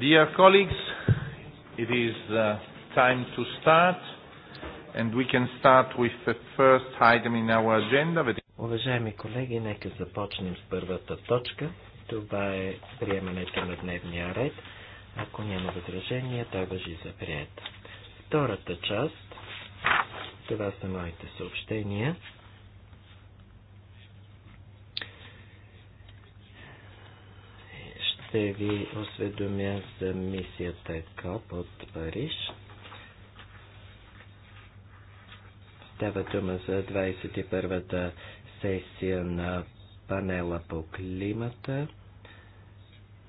Dear colleagues, it is uh, time to start, and we can start with the first item in our agenda. Уважаеми колеги, нека започнем с първата точка. Това е приемането на дневния ред. Ако няма възражения, той въжи за прият. Втората част, това са моите съобщения. Се ви осведомя за мисията КОП от Париж. Става дума за 21-та сесия на панела по климата,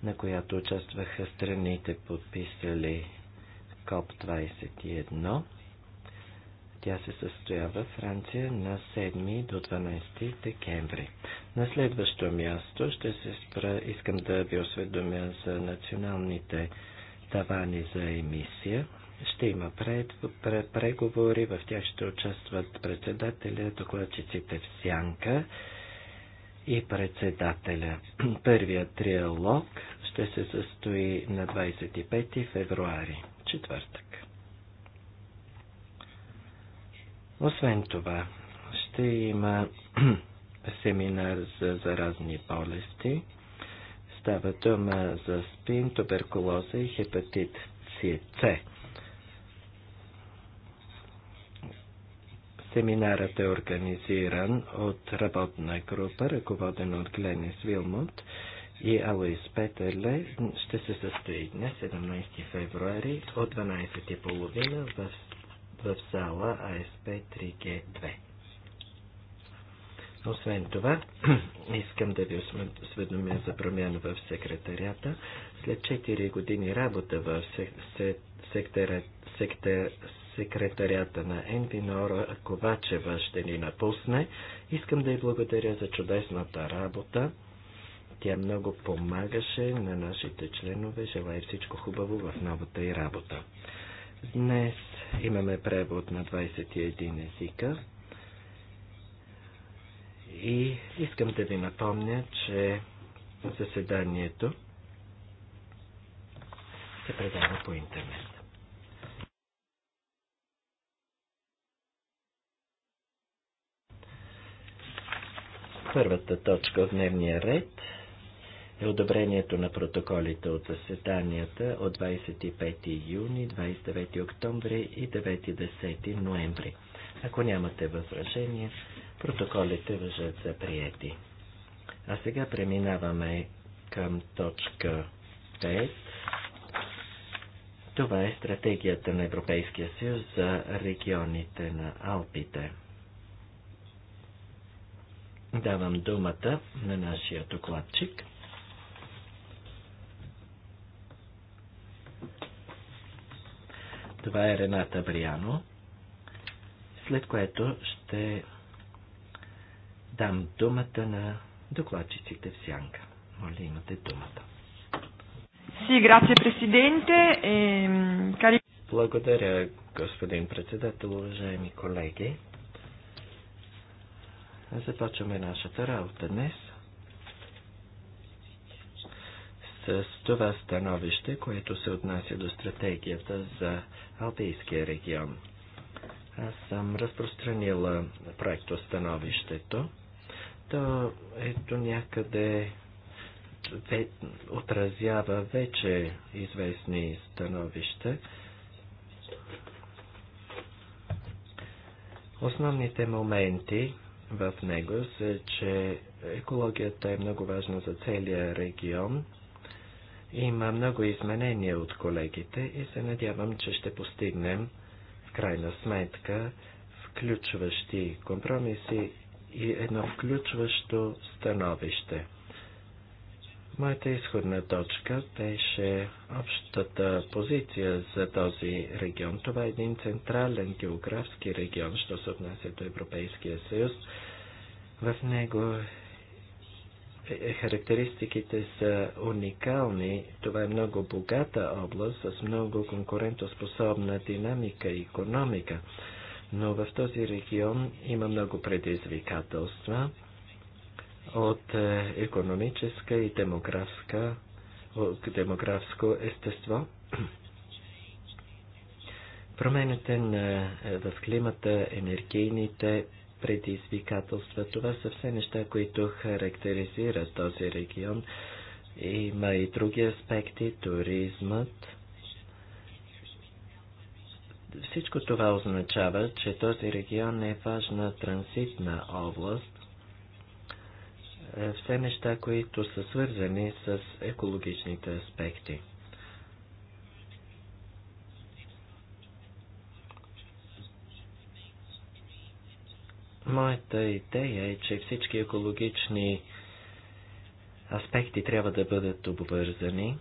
на която участваха страните подписали КОП 21. Тя се състоя във Франция на 7 до 12 декември. На следващо място ще се спра, искам да ви осведомя за националните тавани за емисия. Ще има пред, пред, преговори, в тях ще участват председателя, докладчиците в Сянка и председателя. Първият триалог ще се състои на 25 февруари, четвъртък. Освен това, ще има семинар за заразни болести. Става дума за спин, туберкулоза и хепатит С. Семинарът е организиран от работна група, ръководена от Гленис Вилмут и Алоис Петерле. Ще се състои днес, 17 февруари, от 12.30 в в зала АСП 3G2. Освен това, искам да ви осведомя за промяна в секретарията. След 4 години работа в секретарията сектора, секретарята на Енвинора Ковачева ще ни напусне. Искам да й благодаря за чудесната работа. Тя много помагаше на нашите членове. Желая всичко хубаво в новата й работа. Днес имаме превод на 21 езика. И искам да ви напомня, че заседанието се предава по интернет. Първата точка от дневния ред е одобрението на протоколите от заседанията от 25 юни, 29 октомври и 9-10 ноември. Ако нямате възражение, протоколите въжат за приети. А сега преминаваме към точка 5. Това е стратегията на Европейския съюз за регионите на Алпите. Давам думата на нашия докладчик. това е Рената Бриано, след което ще дам думата на докладчиците в Сянка. Моля, имате думата. Си, грация, президенте. Е, Благодаря, господин председател, уважаеми колеги. Започваме нашата работа днес. с това становище, което се отнася до стратегията за Алпийския регион. Аз съм разпространила проекто становището. То ето някъде отразява вече известни становища. Основните моменти в него са, че екологията е много важна за целия регион има много изменения от колегите и се надявам, че ще постигнем в крайна сметка включващи компромиси и едно включващо становище. Моята изходна точка беше общата позиция за този регион. Това е един централен географски регион, що се отнася до Европейския съюз. В него е, характеристиките са уникални. Това е много богата област с много конкурентоспособна динамика и економика. Но в този регион има много предизвикателства от е, економическа и демографска, демографско естество. Промените на, е, в климата, енергийните предизвикателства. Това са все неща, които характеризират този регион. Има и други аспекти, туризмът. Всичко това означава, че този регион е важна транзитна област, е, все неща, които са свързани с екологичните аспекти. Моята идея е, че всички екологични аспекти трябва да бъдат обвързани.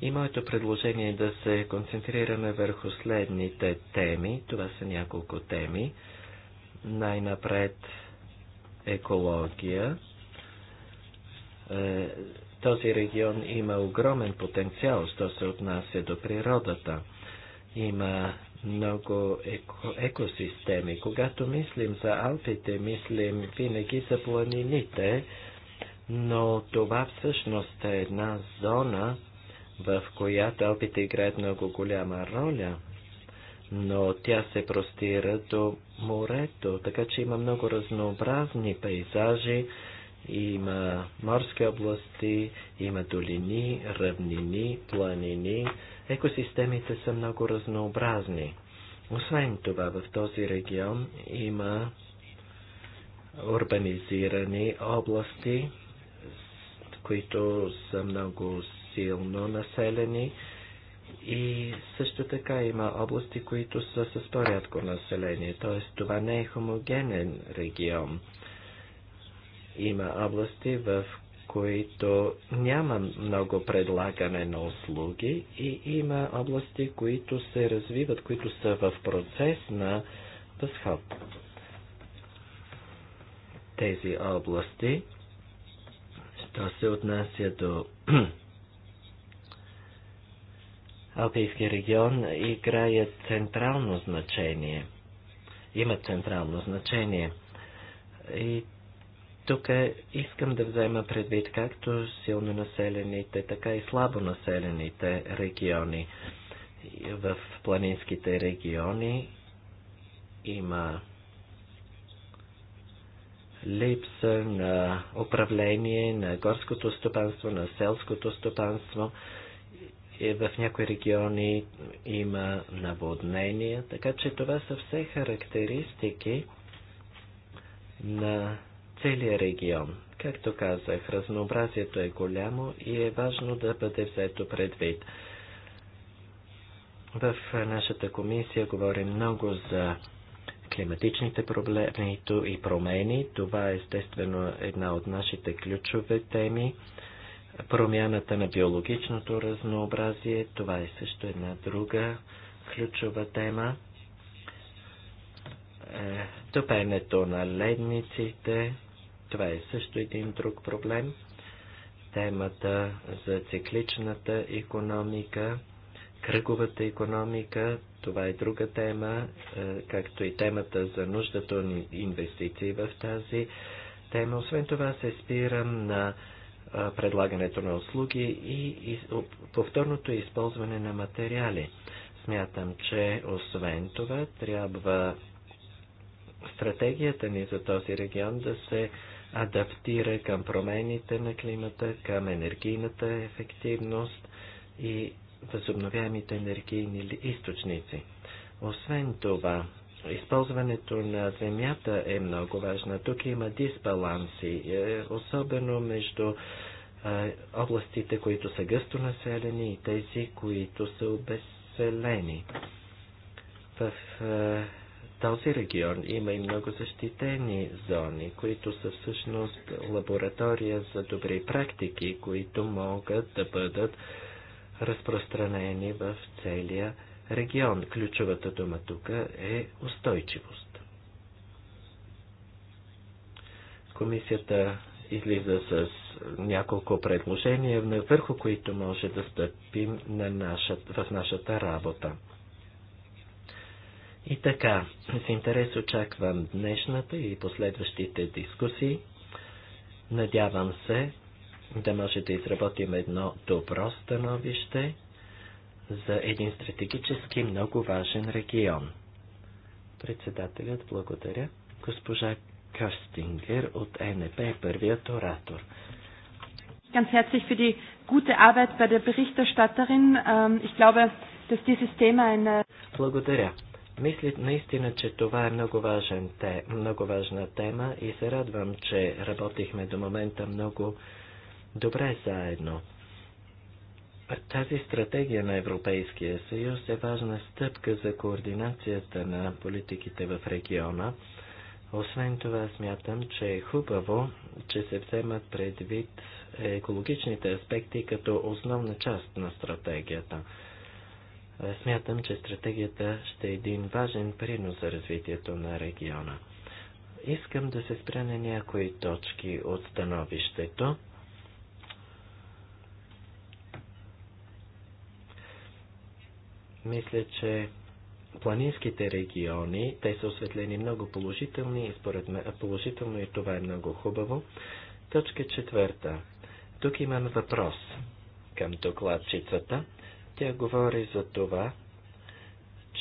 И моето предложение е да се концентрираме върху следните теми. Това са няколко теми. Най-напред екология. Е, този регион има огромен потенциал, що се отнася до природата. Има много еко, екосистеми. Когато мислим за Алпите, мислим винаги за планините, но това всъщност е една зона, в която Алпите играят много голяма роля, но тя се простира до морето, така че има много разнообразни пейзажи, има морски области, има долини, равнини, планини. Екосистемите са много разнообразни. Освен това, в този регион има урбанизирани области, които са много силно населени и също така има области, които са с по-рядко население, т.е. това не е хомогенен регион. Има области, в които няма много предлагане на услуги и има области, които се развиват, които са в процес на възход. Тези области, що се отнася до Алпийски регион, играят централно значение. Имат централно значение. И тук е, искам да взема предвид както силно населените, така и слабо населените региони. В планинските региони има липса на управление на горското стопанство, на селското стопанство. И в някои региони има наводнения, така че това са все характеристики на целия регион. Както казах, разнообразието е голямо и е важно да бъде взето предвид. В нашата комисия говорим много за климатичните проблеми и промени. Това е естествено една от нашите ключове теми. Промяната на биологичното разнообразие, това е също една друга ключова тема. Е, топенето на ледниците, това е също един друг проблем. Темата за цикличната економика, кръговата економика, това е друга тема, е, както и темата за нуждата на инвестиции в тази тема. Освен това се спирам на е, предлагането на услуги и повторното използване на материали. Смятам, че освен това трябва стратегията ни за този регион да се адаптира към промените на климата, към енергийната ефективност и възобновяемите енергийни източници. Освен това, използването на земята е много важна. Тук има дисбаланси, е, особено между е, областите, които са гъсто населени и тези, които са обеселени. В е, този регион има и много защитени зони, които са всъщност лаборатория за добри практики, които могат да бъдат разпространени в целия регион. Ключовата дума тук е устойчивост. Комисията излиза с няколко предложения, върху които може да стъпим на нашата, в нашата работа. И така, с интерес очаквам днешната и последващите дискусии. Надявам се да може да изработим едно добро становище за един стратегически много важен регион. Председателят благодаря. Госпожа Кастингер от НП е първият оратор. Ganz herzlich für die gute Arbeit bei der Berichterstatterin. Ähm, ich glaube, dass dieses Thema eine... Благодаря. Мисля наистина, че това е много, важен те, много важна тема и се радвам, че работихме до момента много добре заедно. Тази стратегия на Европейския съюз е важна стъпка за координацията на политиките в региона. Освен това смятам, че е хубаво, че се вземат предвид екологичните аспекти като основна част на стратегията. Е, смятам, че стратегията ще е един важен принос за развитието на региона. Искам да се спря на някои точки от становището. Мисля, че планинските региони, те са осветлени много положителни и според мен положително и това е много хубаво. Точка четвърта. Тук имам въпрос към докладчицата. Тя говори за това,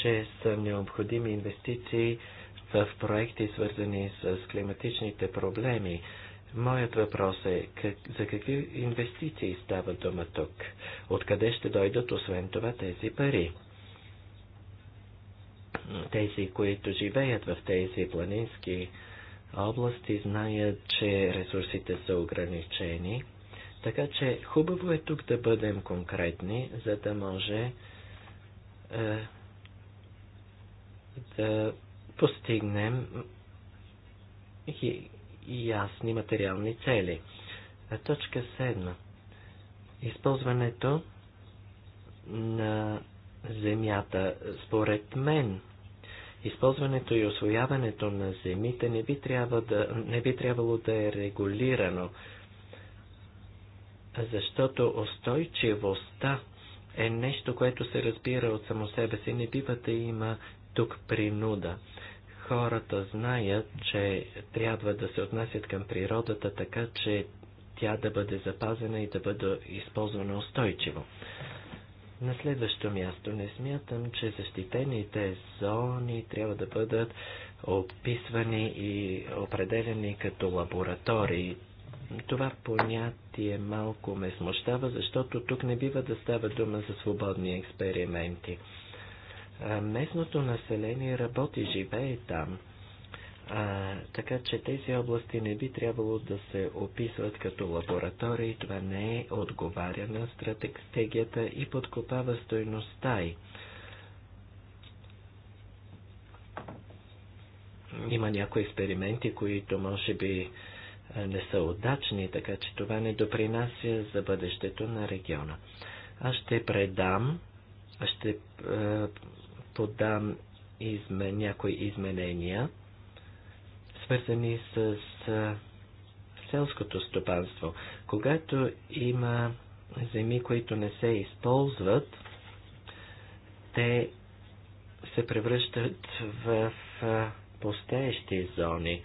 че са необходими инвестиции в проекти, свързани с климатичните проблеми. Моят въпрос е, как, за какви инвестиции става дума тук? Откъде ще дойдат, освен това, тези пари? Тези, които живеят в тези планински области, знаят, че ресурсите са ограничени – така че хубаво е тук да бъдем конкретни, за да може е, да постигнем и, ясни материални цели. Точка 7. Използването на земята. Според мен, използването и освояването на земите не би, да, не би трябвало да е регулирано защото устойчивостта е нещо, което се разбира от само себе си. Не бива да има тук принуда. Хората знаят, че трябва да се отнасят към природата така, че тя да бъде запазена и да бъде използвана устойчиво. На следващо място не смятам, че защитените зони трябва да бъдат описвани и определени като лаборатории това понятие малко ме смущава, защото тук не бива да става дума за свободни експерименти. местното население работи, живее там. А, така че тези области не би трябвало да се описват като лаборатории, това не е отговаря на стратегията и подкопава стойността й. Има някои експерименти, които може би не са удачни, така че това не допринася за бъдещето на региона. Аз ще предам, ще е, подам измен, някои изменения, свързани с е, селското стопанство. Когато има земи, които не се използват, те се превръщат в е, пустеещи зони.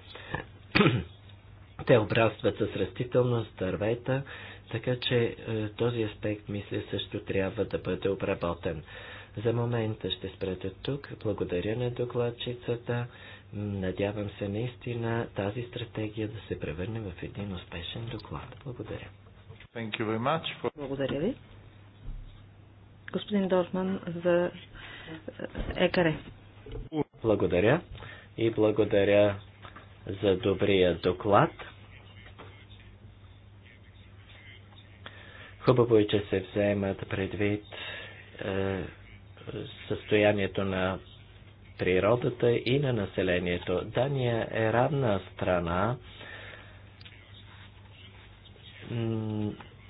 Те обрастват с растителност, дървета, така че е, този аспект, мисля, също трябва да бъде обработен. За момента ще спрете тук. Благодаря на докладчицата. Надявам се наистина тази стратегия да се превърне в един успешен доклад. Благодаря. Thank you very much for... Благодаря ви. Господин Дорфман за ЕКАРЕ. Е благодаря и благодаря за добрия доклад. Хубаво е, че се вземат предвид е, състоянието на природата и на населението. Дания е равна страна,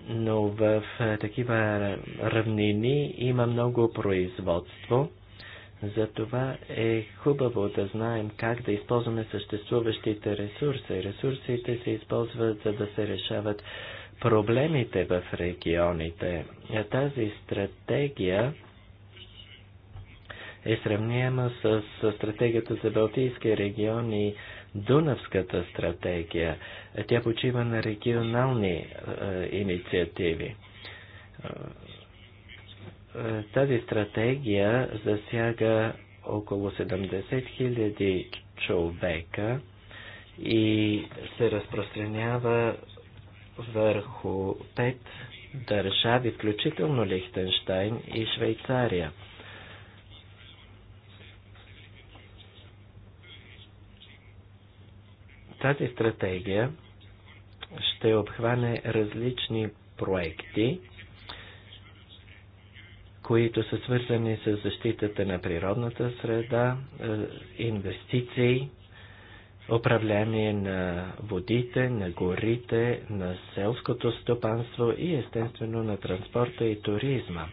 но в е, такива равнини има много производство. Затова е хубаво да знаем как да използваме съществуващите ресурси. Ресурсите се използват за да се решават проблемите в регионите. Тази стратегия е сравнима с стратегията за Балтийския регион и Дунавската стратегия. Тя почива на регионални е, инициативи. Тази стратегия засяга около 70 000 човека и се разпространява върху пет държави, включително Лихтенштайн и Швейцария. Тази стратегия ще обхване различни проекти, които са свързани с защитата на природната среда, е, инвестиции, управление на водите, на горите, на селското стопанство и естествено на транспорта и туризма.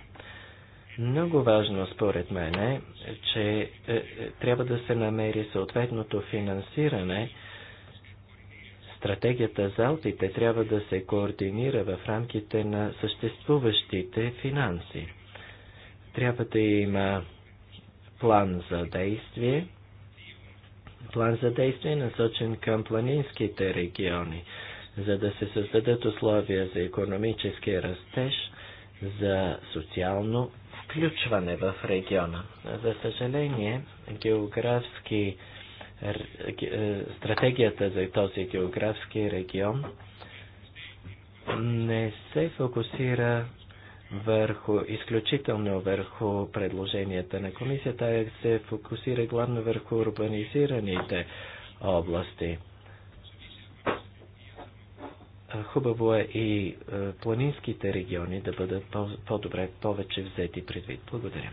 Много важно според мен е, че е, е трябва да се намери съответното финансиране. Стратегията за Алпите трябва да се координира в рамките на съществуващите финанси. Трябва да има план за действие. План за действие е насочен към планинските региони, за да се създадат условия за економически растеж, за социално включване в региона. За съжаление, географски, е, стратегията за този географски регион не се фокусира върху, изключително върху предложенията на комисията, а се фокусира главно върху урбанизираните области. Хубаво е и е, планинските региони да бъдат по-добре, по повече взети предвид. Благодаря.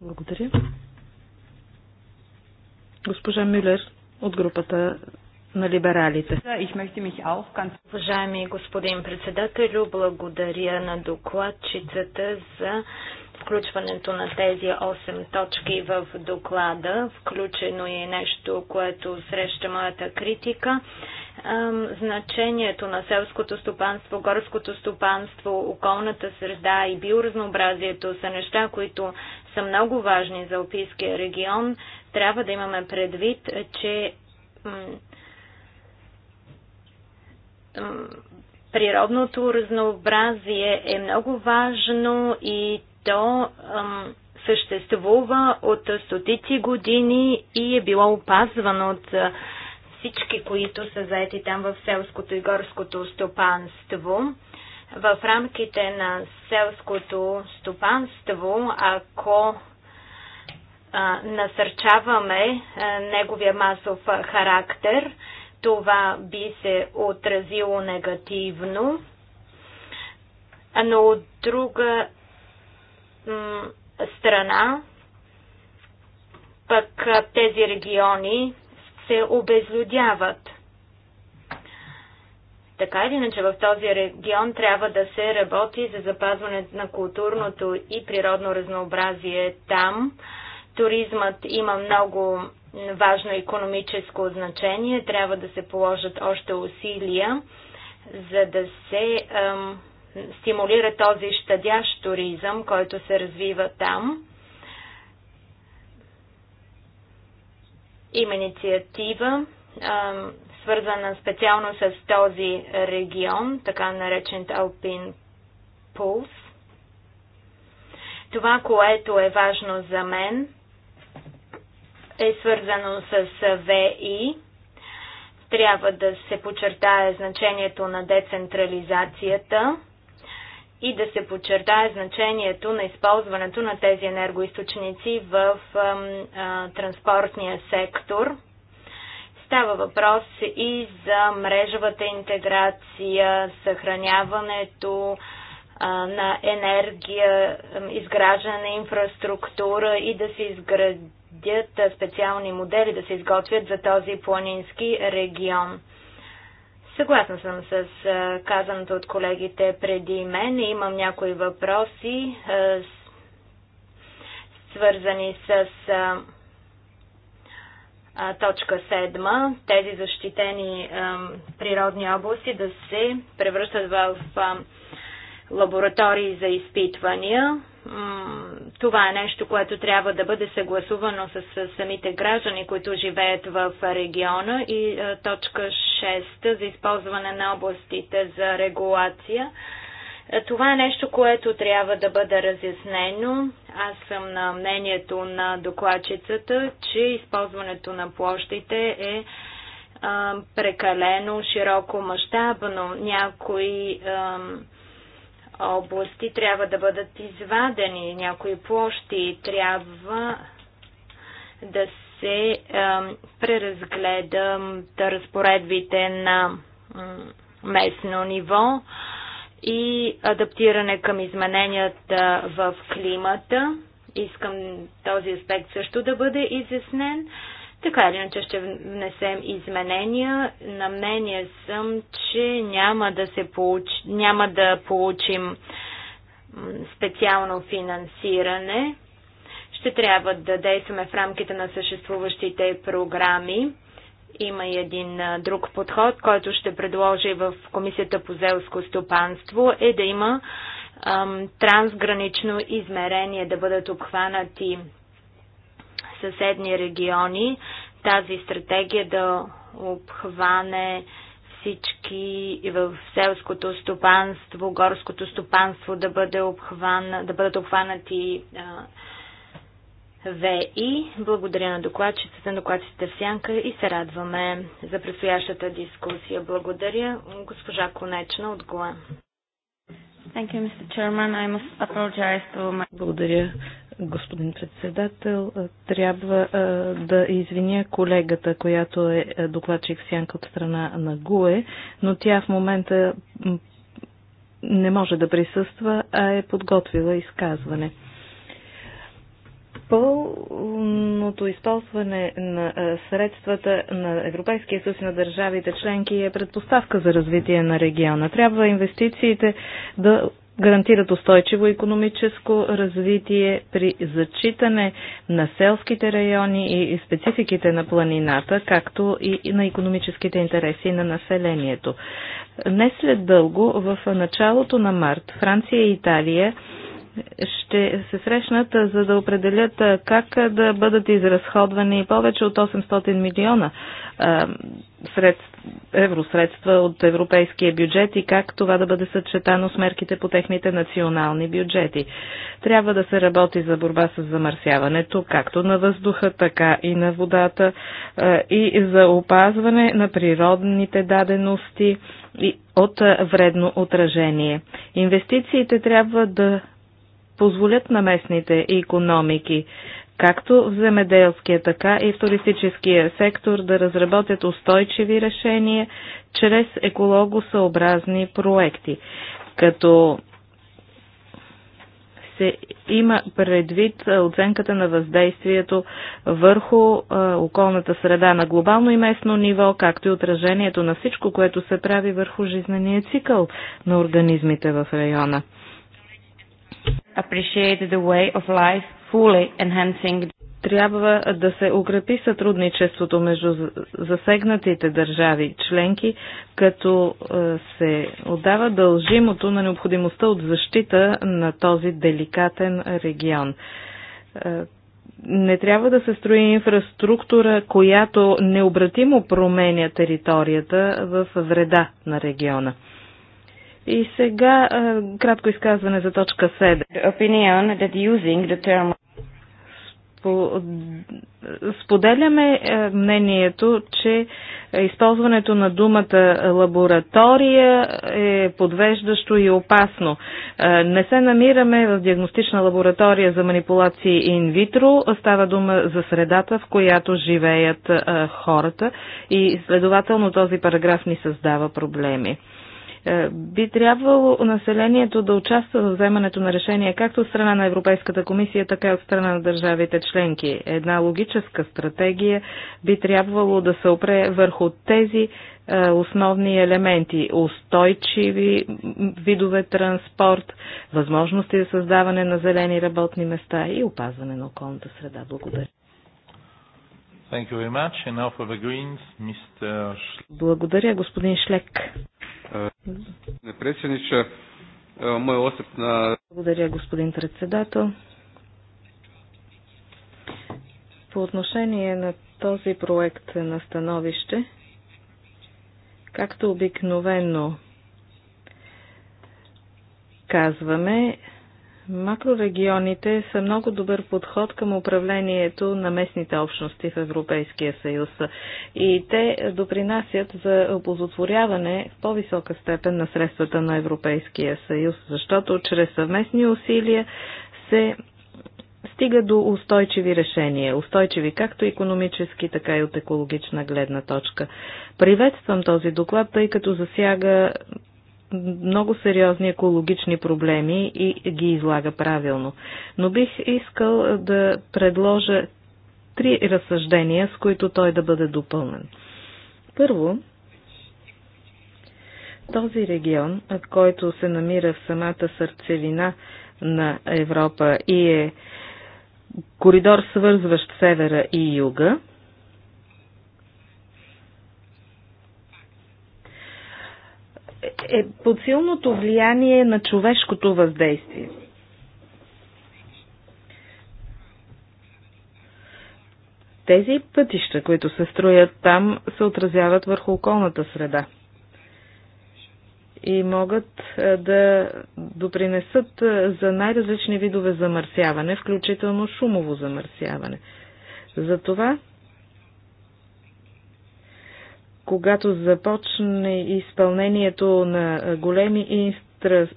Благодаря. Госпожа Милер от групата на либералите. Уважаеми господин председател, благодаря на докладчицата за включването на тези 8 точки в доклада. Включено е нещо, което среща моята критика. Значението на селското стопанство, горското стопанство, околната среда и биоразнообразието са неща, които са много важни за Опийския регион. Трябва да имаме предвид, че природното разнообразие е много важно и то ам, съществува от стотици години и е било опазвано от всички, които са заети там в селското и горското стопанство. В рамките на селското стопанство, ако а, насърчаваме а, неговия масов характер, това би се отразило негативно, но от друга страна пък тези региони се обезлюдяват. Така или иначе в този регион трябва да се работи за запазване на културното и природно разнообразие там. Туризмът има много важно економическо значение. Трябва да се положат още усилия, за да се ам, стимулира този щадящ туризъм, който се развива там. Има инициатива, ам, свързана специално с този регион, така наречен Алпин Пулс. Това, което е важно за мен – е свързано с ВИ. Трябва да се подчертае значението на децентрализацията и да се подчертае значението на използването на тези енергоисточници в транспортния сектор. Става въпрос и за мрежовата интеграция, съхраняването, на енергия, изграждане на инфраструктура и да се изградят специални модели, да се изготвят за този планински регион. Съгласна съм с казаното от колегите преди мен. Имам някои въпроси, свързани с точка 7. Тези защитени природни области да се превръщат в лаборатории за изпитвания. Това е нещо, което трябва да бъде съгласувано с самите граждани, които живеят в региона и е, точка 6 за използване на областите за регулация. Е, това е нещо, което трябва да бъде разяснено. Аз съм на мнението на докладчицата, че използването на площите е, е прекалено широко мащабно. Някои области трябва да бъдат извадени, някои площи трябва да се да разпоредбите на местно ниво и адаптиране към измененията в климата. Искам този аспект също да бъде изяснен. Така или иначе ще внесем изменения. На мнение съм, че няма да, се получ... няма да получим специално финансиране. Ще трябва да действаме в рамките на съществуващите програми. Има и един друг подход, който ще предложи в Комисията по зелско стопанство, е да има ам, трансгранично измерение, да бъдат обхванати съседни региони, тази стратегия да обхване всички в селското стопанство, горското стопанство да, бъде обхвана, да бъдат обхванати а, ВИ. Благодаря на докладчицата, докладчицата в Сянка и се радваме за предстоящата дискусия. Благодаря госпожа Конечна от ГОА. Благодаря, господин председател. Трябва да извиня колегата, която е, е докладчик сянка от страна на ГУЕ, но тя в момента не може да присъства, а е подготвила изказване. Пълното използване на средствата на Европейския съюз и на държавите членки е предпоставка за развитие на региона. Трябва инвестициите да гарантират устойчиво економическо развитие при зачитане на селските райони и спецификите на планината, както и на економическите интереси на населението. Не след дълго, в началото на март, Франция и Италия ще се срещнат, за да определят как да бъдат изразходвани повече от 800 милиона евросредства от европейския бюджет и как това да бъде съчетано с мерките по техните национални бюджети. Трябва да се работи за борба с замърсяването, както на въздуха, така и на водата и за опазване на природните дадености от вредно отражение. Инвестициите трябва да позволят на местните економики, както в земеделския, така и в туристическия сектор, да разработят устойчиви решения чрез екологосъобразни проекти, като се има предвид оценката на въздействието върху околната среда на глобално и местно ниво, както и отражението на всичко, което се прави върху жизнения цикъл на организмите в района. Appreciate the way of life fully enhancing трябва да се укрепи сътрудничеството между засегнатите държави членки, като е, се отдава дължимото на необходимостта от защита на този деликатен регион. Е, не трябва да се строи инфраструктура, която необратимо променя територията в вреда на региона. И сега кратко изказване за точка 7. Споделяме мнението, че използването на думата лаборатория е подвеждащо и опасно. Не се намираме в диагностична лаборатория за манипулации инвитро. Става дума за средата, в която живеят хората и следователно този параграф ни създава проблеми. Е, би трябвало населението да участва в вземането на решения както от страна на Европейската комисия, така и от страна на държавите членки. Една логическа стратегия би трябвало да се опре върху тези е, основни елементи – устойчиви видове транспорт, възможности за създаване на зелени работни места и опазване на околната среда. Благодаря. Thank you very much. And now for the Greens, Mr. Благодаря, господин Шлек. Е, е, на... Благодаря, господин председател. По отношение на този проект на становище, както обикновено казваме, Макрорегионите са много добър подход към управлението на местните общности в Европейския съюз и те допринасят за оползотворяване в по-висока степен на средствата на Европейския съюз, защото чрез съвместни усилия се стига до устойчиви решения, устойчиви както економически, така и от екологична гледна точка. Приветствам този доклад, тъй като засяга много сериозни екологични проблеми и ги излага правилно. Но бих искал е, да предложа три разсъждения, с които той да бъде допълнен. Първо, този регион, който се намира в самата сърцевина на Европа и е коридор свързващ севера и юга, е под силното влияние на човешкото въздействие. Тези пътища, които се строят там, се отразяват върху околната среда и могат е, да допринесат е, за най-различни видове замърсяване, включително шумово замърсяване. Затова когато започне изпълнението на големи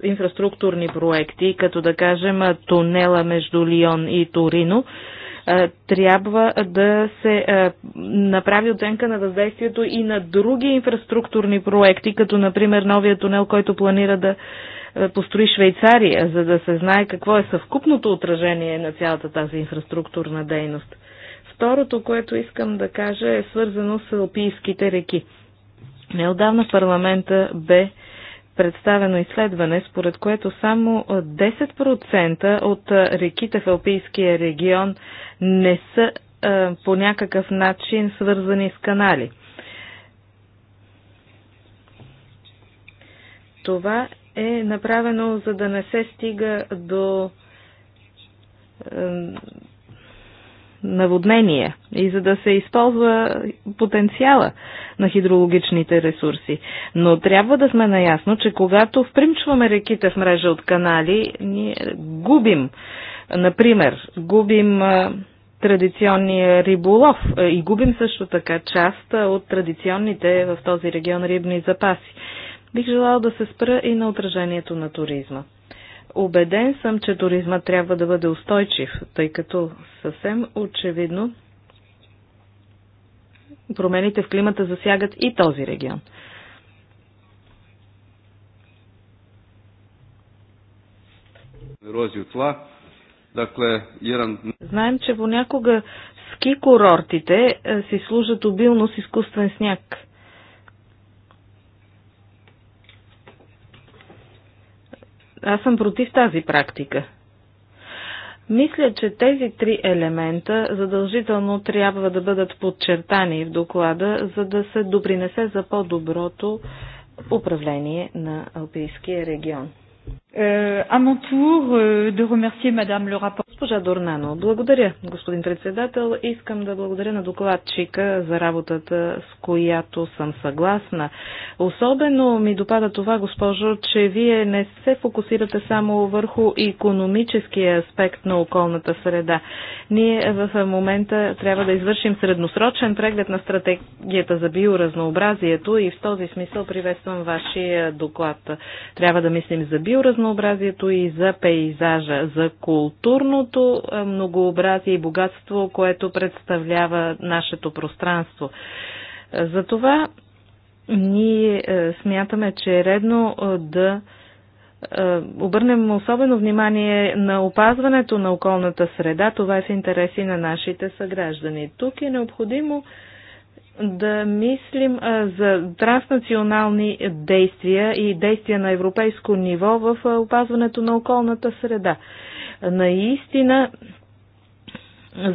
инфраструктурни проекти, като да кажем тунела между Лион и Торино, трябва да се направи оценка на въздействието и на други инфраструктурни проекти, като например новия тунел, който планира да построи Швейцария, за да се знае какво е съвкупното отражение на цялата тази инфраструктурна дейност. Второто, което искам да кажа, е свързано с Алпийските реки. Неодавна в парламента бе представено изследване, според което само 10% от реките в Алпийския регион не са е, по някакъв начин свързани с канали. Това е направено, за да не се стига до е, наводнения и за да се използва потенциала на хидрологичните ресурси. Но трябва да сме наясно, че когато впримчваме реките в мрежа от канали, ние губим, например, губим традиционния риболов и губим също така част от традиционните в този регион рибни запаси. Бих желал да се спра и на отражението на туризма. Обеден съм, че туризма трябва да бъде устойчив, тъй като съвсем очевидно промените в климата засягат и този регион. тла. Знаем, че понякога ски курортите е, си служат обилно с изкуствен сняг. Аз съм против тази практика. Мисля, че тези три елемента задължително трябва да бъдат подчертани в доклада, за да се допринесе за по-доброто управление на Алпийския регион. Uh, à mon tour uh, de remercier Madame le Госпожа Дорнано, благодаря, господин председател. Искам да благодаря на докладчика за работата, с която съм съгласна. Особено ми допада това, госпожо, че вие не се фокусирате само върху економическия аспект на околната среда. Ние в момента трябва да извършим средносрочен преглед на стратегията за биоразнообразието и в този смисъл приветствам вашия доклад. Трябва да мислим за биоразнообразието и за пейзажа, за културно огромното е, многообразие и богатство, което представлява нашето пространство. Е, затова ние е, смятаме, че е редно да обърнем особено внимание на опазването на околната среда. Това е в интереси на нашите съграждани. Тук е необходимо да мислим за транснационални действия и действия на европейско ниво в опазването на околната среда. Наистина,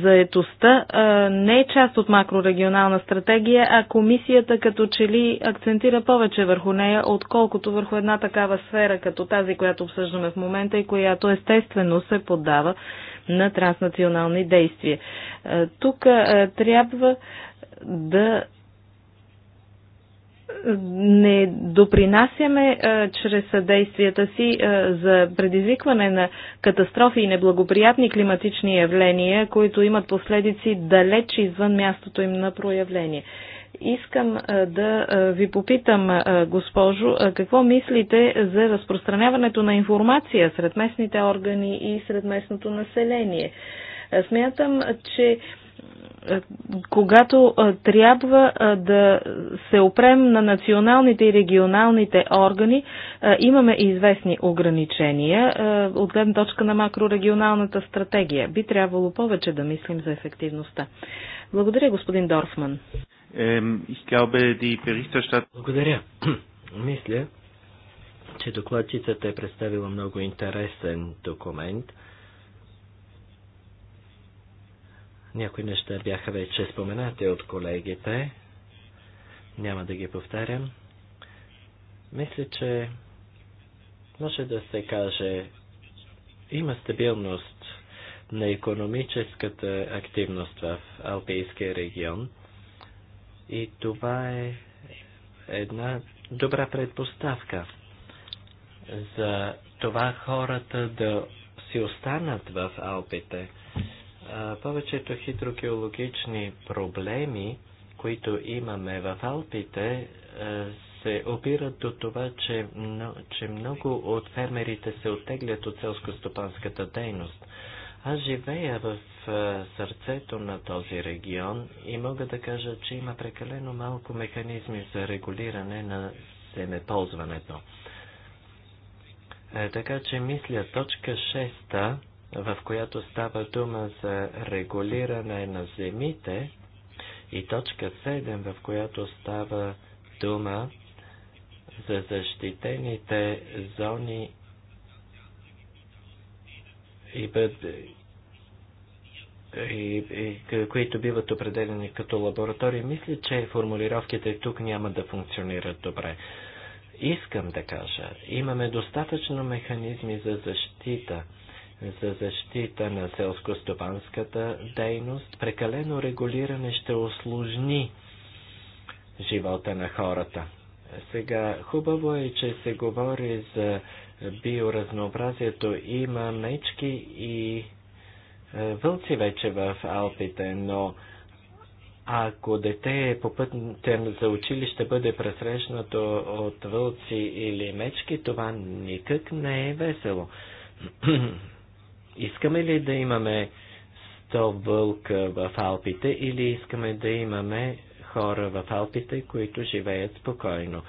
заетостта не е част от макрорегионална стратегия, а комисията като че ли акцентира повече върху нея, отколкото върху една такава сфера, като тази, която обсъждаме в момента и която естествено се поддава на транснационални действия. Тук трябва да не допринасяме а, чрез съдействията си а, за предизвикване на катастрофи и неблагоприятни климатични явления, които имат последици далеч извън мястото им на проявление. Искам а, да ви попитам, а, госпожо, а, какво мислите за разпространяването на информация сред местните органи и сред местното население? А, смятам, че а, е, когато е, трябва е, да се опрем на националните и регионалните органи, имаме известни ограничения от гледна точка на макрорегионалната стратегия. Би трябвало повече да мислим за ефективността. Благодаря, господин Дорфман. Благодаря. Мисля, че докладчицата е представила много интересен документ. Някои неща бяха вече споменати от колегите. Няма да ги повтарям. Мисля, че може да се каже, има стабилност на економическата активност в Алпийския регион и това е една добра предпоставка за това хората да си останат в Алпите повечето хидрогеологични проблеми, които имаме в Алпите, се опират до това, че, че много от фермерите се оттеглят от селско-стопанската дейност. Аз живея в сърцето на този регион и мога да кажа, че има прекалено малко механизми за регулиране на семеползването. Е, така че мисля точка 6 в която става дума за регулиране на земите и точка 7, в която става дума за защитените зони и, и, и които биват определени като лаборатории, мисля, че формулировките тук няма да функционират добре. Искам да кажа, имаме достатъчно механизми за защита за защита на селско-стопанската дейност. Прекалено регулиране ще осложни живота на хората. Сега, хубаво е, че се говори за биоразнообразието. Има мечки и е, вълци вече в Алпите, но ако дете е по пътя за училище бъде пресрещнато от вълци или мечки, това никак не е весело. Искаме ли да имаме 100 вълка в Алпите или искаме да имаме хора в Алпите, които живеят спокойно?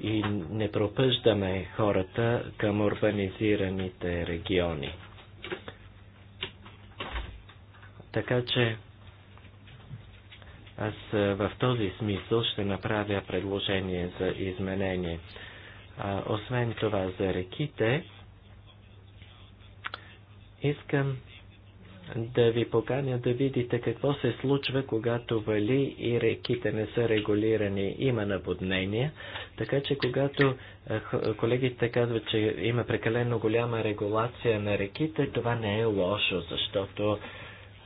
И не пропъждаме хората към урбанизираните региони. Така че аз в този смисъл ще направя предложение за изменение. А, освен това за реките, Искам да ви поканя да видите какво се случва, когато вали и реките не са регулирани. Има наводнения, така че когато колегите казват, че има прекалено голяма регулация на реките, това не е лошо, защото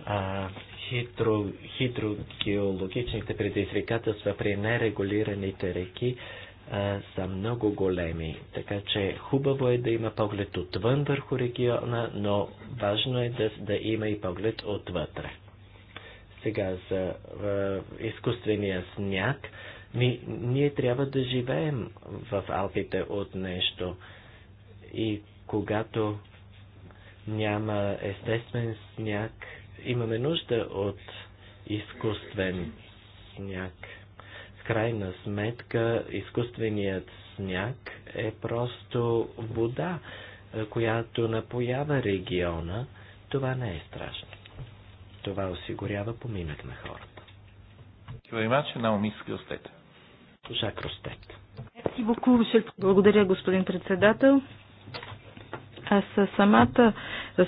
а, хидро, хидрогеологичните предизвикателства при нерегулираните реки са много големи. Така че хубаво е да има поглед отвън върху региона, но важно е да, да има и поглед отвътре. Сега за е, изкуствения сняг. Ми, ние трябва да живеем в Алпите от нещо. И когато няма естествен сняг, имаме нужда от изкуствен сняг крайна сметка изкуственият сняг е просто вода, е, която напоява региона. Това не е страшно. Това осигурява поминък на хората. Киваймаче на умиски остете. Жак Ростет. Благодаря, господин председател. Аз самата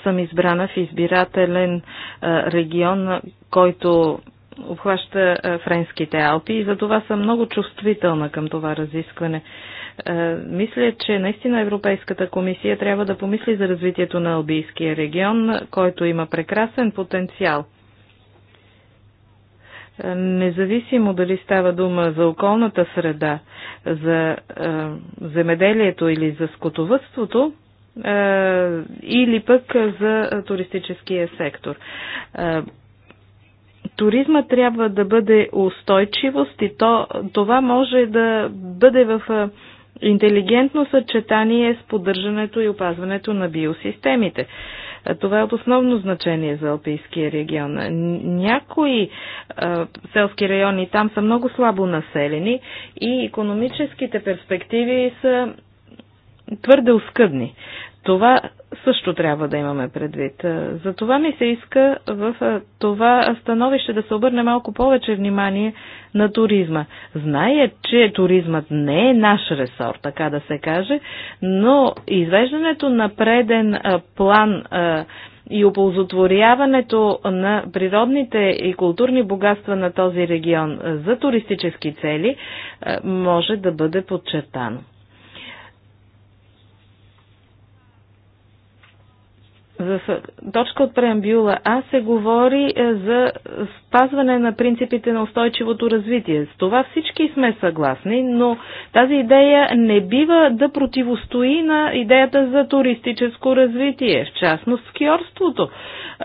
съм избрана в избирателен регион, който обхваща френските Алпи и за това съм много чувствителна към това разискване. Мисля, че наистина Европейската комисия трябва да помисли за развитието на Албийския регион, който има прекрасен потенциал. Независимо дали става дума за околната среда, за земеделието или за скотовътството, или пък за туристическия сектор туризма трябва да бъде устойчивост и то, това може да бъде в интелигентно съчетание с поддържането и опазването на биосистемите. Това е от основно значение за Алпийския регион. Някои а, селски райони там са много слабо населени и економическите перспективи са твърде оскъдни. Това също трябва да имаме предвид. Е, за това ми се иска в е, това становище да се обърне малко повече внимание на туризма. Зная, че туризмът не е наш ресор, така да се каже, но извеждането на преден е, план и оползотворяването на природните и културни богатства на този регион за туристически цели може да бъде подчертано. за точка от преамбюла А се говори е, за спазване на принципите на устойчивото развитие. С това всички сме съгласни, но тази идея не бива да противостои на идеята за туристическо развитие, в частност скиорството,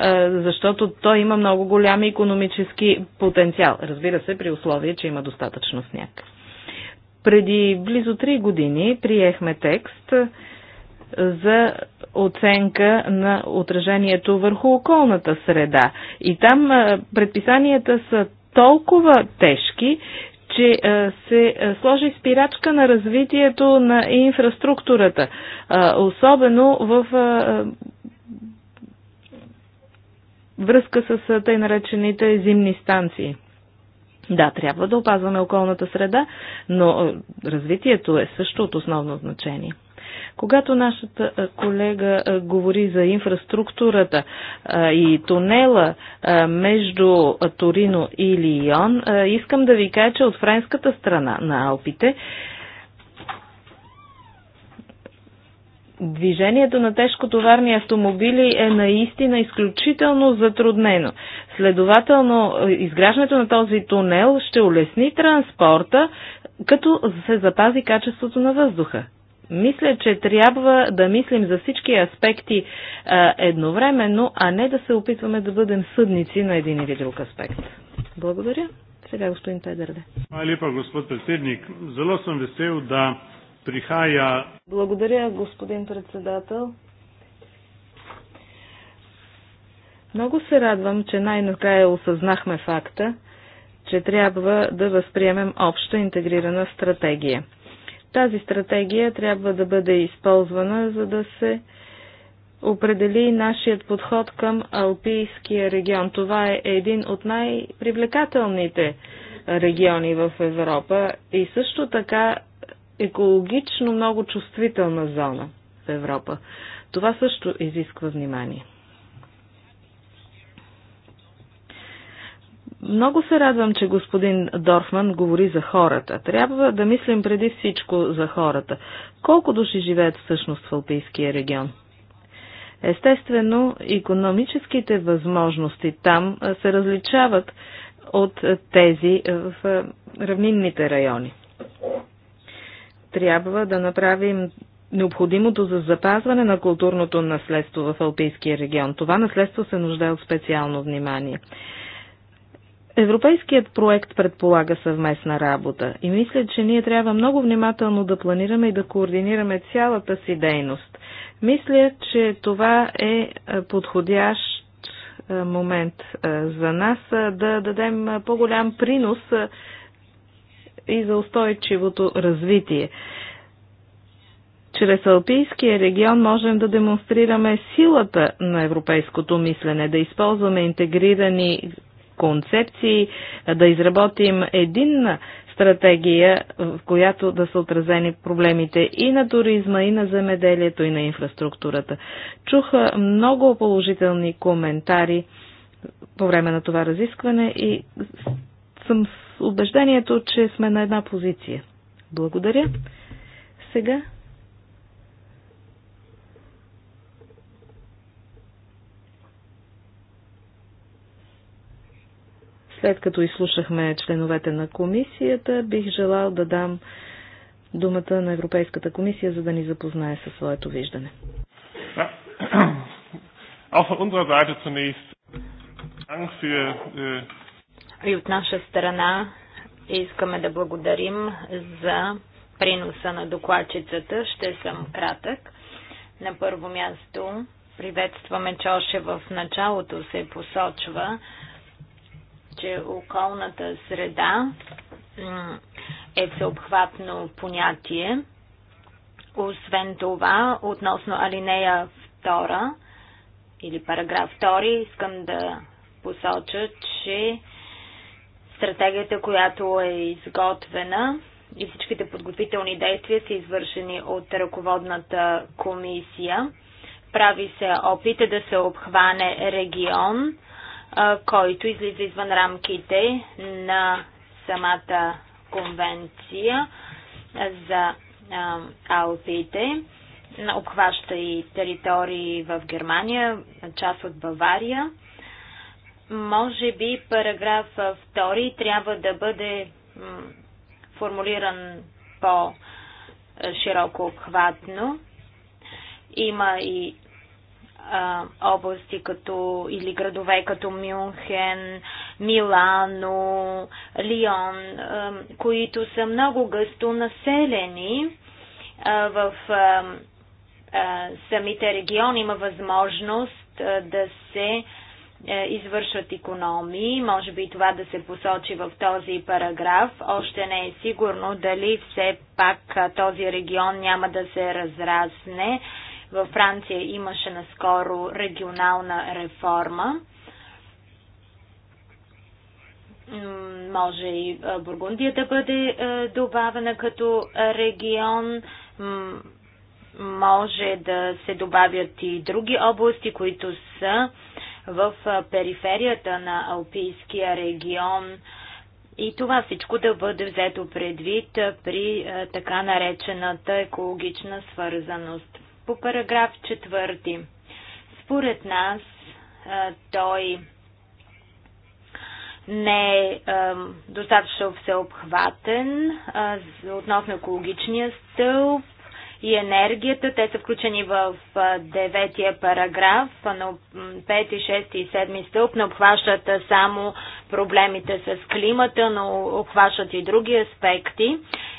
е, защото то има много голям економически потенциал. Разбира се, при условие, че има достатъчно сняг. Преди близо три години приехме текст е, за оценка на отражението върху околната среда. И там предписанията са толкова тежки, че се сложи спирачка на развитието на инфраструктурата, особено в връзка с тъй наречените зимни станции. Да, трябва да опазваме околната среда, но развитието е също от основно значение. Когато нашата колега говори за инфраструктурата и тунела между Торино и Лион, искам да ви кажа, че от френската страна на Алпите Движението на тежкотоварни автомобили е наистина изключително затруднено. Следователно, изграждането на този тунел ще улесни транспорта, като се запази качеството на въздуха. Мисля, че трябва да мислим за всички аспекти а, едновременно, а не да се опитваме да бъдем съдници на един или друг аспект. Благодаря. Сега господин Педърде. Малипа, господ председник. Зало съм весел да прихая... Благодаря, господин председател. Много се радвам, че най-накрая осъзнахме факта, че трябва да възприемем обща интегрирана стратегия. Тази стратегия трябва да бъде използвана, за да се определи нашият подход към Алпийския регион. Това е един от най-привлекателните региони в Европа и също така екологично много чувствителна зона в Европа. Това също изисква внимание. Много се радвам, че господин Дорфман говори за хората. Трябва да мислим преди всичко за хората. Колко души живеят всъщност в Алпийския регион? Естествено, економическите възможности там се различават от тези в равнинните райони. Трябва да направим необходимото за запазване на културното наследство в Алпийския регион. Това наследство се нуждае от специално внимание. Европейският проект предполага съвместна работа и мисля, че ние трябва много внимателно да планираме и да координираме цялата си дейност. Мисля, че това е, е подходящ е, момент е, за нас да дадем по-голям принос и за устойчивото развитие. Чрез Алпийския регион можем да демонстрираме силата на европейското мислене, да използваме интегрирани концепции, да изработим единна стратегия, в която да са отразени проблемите и на туризма, и на земеделието, и на инфраструктурата. Чуха много положителни коментари по време на това разискване и съм с убеждението, че сме на една позиция. Благодаря. Сега След като изслушахме членовете на комисията, бих желал да дам думата на Европейската комисия, за да ни запознае със своето виждане. Äh, И от наша страна искаме да благодарим за приноса на докладчицата. Ще съм кратък. На първо място приветстваме, че още в началото се посочва, че околната среда е всеобхватно понятие. Освен това, относно алинея 2 или параграф 2, искам да посоча, че стратегията, която е изготвена и всичките подготвителни действия са извършени от ръководната комисия. Прави се опит да се обхване регион, който излиза извън рамките на самата конвенция за Алпите. Обхваща и територии в Германия, част от Бавария. Може би параграф 2 трябва да бъде формулиран по-широко обхватно. Има и области като, или градове като Мюнхен, Милано, Лион, които са много гъсто населени в самите региони има възможност да се извършват економии. Може би това да се посочи в този параграф. Още не е сигурно дали все пак този регион няма да се разрасне във Франция имаше наскоро регионална реформа. Може и Бургундия да бъде добавена като регион. Може да се добавят и други области, които са в периферията на Алпийския регион. И това всичко да бъде взето предвид при така наречената екологична свързаност. По параграф 4. Според нас той не е достатъчно всеобхватен относно екологичния стълб и енергията. Те са включени в деветия параграф, но 5, 6 и 7 стълб не обхващат само проблемите с климата, но обхващат и други аспекти.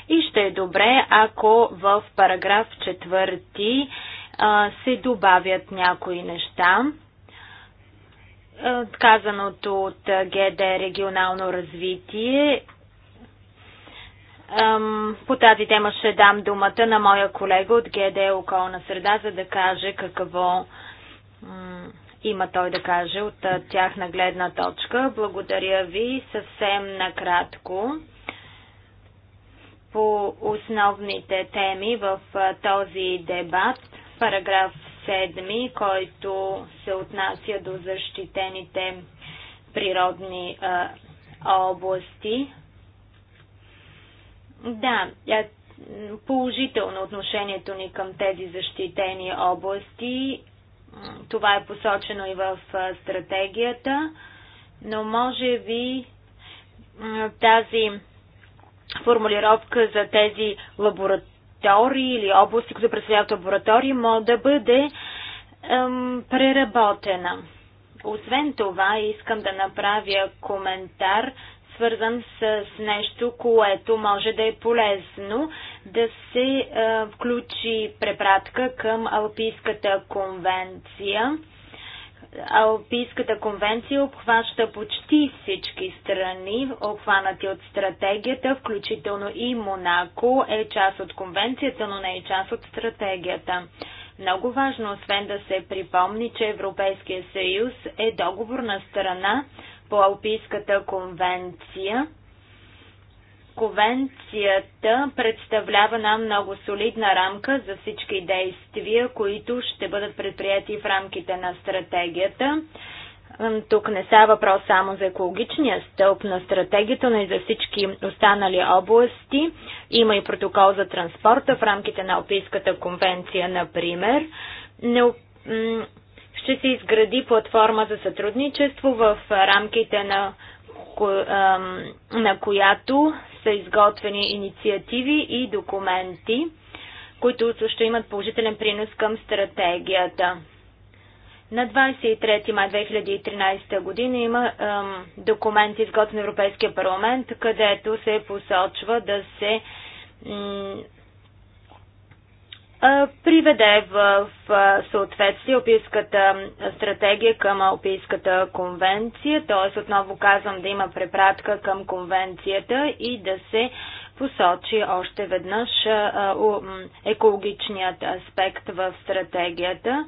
И ще е добре, ако в параграф 4 се добавят някои неща. Казаното от ГД регионално развитие по тази тема ще дам думата на моя колега от ГД Околна среда, за да каже какво има той да каже от тяхна гледна точка. Благодаря ви съвсем накратко по основните теми в този дебат. Параграф 7, който се отнася до защитените природни области. Да, е, положително отношението ни към тези защитени области. Това е посочено и в стратегията, но може би тази формулировка за тези лаборатории или области, които представляват лаборатории, може да бъде ем, преработена. Освен това, искам да направя коментар свързан с, нещо, което може да е полезно, да се включи препратка към Алпийската конвенция. Алпийската конвенция обхваща почти всички страни, обхванати от стратегията, включително и Монако е част от конвенцията, но не е част от стратегията. Много важно, освен да се припомни, че Европейския съюз е договорна страна, по Алпийската конвенция. Конвенцията представлява нам много солидна рамка за всички действия, които ще бъдат предприяти в рамките на стратегията. Тук не става въпрос само за екологичния стълб на стратегията, но и за всички останали области. Има и протокол за транспорта в рамките на Алпийската конвенция, например ще се изгради платформа за сътрудничество в рамките на, на която са изготвени инициативи и документи, които също имат положителен принос към стратегията. На 23 май 2013 година има ем, документ изготвен на Европейския парламент, където се посочва да се приведе в съответствие Опийската стратегия към Опийската конвенция, т.е. отново казвам да има препратка към конвенцията и да се посочи още веднъж екологичният аспект в стратегията.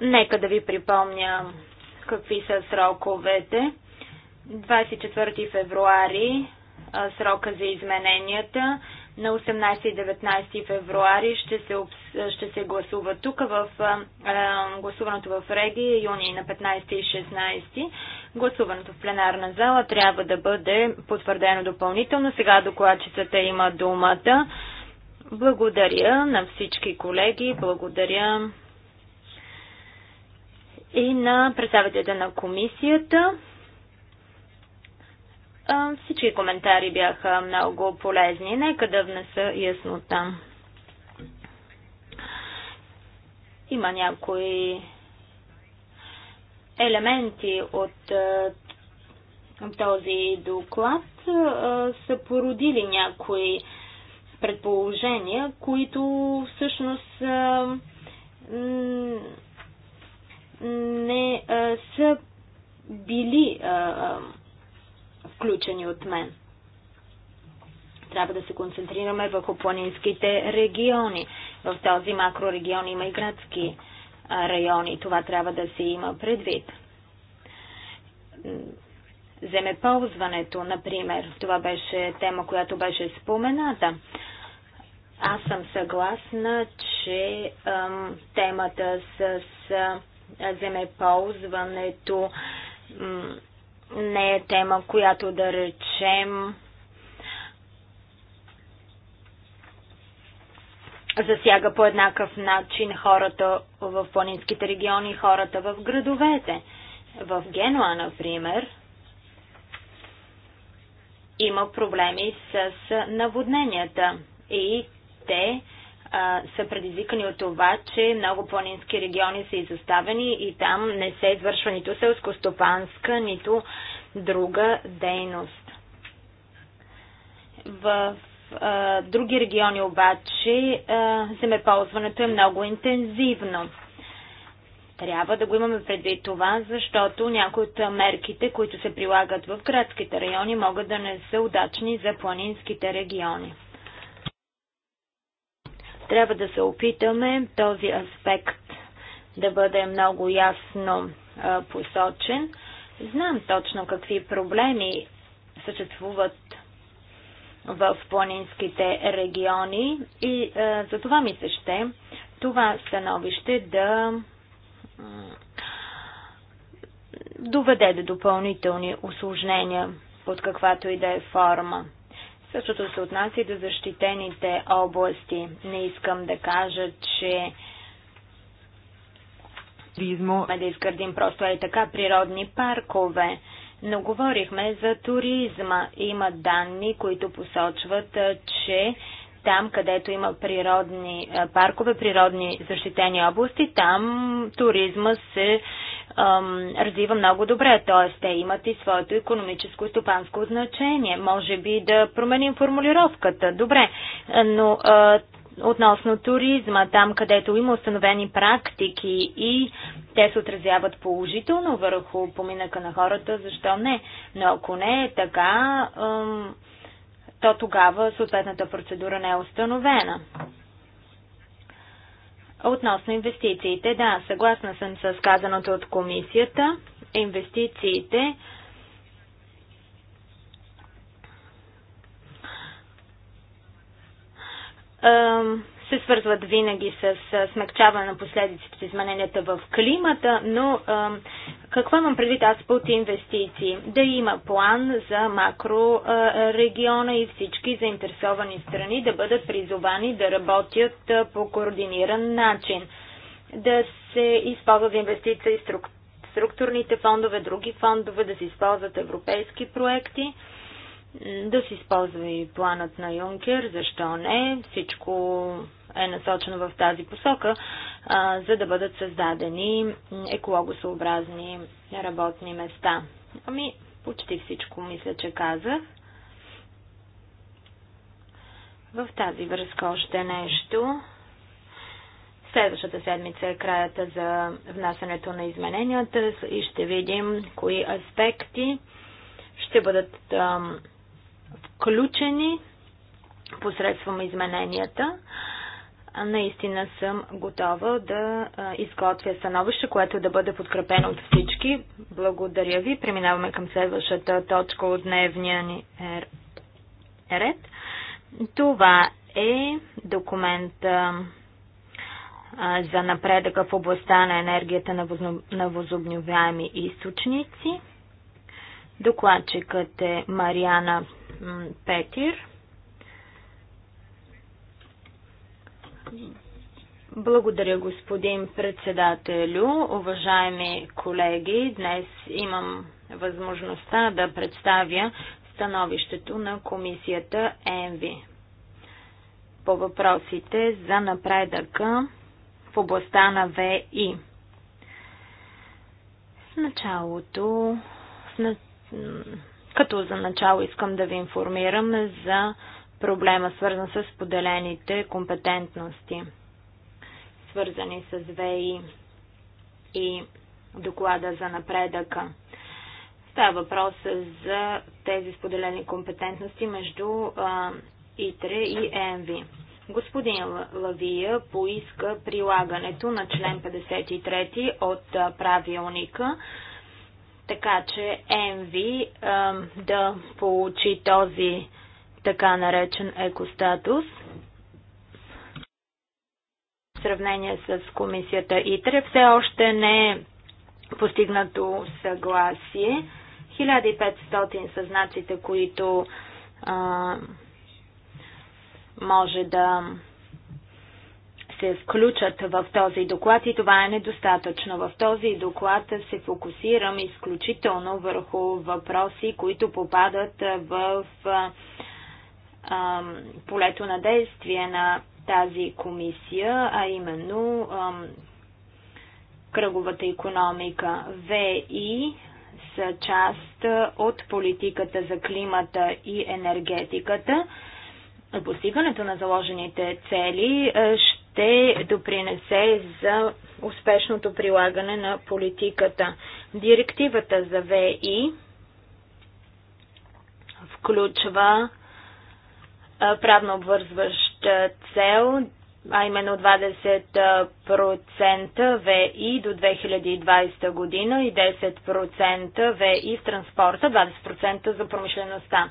Нека да ви припомня какви са сроковете. 24 февруари срока за измененията на 18 и 19 февруари ще се, обс... ще се гласува тук в гласуването в Реги, юни на 15 и 16. Гласуването в пленарна зала трябва да бъде потвърдено допълнително. Сега докладчицата има думата. Благодаря на всички колеги, благодаря и на представителите на комисията. Всички коментари бяха много полезни. Нека да внеса яснота. Има някои елементи от този доклад са породили някои предположения, които всъщност не са били включени от мен. Трябва да се концентрираме върху планинските региони. В този макрорегион има и градски райони. Това трябва да се има предвид. Земеползването, например, това беше тема, която беше спомената. Аз съм съгласна, че ем, темата с, с земеползването ем, не е тема, която да речем засяга по еднакъв начин хората в планинските региони хората в градовете. В Генуа, например, има проблеми с наводненията и те а, са предизвикани от това, че много планински региони са изоставени и там не се извършва нито селско-стопанска, нито друга дейност. В а, други региони обаче а, земеползването е много интензивно. Трябва да го имаме предвид това, защото някои от мерките, които се прилагат в градските райони, могат да не са удачни за планинските региони. Трябва да се опитаме този аспект да бъде много ясно посочен. Знам точно какви проблеми съществуват в планинските региони и а, за това ми се ще това становище да доведе до допълнителни осложнения под каквато и да е форма. Същото се отнася и до защитените области. Не искам да кажа, че туризмо. Да изградим просто е така природни паркове. Но говорихме за туризма. Има данни, които посочват, че там, където има природни паркове, природни защитени области, там туризма се развива много добре, т.е. те имат и своето економическо и стопанско значение. Може би да променим формулировката, добре, но относно туризма, там където има установени практики и те се отразяват положително върху поминъка на хората, защо не? Но ако не е така, то тогава съответната процедура не е установена. Относно инвестициите, да, съгласна съм с казаното от комисията. Инвестициите се свързват винаги с смягчаване на последиците от измененията в климата, но какво имам предвид аз под инвестиции? Да има план за макрорегиона и всички заинтересовани страни да бъдат призовани да работят по координиран начин, да се използват инвестиции структурните фондове, други фондове, да се използват европейски проекти да се използва и планът на Юнкер, защо не, всичко е насочено в тази посока, а, за да бъдат създадени екологосъобразни работни места. Ами, почти всичко мисля, че казах. В тази връзка още нещо. Следващата седмица е краята за внасянето на измененията и ще видим кои аспекти ще бъдат включени посредством измененията наистина съм готова да изготвя становище, което да бъде подкрепено от всички. Благодаря ви. Преминаваме към следващата точка от дневния ни ред. Това е документ за напредъка в областта на енергията на възобновяеми източници. Докладчикът е Мариана Петир. Благодаря, господин председателю. Уважаеми колеги, днес имам възможността да представя становището на комисията ЕМВИ по въпросите за напредъка в областта на ВИ. С началото, като за начало искам да ви информирам за проблема, свързан с поделените компетентности, свързани с ВИ и доклада за напредъка. Става въпрос за тези споделени компетентности между ИТРЕ и ЕМВИ. Господин Лавия поиска прилагането на член 53 от правилника, така че ЕМВИ да получи този така наречен екостатус в сравнение с комисията ИТРЕ все още не е постигнато съгласие. 1500 са знаците, които а, може да се включат в този доклад и това е недостатъчно. В този доклад се фокусирам изключително върху въпроси, които попадат в а, полето на действие на тази комисия, а именно кръговата економика. ВИ са част от политиката за климата и енергетиката. Постигането на заложените цели ще допринесе за успешното прилагане на политиката. Директивата за ВИ включва правно обвързваща цел, а именно 20% ВИ до 2020 година и 10% ВИ в транспорта, 20% за промишлеността.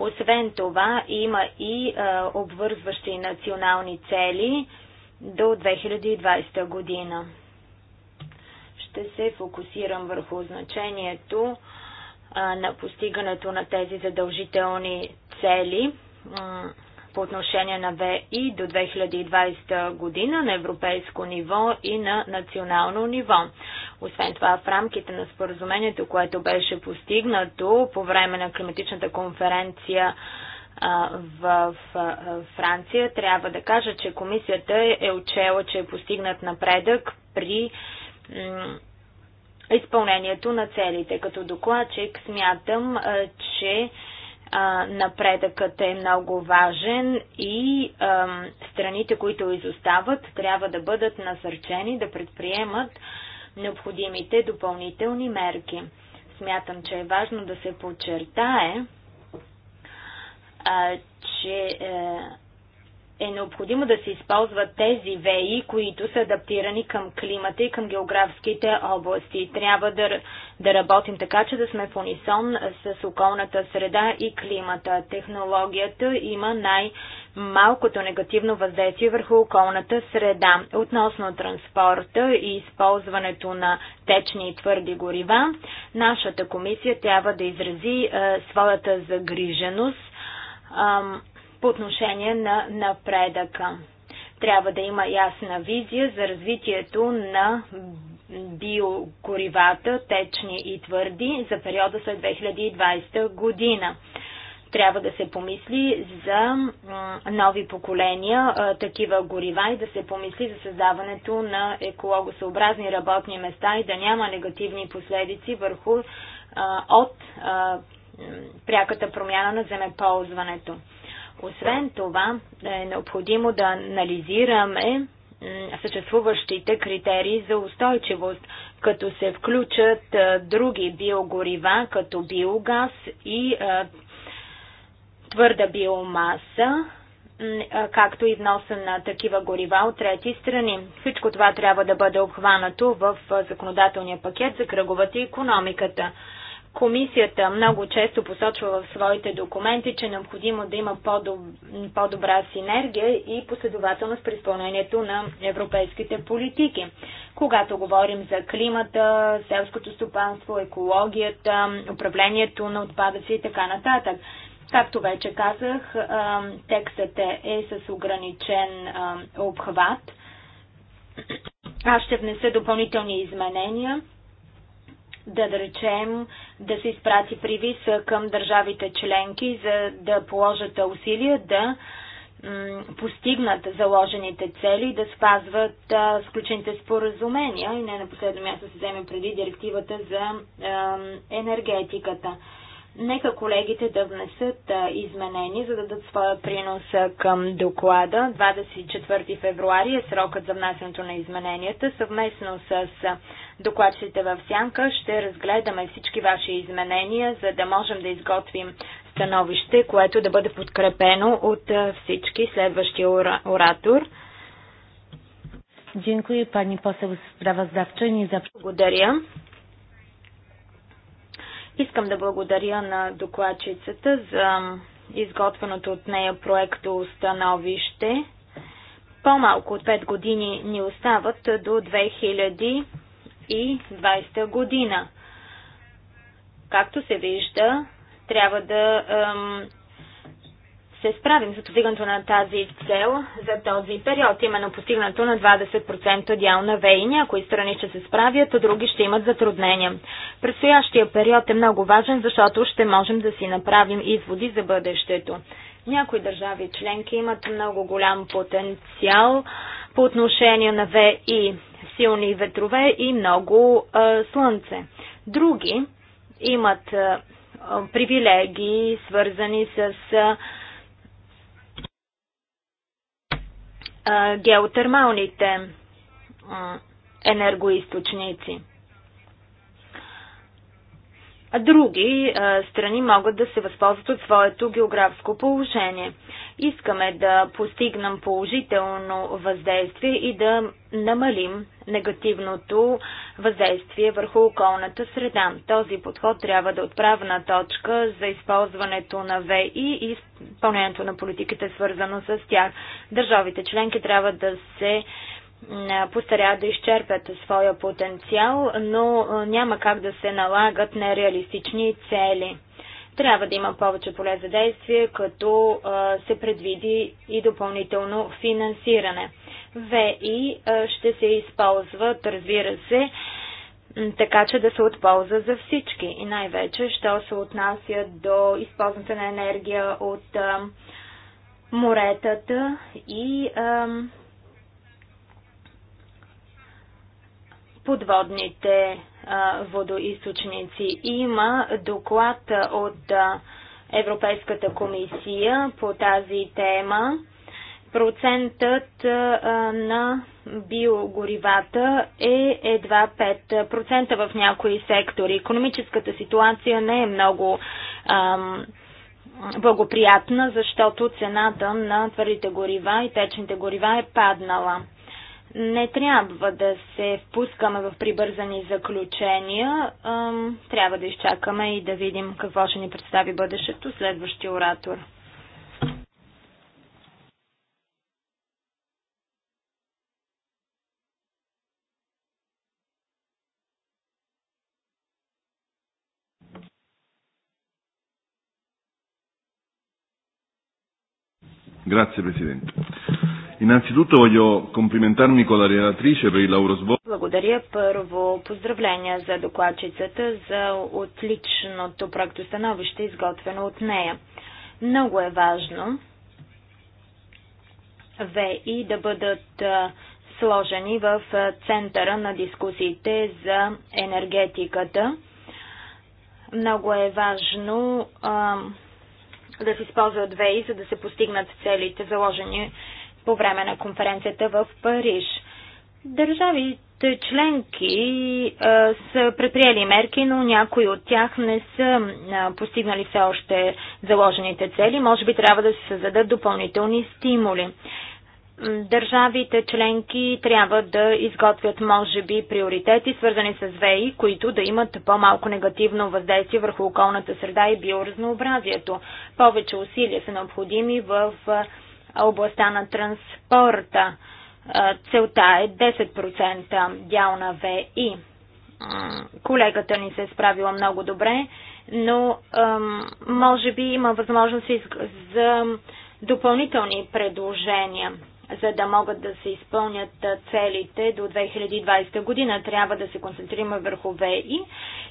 Освен това има и обвързващи национални цели до 2020 година. Ще се фокусирам върху значението на постигането на тези задължителни цели – по отношение на ВИ до 2020 година на европейско ниво и на национално ниво. Освен това, в рамките на споразумението, което беше постигнато по време на климатичната конференция в Франция, трябва да кажа, че комисията е отчела, че е постигнат напредък при изпълнението на целите. Като докладчик смятам, че напредъкът е много важен и а, страните, които изостават, трябва да бъдат насърчени да предприемат необходимите допълнителни мерки. Смятам, че е важно да се подчертае, а, че. А, е, е необходимо да се използват тези веи, които са адаптирани към климата и към географските области. Трябва да, да работим така, че да сме в унисон с околната среда и климата. Технологията има най-малкото негативно въздействие върху околната среда. Относно транспорта и използването на течни и твърди горива, нашата комисия трябва да изрази е, своята загриженост е, по отношение на напредъка. Трябва да има ясна визия за развитието на биогоривата, течни и твърди за периода след 2020 година. Трябва да се помисли за нови поколения такива горива и да се помисли за създаването на екологосъобразни работни места и да няма негативни последици върху от пряката промяна на земеползването. Освен това, е необходимо да анализираме съществуващите критерии за устойчивост, като се включат е, други биогорива, като биогаз и е, твърда биомаса, е, както и вноса на такива горива от трети страни. Всичко това трябва да бъде обхванато в законодателния пакет за кръговата и економиката. Комисията много често посочва в своите документи, че е необходимо да има по-добра синергия и последователност при изпълнението на европейските политики. Когато говорим за климата, селското стопанство, екологията, управлението на отпадъци и така нататък. Както вече казах, текстът е, е с ограничен обхват. Аз ще внеса допълнителни изменения да, да речем, да се изпрати привис към държавите членки, за да положат усилия да постигнат заложените цели и да спазват а, сключените споразумения и не на последно място се вземе преди директивата за а, енергетиката. Нека колегите да внесат изменения, за да дадат своя принос към доклада. 24 февруари е срокът за внасянето на измененията. Съвместно с докладчите в Сянка ще разгледаме всички ваши изменения, за да можем да изготвим становище, което да бъде подкрепено от всички следващия оратор. Dziękuję pani poseł sprawozdawczyni za Благодаря. Искам да благодаря на докладчицата за изготвеното от нея проекто становище. По-малко от 5 години ни остават до 2020 година. Както се вижда, трябва да ем, се справим за постигането на тази цел за този период, именно постигнато на 20% дял на ВЕИ. Някои страни ще се справят, а други ще имат затруднения. Предстоящия период е много важен, защото ще можем да си направим изводи за бъдещето. Някои държави членки имат много голям потенциал по отношение на ВИ, силни ветрове и много е, слънце. Други имат е, привилегии, свързани с е, геотермалните енергоисточници а други а, страни могат да се възползват от своето географско положение. Искаме да постигнем положително въздействие и да намалим негативното въздействие върху околната среда. Този подход трябва да отправна точка за използването на ВИ и изпълнението на политиките, свързано с тях. Държавите членки трябва да се постаряват да изчерпят своя потенциал, но няма как да се налагат нереалистични цели. Трябва да има повече поле за действие, като се предвиди и допълнително финансиране. ВИ ще се използват, разбира се, така че да се отполза за всички. И най-вече, що се отнася до използването на енергия от моретата и подводните водоисточници. Има доклад от Европейската комисия по тази тема. Процентът на биогоривата е едва 5% в някои сектори. Економическата ситуация не е много ам, благоприятна, защото цената на твърдите горива и течните горива е паднала. Не трябва да се впускаме в прибързани заключения. Трябва да изчакаме и да видим какво ще ни представи бъдещето следващия оратор. Grazie Presidente. Innanzitutto voglio complimentarmi con la relatrice per il lavoro svolto. Благодаря. Първо поздравления за докладчицата за отличното проектостановище, изготвено от нея. Много е важно ВИ да бъдат сложени в центъра на дискусиите за енергетиката. Много е важно а, да се използват ВИ, за да се постигнат целите заложени по време на конференцията в Париж. Държавите членки а, са предприели мерки, но някои от тях не са а, постигнали все още заложените цели. Може би трябва да се създадат допълнителни стимули. Държавите членки трябва да изготвят, може би, приоритети, свързани с ВЕИ, които да имат по-малко негативно въздействие върху околната среда и биоразнообразието. Повече усилия са необходими в а, областта на транспорта. Целта е 10% дял на ВИ. Колегата ни се е справила много добре, но може би има възможност за допълнителни предложения. За да могат да се изпълнят целите до 2020 година, трябва да се концентрираме върху ВИ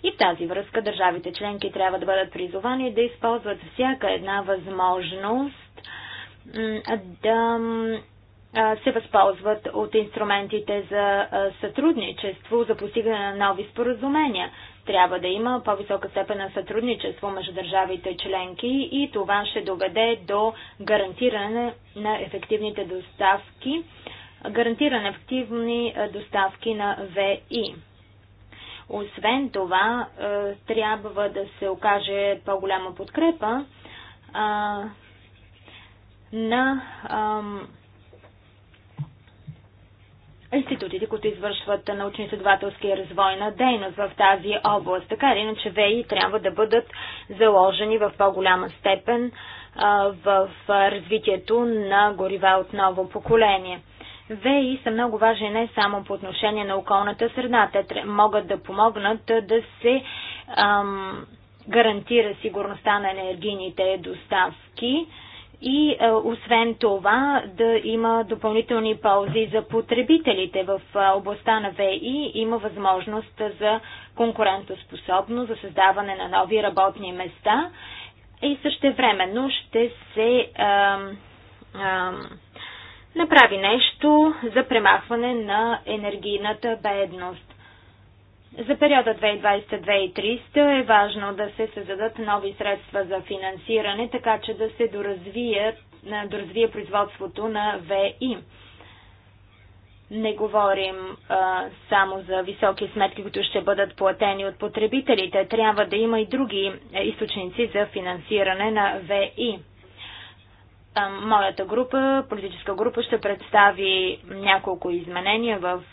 и в тази връзка държавите членки трябва да бъдат призовани да използват всяка една възможност да се възползват от инструментите за сътрудничество, за постигане на нови споразумения. Трябва да има по-висока степен на сътрудничество между държавите членки и това ще доведе до гарантиране на ефективните доставки, гарантиране ефективни доставки на ВИ. Освен това, трябва да се окаже по-голяма подкрепа на ам, институтите, които извършват научно-изследователска и развойна дейност в тази област. Така или иначе ВЕИ трябва да бъдат заложени в по-голяма степен а, в развитието на горива от ново поколение. ВЕИ са много важни не само по отношение на околната среда. Те могат да помогнат да се ам, гарантира сигурността на енергийните доставки, и а, е, освен това да има допълнителни ползи за потребителите в а, е, областта на ВИ. Има възможност за конкурентоспособно, за създаване на нови работни места и същевременно ще се а, а, направи нещо за премахване на енергийната бедност. За периода 2020-2030 е важно да се създадат нови средства за финансиране, така че да се доразвие, доразвие производството на ВИ. Не говорим а, само за високи сметки, които ще бъдат платени от потребителите. Трябва да има и други е, източници за финансиране на ВИ моята група, политическа група, ще представи няколко изменения в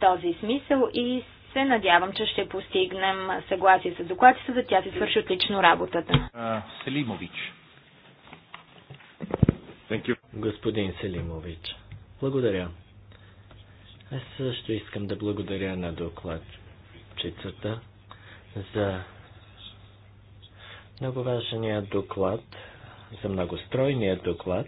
този смисъл и се надявам, че ще постигнем съгласие с за Тя си свърши отлично работата. Селимович. Господин Селимович, благодаря. Аз също искам да благодаря на докладчицата за много важния доклад, за многостройния доклад.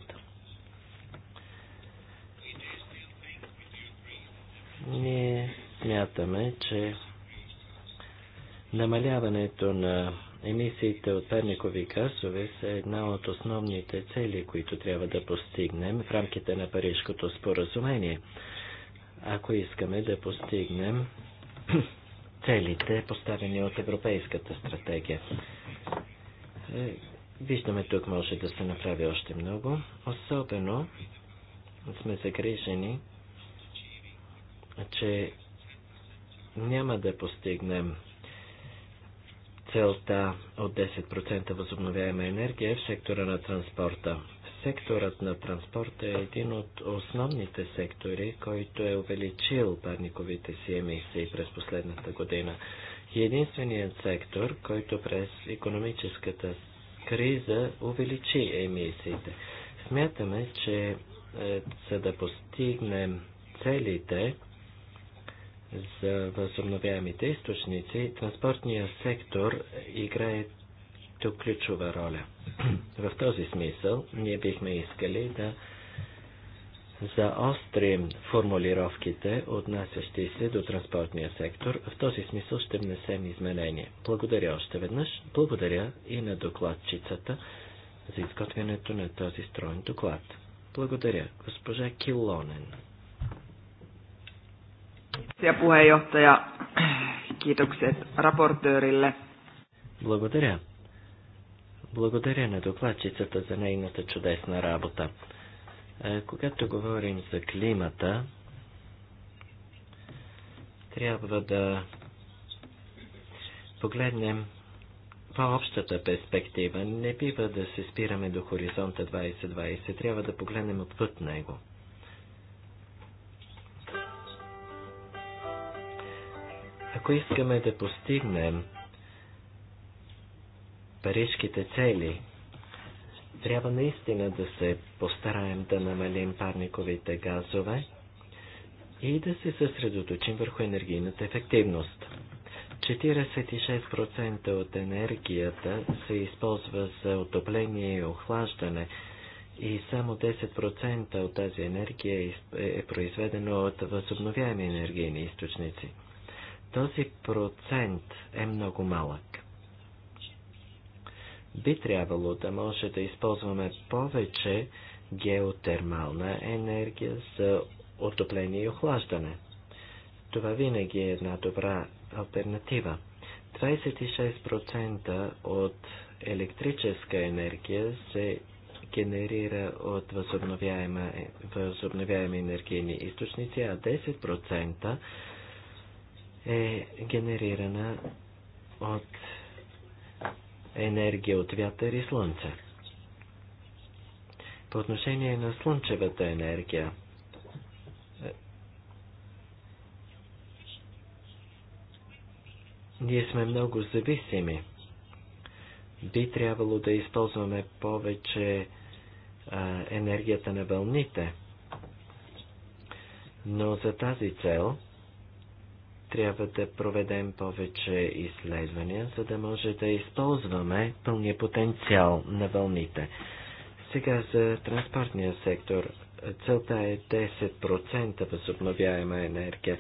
Ние Смятаме, че намаляването на емисиите от парникови газове са една от основните цели, които трябва да постигнем в рамките на Парижкото споразумение, ако искаме да постигнем целите, поставени от Европейската стратегия. Е, виждаме, тук може да се направи още много. Особено сме загрижени, че няма да постигнем целта от 10% възобновяема енергия в сектора на транспорта. Секторът на транспорта е един от основните сектори, който е увеличил парниковите си емисии през последната година. Единственият сектор, който през економическата криза увеличи емисиите. Смятаме, че е, за да постигнем целите, за възобновяемите източници, транспортния сектор играе тук ключова роля. В този смисъл ние бихме искали да заострим формулировките, отнасящи се до транспортния сектор. В този смисъл ще внесем изменения. Благодаря още веднъж. Благодаря и на докладчицата за изготвянето на този строен доклад. Благодаря, госпожа Килонен. Kiitoksia puheenjohtaja. Kiitokset raportöörille. Благодаря. Благодаря на докладчицата за нейната чудесна работа. Е, когато говорим за климата, трябва да погледнем по-общата перспектива. Не бива да се спираме до хоризонта 2020, трябва да погледнем отвъд него. Ако искаме да постигнем парижките цели, трябва наистина да се постараем да намалим парниковите газове и да се съсредоточим върху енергийната ефективност. 46% от енергията се използва за отопление и охлаждане и само 10% от тази енергия е, е произведена от възобновяеми енергийни източници. Този процент е много малък. Би трябвало да може да използваме повече геотермална енергия за отопление и охлаждане. Това винаги е една добра альтернатива. 26% от електрическа енергия се генерира от възобновяеми енергийни източници, а 10% е генерирана от енергия от вятър и слънце. По отношение на слънчевата енергия, ние сме много зависими. Би трябвало да използваме повече а, енергията на вълните. Но за тази цел трябва да проведем повече изследвания, за да може да използваме пълния потенциал на вълните. Сега за транспортния сектор. Целта е 10% възобновяема енергия.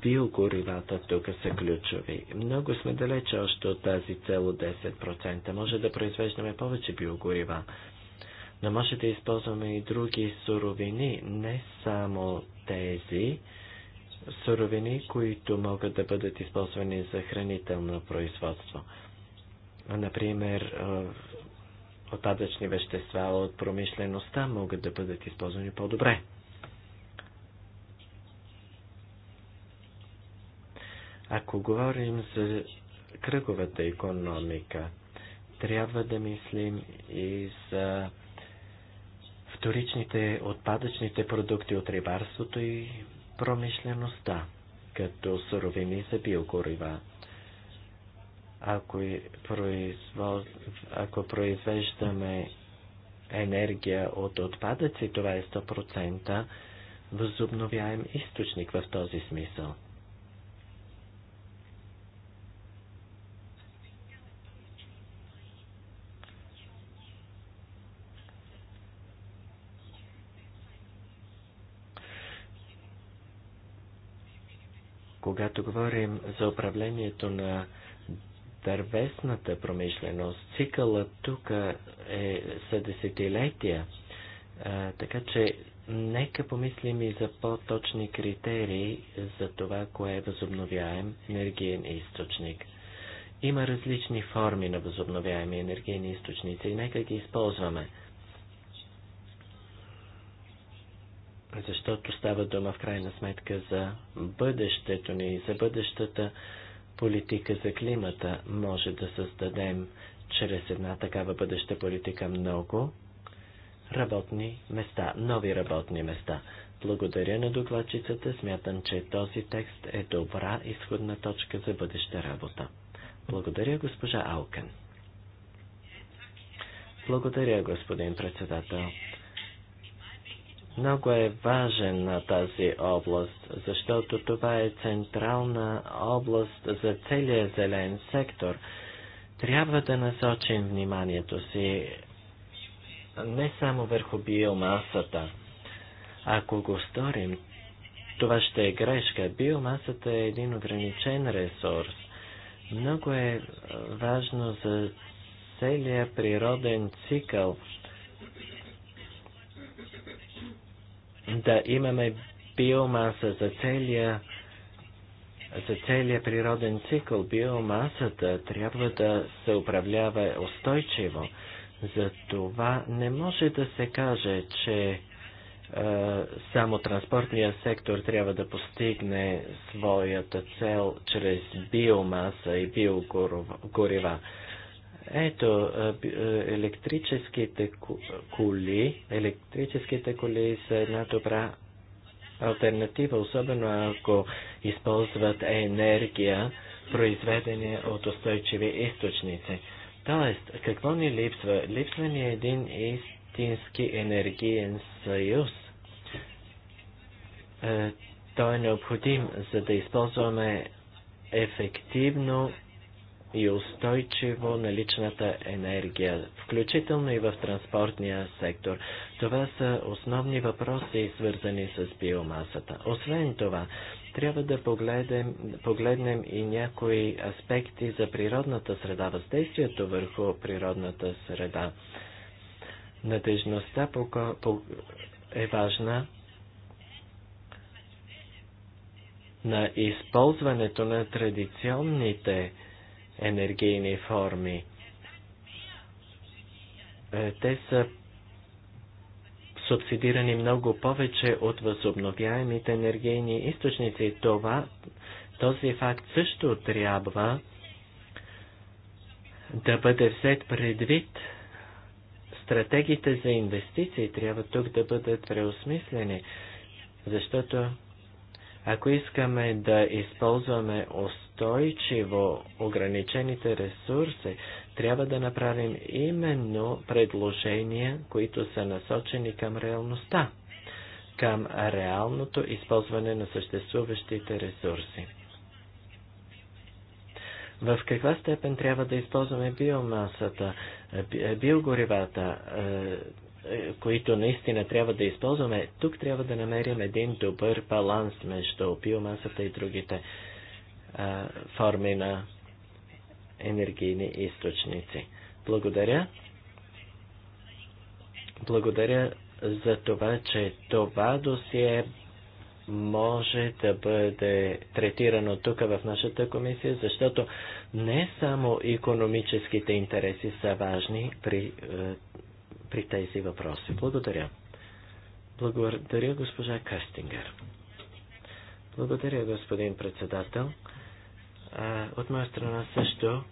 Биогоривата тук са ключови. Много сме далече още от тази цел от 10%. Може да произвеждаме повече биогорива, но може да използваме и други суровини, не само тези, суровини, които могат да бъдат използвани за хранително производство. Например, отпадъчни вещества от промишлеността могат да бъдат използвани по-добре. Ако говорим за кръговата економика, трябва да мислим и за вторичните отпадъчните продукти от рибарството и промишлеността като суровини за биогорива. Ако, произвоз... ако произвеждаме енергия от отпадъци, това е 100% възобновяем източник в този смисъл. Когато говорим за управлението на дървесната промишленост, цикълът тук е са десетилетия. А, така че нека помислим и за по-точни критерии за това, кое е възобновяем енергиен източник. Има различни форми на възобновяеми енергийни източници и нека ги използваме. защото става дума в крайна сметка за бъдещето ни, и за бъдещата политика за климата. Може да създадем чрез една такава бъдеща политика много работни места, нови работни места. Благодаря на докладчицата, смятам, че този текст е добра изходна точка за бъдеща работа. Благодаря, госпожа Алкен. Благодаря, господин председател много е важен на тази област, защото това е централна област за целия зелен сектор. Трябва да насочим вниманието си не само върху биомасата. Ако го сторим, това ще е грешка. Биомасата е един ограничен ресурс. Много е важно за целия природен цикъл да имаме биомаса за целия за целия природен цикъл биомасата трябва да се управлява устойчиво. За това не може да се каже, че е, само транспортния сектор трябва да постигне своята цел чрез биомаса и биогорива. Ето, електрическите коли, електрическите коли са една добра альтернатива, особено ако използват енергия, произведена от устойчиви източници. Тоест, какво ни липсва? Липсва ни един истински енергиен съюз. Е, той е необходим, за да използваме ефективно и устойчиво на личната енергия, включително и в транспортния сектор. Това са основни въпроси, свързани с биомасата. Освен това, трябва да погледнем, погледнем и някои аспекти за природната среда, въздействието върху природната среда. Надежността е важна на използването на традиционните енергийни форми. Е, те са субсидирани много повече от възобновяемите енергийни източници. Това, този факт също трябва да бъде взет предвид. Стратегиите за инвестиции трябва тук да бъдат преосмислени, защото ако искаме да използваме ос устойчиво ограничените ресурси, трябва да направим именно предложения, които са насочени към реалността, към реалното използване на съществуващите ресурси. В каква степен трябва да използваме биомасата, биогоривата, е, е, които наистина трябва да използваме, тук трябва да намерим един добър баланс между биомасата и другите форми на енергийни източници. Благодаря. Благодаря за това, че това досие може да бъде третирано тук в нашата комисия, защото не само економическите интереси са важни при, при тези въпроси. Благодаря. Благодаря госпожа Кастингер. Благодаря, господин председател. От моя страна също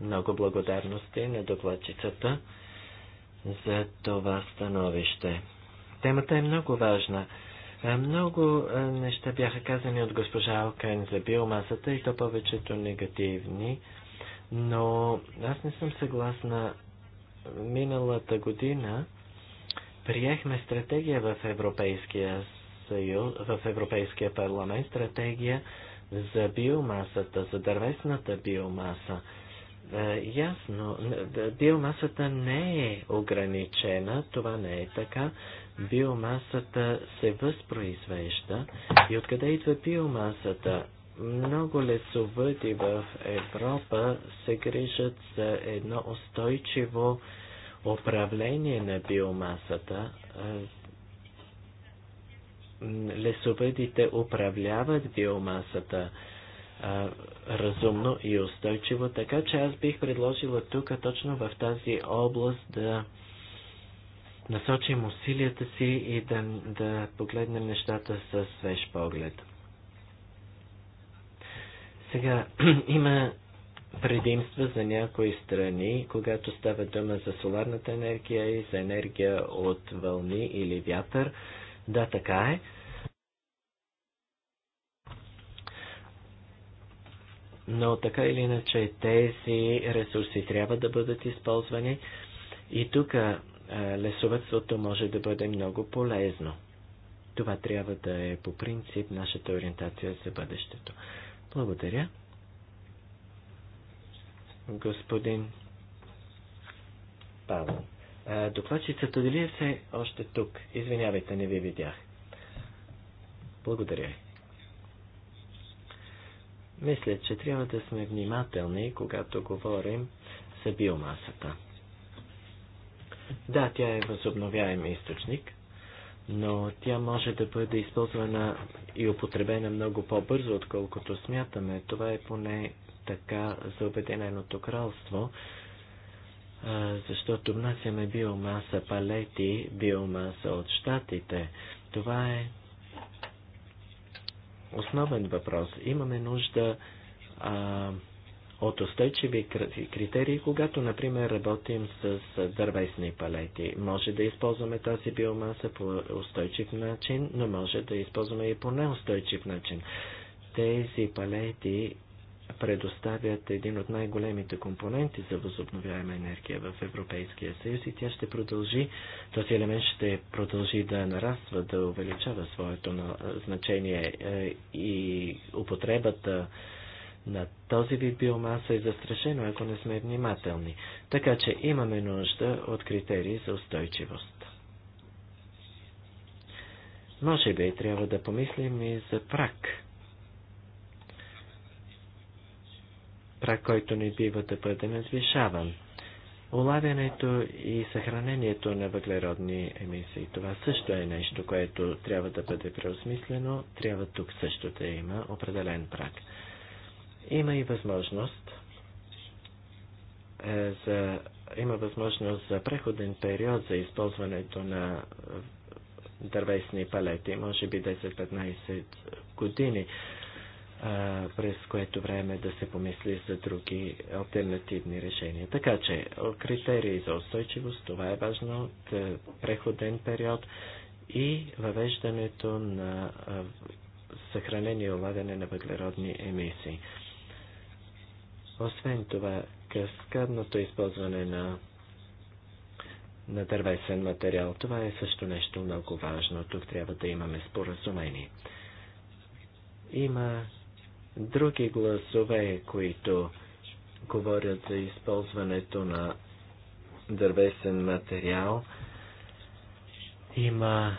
много благодарности на докладчицата за това становище. Темата е много важна. Много неща бяха казани от госпожа Алкен за биомасата и то повечето негативни, но аз не съм съгласна. Миналата година приехме стратегия в Европейския съюз, в Европейския парламент, стратегия за биомасата, за дървесната биомаса. Е, ясно, е, биомасата не е ограничена, това не е така. Биомасата се възпроизвежда. И откъде идва биомасата? Много лесовъди в Европа се грижат за едно устойчиво управление на биомасата, е, лесовъдите управляват биомасата а, разумно и устойчиво, така че аз бих предложила тук, точно в тази област, да насочим усилията си и да, да погледнем нещата със свеж поглед. Сега, има предимства за някои страни, когато става дума за соларната енергия и за енергия от вълни или вятър. Да, така е. Но така или иначе тези ресурси трябва да бъдат използвани и тук лесовътството може да бъде много полезно. Това трябва да е по принцип нашата ориентация за бъдещето. Благодаря. Господин Павел. Докладчицата дали е все още тук? Извинявайте, не ви видях. Благодаря ви. Мисля, че трябва да сме внимателни, когато говорим за биомасата. Да, тя е възобновяем източник, но тя може да бъде използвана и употребена много по-бързо, отколкото смятаме. Това е поне така за Обединеното кралство, защото внасяме биомаса, палети, биомаса от щатите. Това е основен въпрос. Имаме нужда а, от устойчиви критерии, когато, например, работим с дървесни палети. Може да използваме тази биомаса по устойчив начин, но може да използваме и по неустойчив начин. Тези палети предоставят един от най-големите компоненти за възобновяема енергия в Европейския съюз и тя ще продължи, този елемент ще продължи да нараства, да увеличава своето значение е, и употребата на този вид биомаса е застрашено, ако не сме внимателни. Така че имаме нужда от критерии за устойчивост. Може би трябва да помислим и за прак – прак, който не бива да бъде надвишаван. Улавянето и съхранението на въглеродни емисии. Това също е нещо, което трябва да бъде преосмислено. Трябва тук също да има определен прак. Има и възможност е, за, има възможност за преходен период за използването на дървесни палети, може би 10-15 години през което време да се помисли за други альтернативни решения. Така че, критерии за устойчивост, това е важно, от е, преходен период и въвеждането на съхранение и улагане на въглеродни емисии. Освен това, каскадното използване на, на дървесен материал, това е също нещо много важно. Тук трябва да имаме споразумение. Има други гласове, които говорят за използването на дървесен материал. Има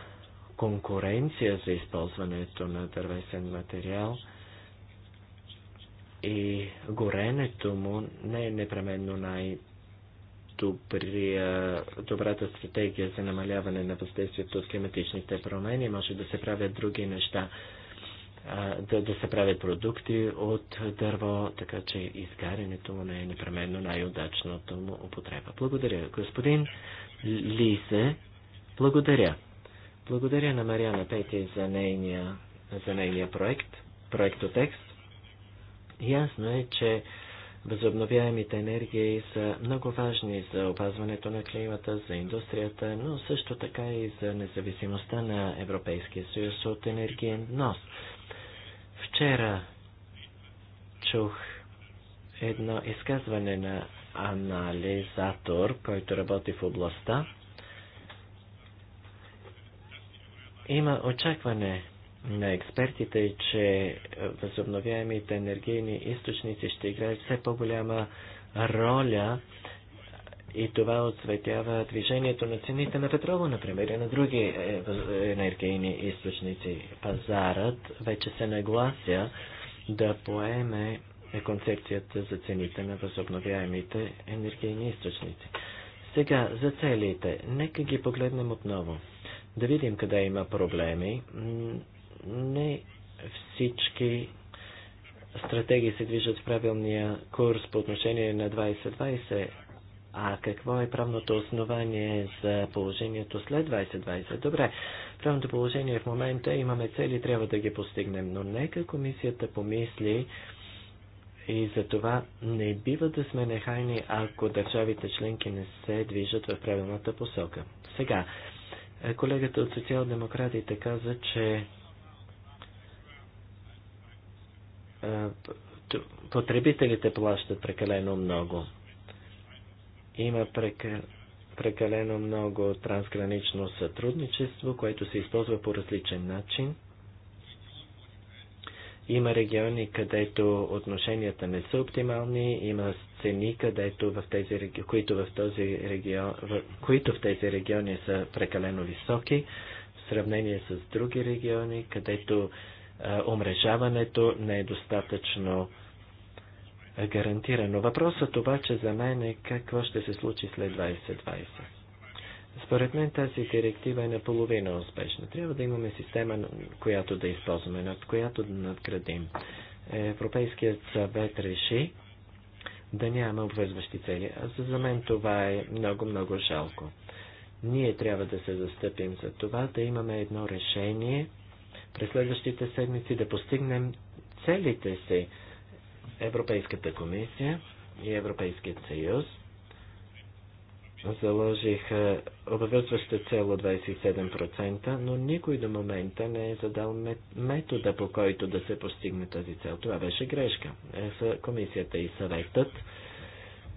конкуренция за използването на дървесен материал и горенето му не е непременно най- добрата стратегия за намаляване на въздействието от климатичните промени. Може да се правят други неща да, да се правят продукти от дърво, така че изгарянето му не е непременно най-удачното му употреба. Благодаря. Господин Лисе, благодаря. Благодаря на Мариана Пети за нейния, за нейния проект, проектотекст. Ясно е, че Възобновяемите енергии са много важни за опазването на климата, за индустрията, но също така и за независимостта на Европейския съюз от енергиен нос. Вчера чух едно изказване на анализатор, който работи в областта. Има очакване на експертите, че възобновяемите енергийни източници ще играят все по-голяма роля и това отсветява движението на цените на петрола, например, и на други е, енергийни източници. Пазарът вече се наглася да поеме концепцията за цените на възобновяемите енергийни източници. Сега, за целите, нека ги погледнем отново. Да видим къде има проблеми. Не всички стратегии се движат в правилния курс по отношение на 2020, а какво е правното основание за положението след 2020? Добре, правното положение в момента имаме цели, трябва да ги постигнем, но нека комисията помисли и за това не бива да сме нехайни, ако държавите членки не се движат в правилната посока. Сега, колегата от социал-демократите каза, че потребителите плащат прекалено много. Има прекалено много трансгранично сътрудничество, което се използва по различен начин. Има региони, където отношенията не са оптимални, има цени, където в тези, които, в този регион, в, които в тези региони са прекалено високи, в сравнение с други региони, където а, умрежаването не е достатъчно е гарантирано. Въпросът обаче за мен е какво ще се случи след 2020. Според мен тази директива е наполовина успешна. Трябва да имаме система, която да използваме, над която да надградим. Европейският съвет реши да няма обвързващи цели. А за мен това е много-много жалко. Ние трябва да се застъпим за това, да имаме едно решение през следващите седмици, да постигнем целите си Европейската комисия и Европейският съюз заложиха обвързваща цел от 27%, но никой до момента не е задал метода по който да се постигне тази цел. Това беше грешка. Е, комисията и съветът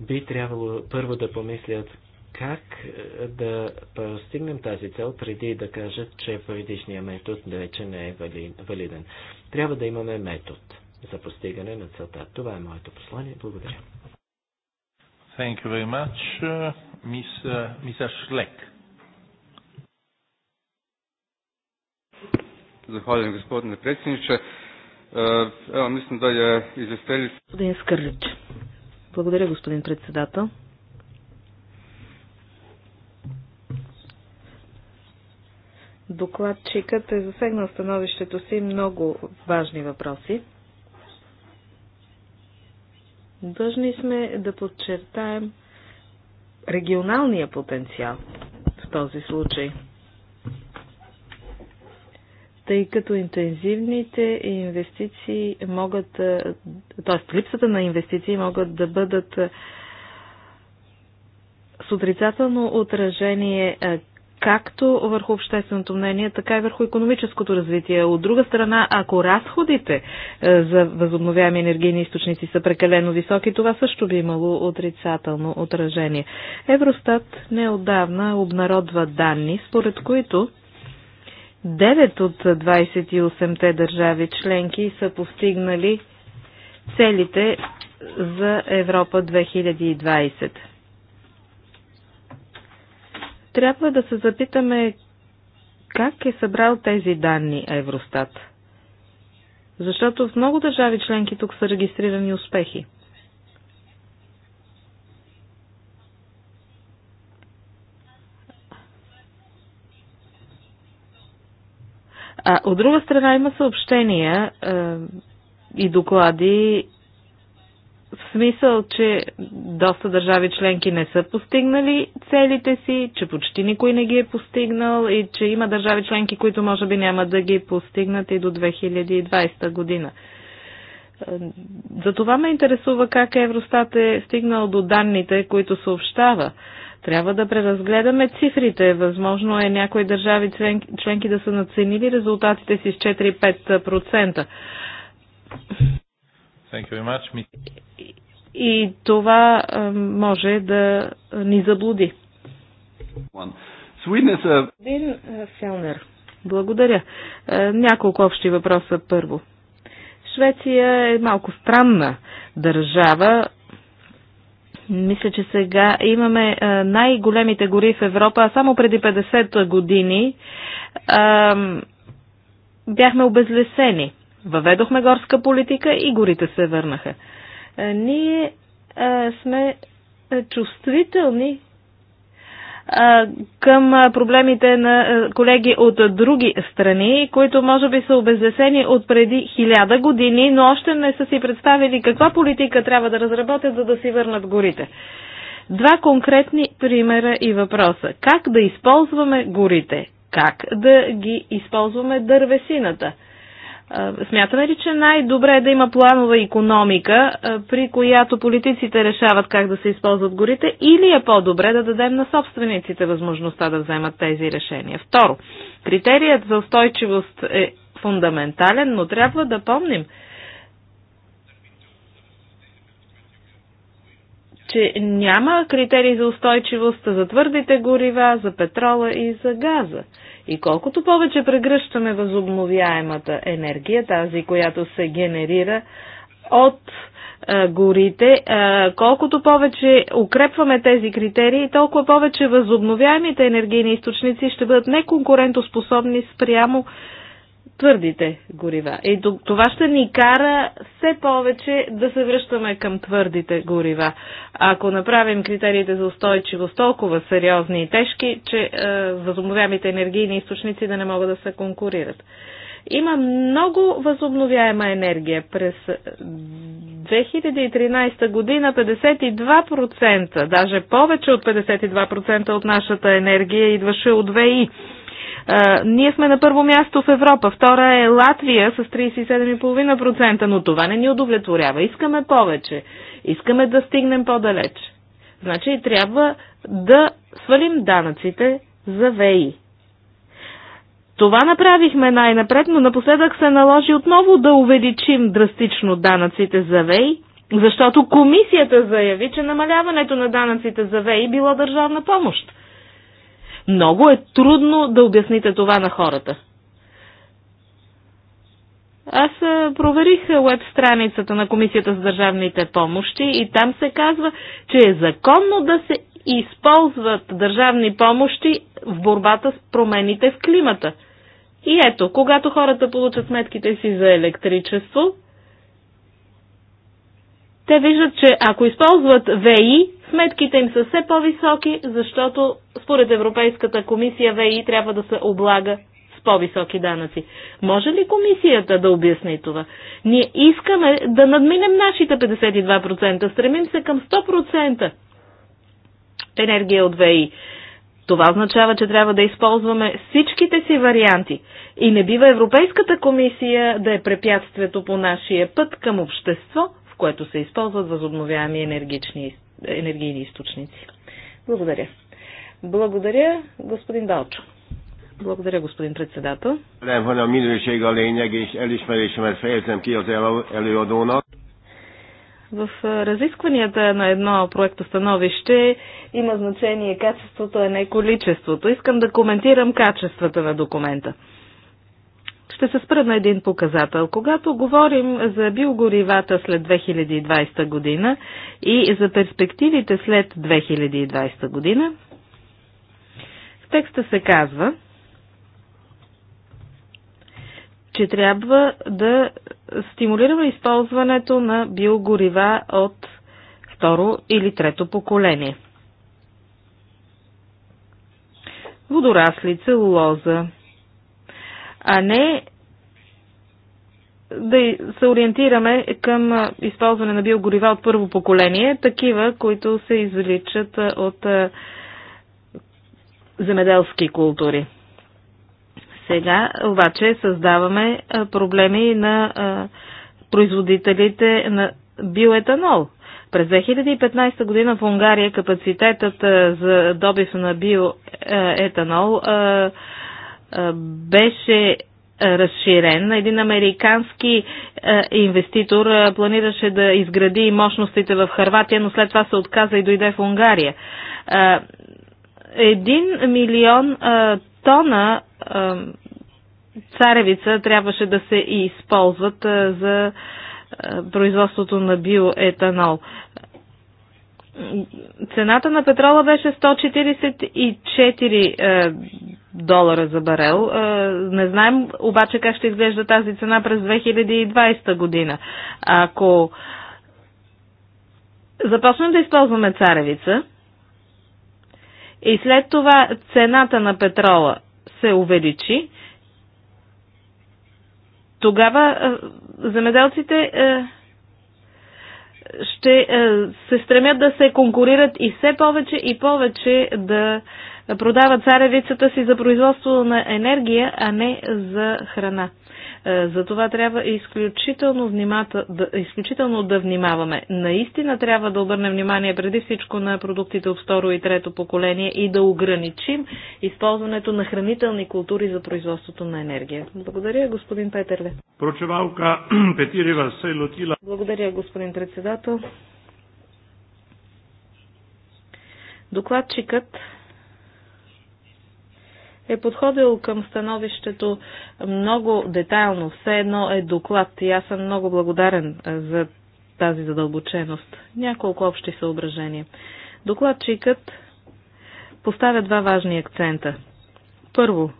би трябвало първо да помислят как е, да постигнем тази цел преди да кажат, че предишният метод вече не е валиден. Трябва да имаме метод за постигане на целта. Това е моето послание. Благодаря. Thank you very much, uh, Miss, uh, Miss Schleck. Zahvaljujem gospodine predsjedniče. Uh, Evo, mislim da je izvesteljica... Gospodin Skrđić. Благодаря, господин председател. Докладчикът е засегнал становището си много важни въпроси. Длъжни сме да подчертаем регионалния потенциал в този случай тъй като интензивните инвестиции могат, т.е. липсата на инвестиции могат да бъдат с отрицателно отражение както върху общественото мнение, така и върху економическото развитие. От друга страна, ако разходите е, за възобновяеми енергийни източници са прекалено високи, това също би имало отрицателно отражение. Евростат неодавна обнародва данни, според които 9 от 28-те държави членки са постигнали целите за Европа 2020. Трябва да се запитаме как е събрал тези данни Евростат. Защото в много държави членки тук са регистрирани успехи. А от друга страна има съобщения е, и доклади в смисъл, че доста държави членки не са постигнали целите си, че почти никой не ги е постигнал и че има държави членки, които може би няма да ги постигнат и до 2020 година. За това ме интересува как Евростат е стигнал до данните, които съобщава. Трябва да преразгледаме цифрите. Възможно е някои държави членки да са наценили резултатите си с 4-5%. Thank you very much. И, и това е, може да ни заблуди. Господин е, Фелнер, благодаря. Е, няколко общи въпроса първо. Швеция е малко странна държава. Мисля, че сега имаме най-големите гори в Европа, а само преди 50 години бяхме обезлесени. Въведохме горска политика и горите се върнаха. Е, ние е, сме е, чувствителни към проблемите на колеги от други страни, които може би са обезлесени от преди хиляда години, но още не са си представили каква политика трябва да разработят, за да си върнат горите. Два конкретни примера и въпроса. Как да използваме горите? Как да ги използваме дървесината? Смятаме ли, че най-добре е да има планова економика, при която политиците решават как да се използват горите, или е по-добре да дадем на собствениците възможността да вземат тези решения? Второ, критерият за устойчивост е фундаментален, но трябва да помним, че няма критерии за устойчивост за твърдите горива, за петрола и за газа. И колкото повече прегръщаме възобновяемата енергия, тази, която се генерира от горите. Колкото повече укрепваме тези критерии, толкова повече възобновяемите енергийни източници ще бъдат неконкурентоспособни спрямо твърдите горива. И това ще ни кара все повече да се връщаме към твърдите горива. Ако направим критериите за устойчивост толкова сериозни и тежки, че е, възобновяемите енергийни източници да не могат да се конкурират. Има много възобновяема енергия. През 2013 е, година 52%, даже повече от 52% от нашата енергия идваше от ВИ ние сме на първо място в Европа, втора е Латвия с 37,5%, но това не ни удовлетворява. Искаме повече. Искаме да стигнем по-далеч. Значи трябва да свалим данъците за ВЕИ. Това направихме най-напред, но напоследък се наложи отново да увеличим драстично данъците за ВЕИ, защото комисията заяви, че намаляването на данъците за ВЕИ било държавна помощ. Много е трудно да обясните това на хората. Аз проверих веб страницата на Комисията за държавните помощи и там се казва, че е законно да се използват държавни помощи в борбата с промените в климата. И ето, когато хората получат сметките си за електричество, те виждат, че ако използват ВИ, Сметките им са все по-високи, защото според Европейската комисия ВИ трябва да се облага с по-високи данъци. Може ли комисията да обясни това? Ние искаме да надминем нашите 52%, стремим се към 100% енергия от ВИ. Това означава, че трябва да използваме всичките си варианти и не бива Европейската комисия да е препятствието по нашия път към общество, в което се използват възобновяеми енергични източници енергийни източници. Благодаря. Благодаря, господин Далчо. Благодаря, господин председател. В разискванията на едно проекто становище има значение качеството, а не количеството. Искам да коментирам качествата на документа. Ще се спра на един показател. Когато говорим за биогоривата след 2020 година и за перспективите след 2020 година, в текста се казва, че трябва да стимулираме използването на биогорива от второ или трето поколение. Водорасли, целулоза, а не да се ориентираме към използване на биогорива от първо поколение, такива, които се извличат от земеделски култури. Сега обаче създаваме проблеми на производителите на биоетанол. През 2015 година в Унгария капацитетът за добив на биоетанол беше е, разширен. Един американски е, инвеститор е, планираше да изгради мощностите в Харватия, но след това се отказа и дойде в Унгария. Един милион тона царевица трябваше да се използват за производството на биоетанол. Цената на петрола беше 144 е, долара за барел. Е, не знаем обаче как ще изглежда тази цена през 2020 година. Ако започнем да използваме царевица и след това цената на петрола се увеличи, тогава е, земеделците ще е, се стремят да се конкурират и все повече и повече да продават царевицата си за производство на енергия, а не за храна. Е, Затова трябва изключително, внимата, да, изключително да внимаваме. Наистина трябва да обърнем внимание преди всичко на продуктите от второ и трето поколение и да ограничим използването на хранителни култури за производството на енергия. Благодаря, господин Петерле. Прочевалка Петирева се лотила. Благодаря, господин председател. Докладчикът е подходил към становището много детайлно. Все едно е доклад и аз съм много благодарен е, за тази задълбоченост. Няколко общи съображения. Докладчикът поставя два важни акцента. Първо,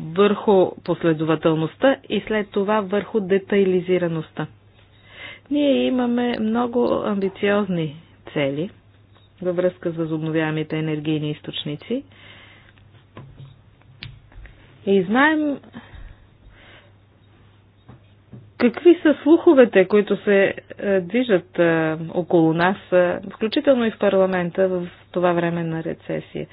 върху последователността и след това върху детайлизираността. Ние имаме много амбициозни цели във връзка с възобновяемите енергийни източници – и знаем какви са слуховете, които се е, движат е, около нас, е, включително и в парламента в това време на рецесия.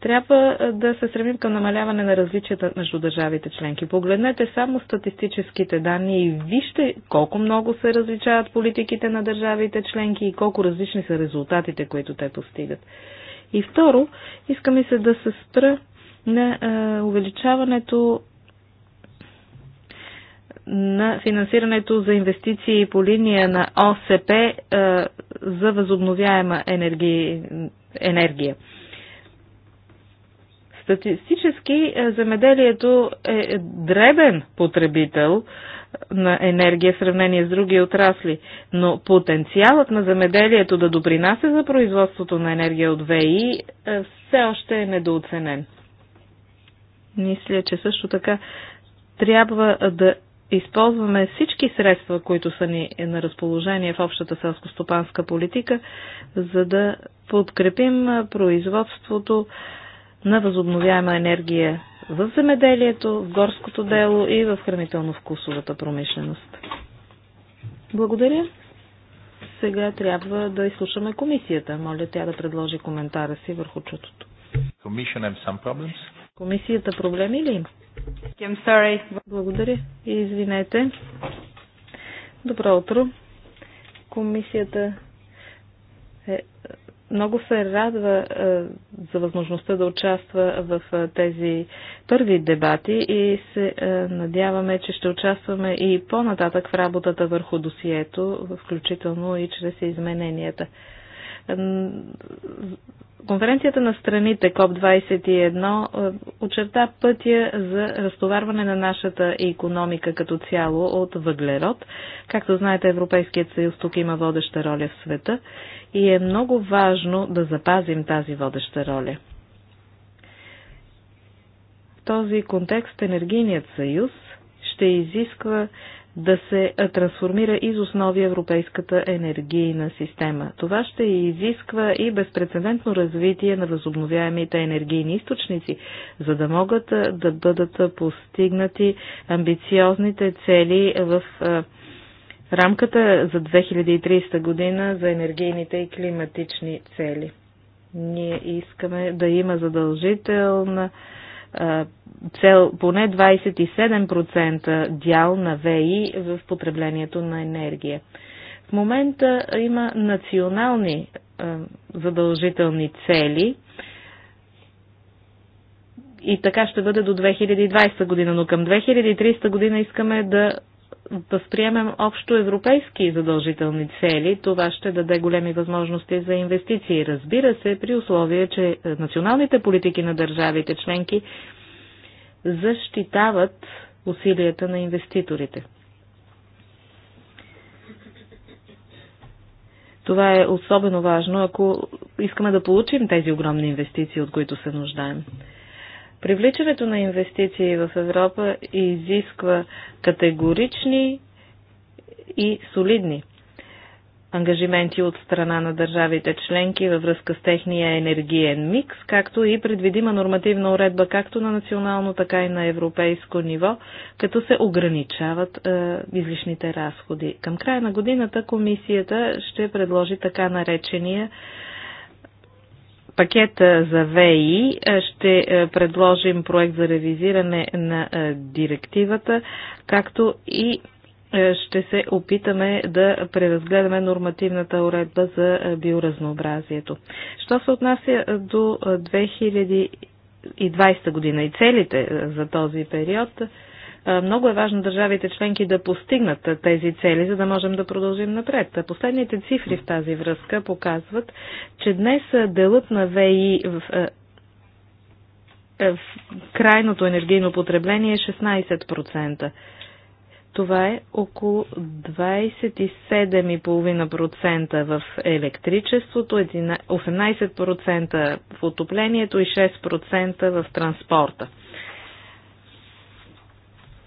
Трябва да се стремим към намаляване на различията между държавите членки. Погледнете само статистическите данни и вижте колко много се различават политиките на държавите членки и колко различни са резултатите, които те постигат. И второ, искаме се да се спра на е, увеличаването на финансирането за инвестиции по линия на ОСП е, за възобновяема енергия. Статистически е, земеделието е дребен потребител на енергия в сравнение с други отрасли, но потенциалът на земеделието да допринася за производството на енергия от ВИ все още е недооценен мисля, че също така трябва да използваме всички средства, които са ни на разположение в общата селско-стопанска политика, за да подкрепим производството на възобновяема енергия в земеделието, в горското дело и в хранително-вкусовата промишленост. Благодаря. Сега трябва да изслушаме комисията. Моля тя да предложи коментара си върху чутото. Комисията проблеми ли има? I'm sorry. Благодаря и извинете. Добро утро. Комисията е, много се радва е, за възможността да участва в е, тези първи дебати и се е, надяваме, че ще участваме и по-нататък в работата върху досието, включително и чрез измененията Конференцията на страните КОП-21 е, очерта пътя за разтоварване на нашата економика като цяло от въглерод. Както знаете, Европейският съюз тук има водеща роля в света и е много важно да запазим тази водеща роля. В този контекст Енергийният съюз ще изисква да се трансформира из основи европейската енергийна система. Това ще изисква и безпредседентно развитие на възобновяемите енергийни източници, за да могат да бъдат постигнати амбициозните цели в рамката за 2030 година за енергийните и климатични цели. Ние искаме да има задължителна цел поне 27% дял на ВИ в потреблението на енергия. В момента има национални задължителни цели и така ще бъде до 2020 година, но към 2300 година искаме да възприемем общо европейски задължителни цели, това ще даде големи възможности за инвестиции. Разбира се, при условие, че националните политики на държавите членки защитават усилията на инвеститорите. Това е особено важно, ако искаме да получим тези огромни инвестиции, от които се нуждаем. Привличането на инвестиции в Европа изисква категорични и солидни ангажименти от страна на държавите членки във връзка с техния енергиен микс, както и предвидима нормативна уредба както на национално, така и на европейско ниво, като се ограничават е, излишните разходи. Към края на годината комисията ще предложи така наречения пакета за ВИ е, ще е, предложим проект за ревизиране на е, директивата, както и ще се опитаме да преразгледаме нормативната уредба за биоразнообразието. Що се отнася до 2020 година и целите за този период, е, много е важно държавите членки да постигнат е, тези цели, за да можем да продължим напред. Е, последните цифри в тази връзка показват, че днес делът на ВИ в в крайното енергийно потребление е 16%. Това е около 27,5% в електричеството, 18% в отоплението и 6% в транспорта.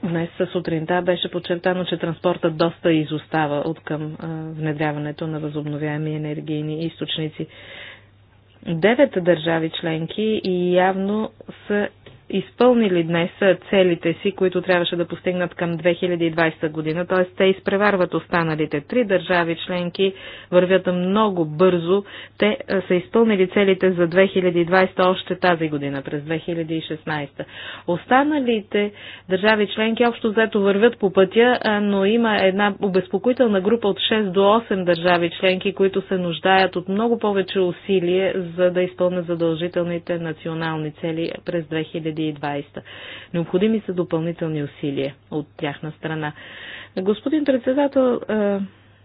Днес сутринта беше подчертано, че транспортът доста изостава от към внедряването на възобновяеми енергийни източници. Девет държави членки и явно са изпълнили днес целите си, които трябваше да постигнат към 2020 година, т.е. те изпреварват останалите три държави членки, вървят много бързо. Те са изпълнили целите за 2020 още тази година, през 2016. Останалите държави членки общо взето вървят по пътя, но има една обезпокоителна група от 6 до 8 държави членки, които се нуждаят от много повече усилие, за да изпълнят задължителните национални цели през 2020. 2020. Необходими са допълнителни усилия от тяхна страна. Господин председател, е,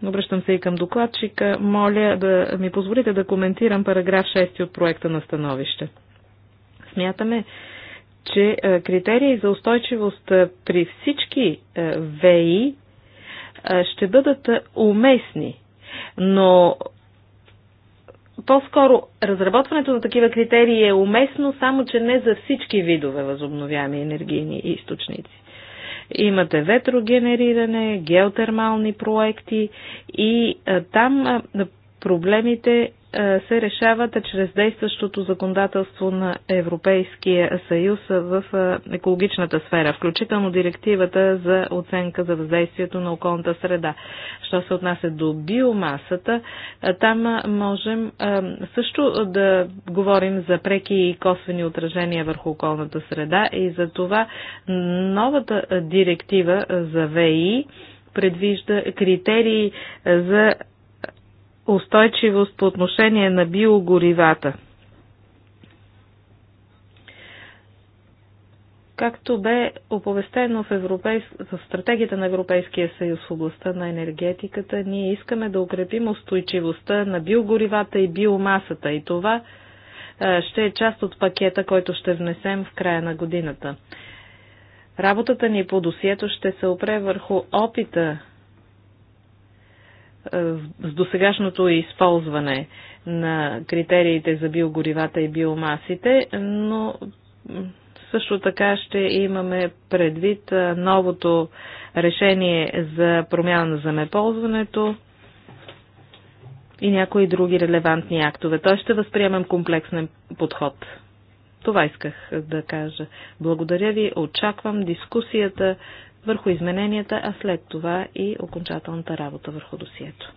Обръщам се и към докладчика. Моля да ми позволите да коментирам параграф 6 от проекта на становище. Смятаме, че е, критерии за устойчивост е, при всички ВИ ще бъдат уместни, но по-скоро разработването на такива критерии е уместно, само че не за всички видове възобновяеми енергийни източници. Имате ветрогенериране, геотермални проекти и а, там а, проблемите е, се решават чрез действащото законодателство на Европейския съюз в е, екологичната сфера, включително директивата за оценка за въздействието на околната среда. Що се отнася до биомасата, е, там можем също да говорим за преки и косвени отражения върху околната среда и за това новата директива за ВИ предвижда критерии за устойчивост по отношение на биогоривата. Както бе оповестено в, европейс... в стратегията на Европейския съюз в областта на енергетиката, ние искаме да укрепим устойчивостта на биогоривата и биомасата и това ще е част от пакета, който ще внесем в края на годината. Работата ни по досието ще се опре върху опита е, с досегашното използване на критериите за биогоривата и биомасите, но също така ще имаме предвид е, новото решение за промяна на земеползването и някои други релевантни актове. Той ще възприемем комплексен подход. Това исках да кажа. Благодаря ви. Очаквам дискусията върху измененията, а след това и окончателната работа върху досието.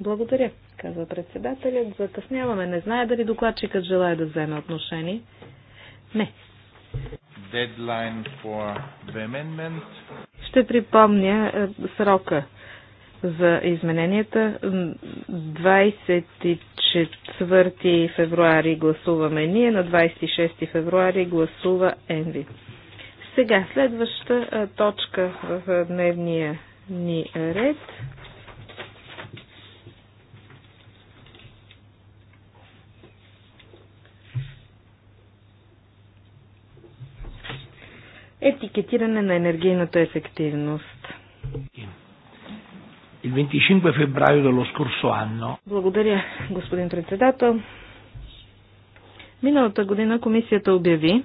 Благодаря, казва председателят. Закъсняваме. Не знае дали докладчикът желая да вземе отношение. Не. Ще припомня е, срока за измененията. 24 февруари гласуваме ние, на 26 февруари гласува Енви. Сега, следваща точка в дневния ни ред. етикетиране на енергийната ефективност. Il 25 febbraio dello scorso anno. Благодаря, господин председател. Миналата година комисията обяви,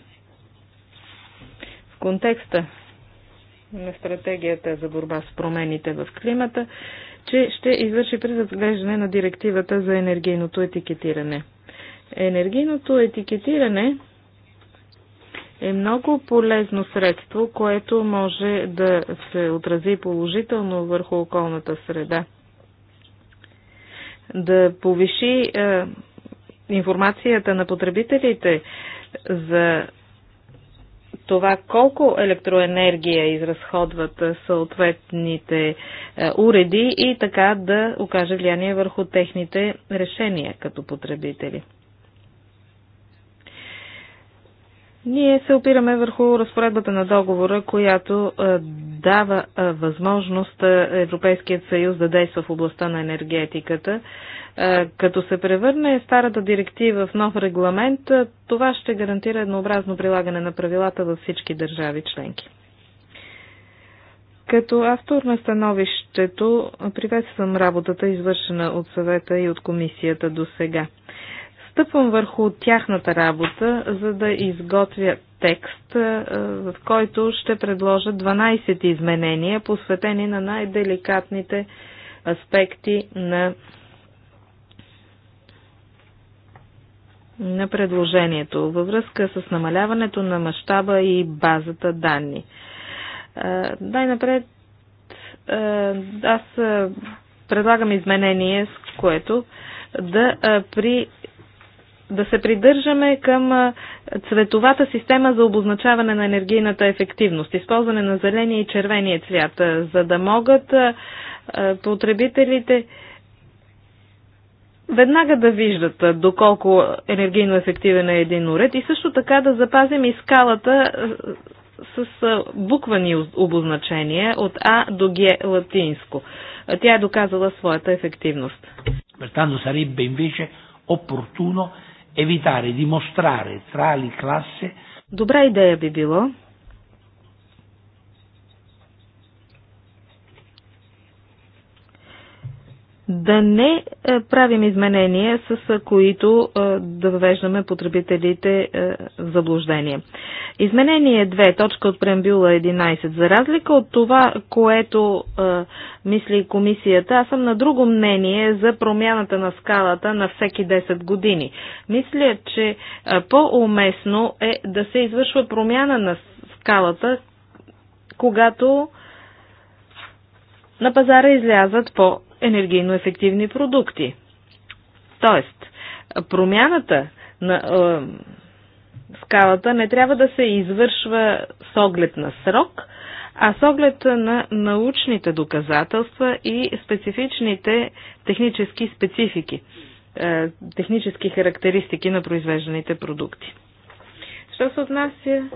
контекста на стратегията за борба с промените в климата, че ще извърши преразглеждане на директивата за енергийното етикетиране. Енергийното етикетиране е много полезно средство, което може да се отрази положително върху околната среда. Да повиши е, информацията на потребителите за това колко електроенергия изразходват съответните е, уреди и така да окаже влияние върху техните решения като потребители. Ние се опираме върху разпоредбата на договора, която е, дава е, възможност Европейският съюз да действа в областта на енергетиката е, като се превърне старата директива в нов регламент, е, това ще гарантира еднообразно прилагане на правилата във всички държави членки. Като автор на становището приветствам работата, извършена от съвета и от комисията до сега. Стъпвам върху тяхната работа, за да изготвя текст, е, в който ще предложа 12 изменения, посветени на най-деликатните аспекти на на предложението във връзка с намаляването на мащаба и базата данни. Най-напред аз предлагам изменение, с което да, при, да се придържаме към цветовата система за обозначаване на енергийната ефективност, използване на зеления и червения цвят, за да могат потребителите веднага да виждат доколко енергийно ефективен е един уред и също така да запазим и скалата с буквани обозначения от А до Г латинско. Тя е доказала своята ефективност. Pertanto sarebbe invece opportuno evitare di mostrare tra le classe Добра идея би било да не е, правим изменения, с е, които е, да въвеждаме потребителите в заблуждение. Изменение 2, точка от преамбюла 11. За разлика от това, което мисли комисията, аз съм на друго мнение за промяната на скалата на всеки 10 години. Мисля, че по-уместно е да се извършва промяна на скалата, когато на пазара излязат по енергийно ефективни продукти. Тоест, промяната на е, скалата не трябва да се извършва с оглед на срок, а с оглед на научните доказателства и специфичните технически специфики, е, технически характеристики на произвежданите продукти. Що се отнася е,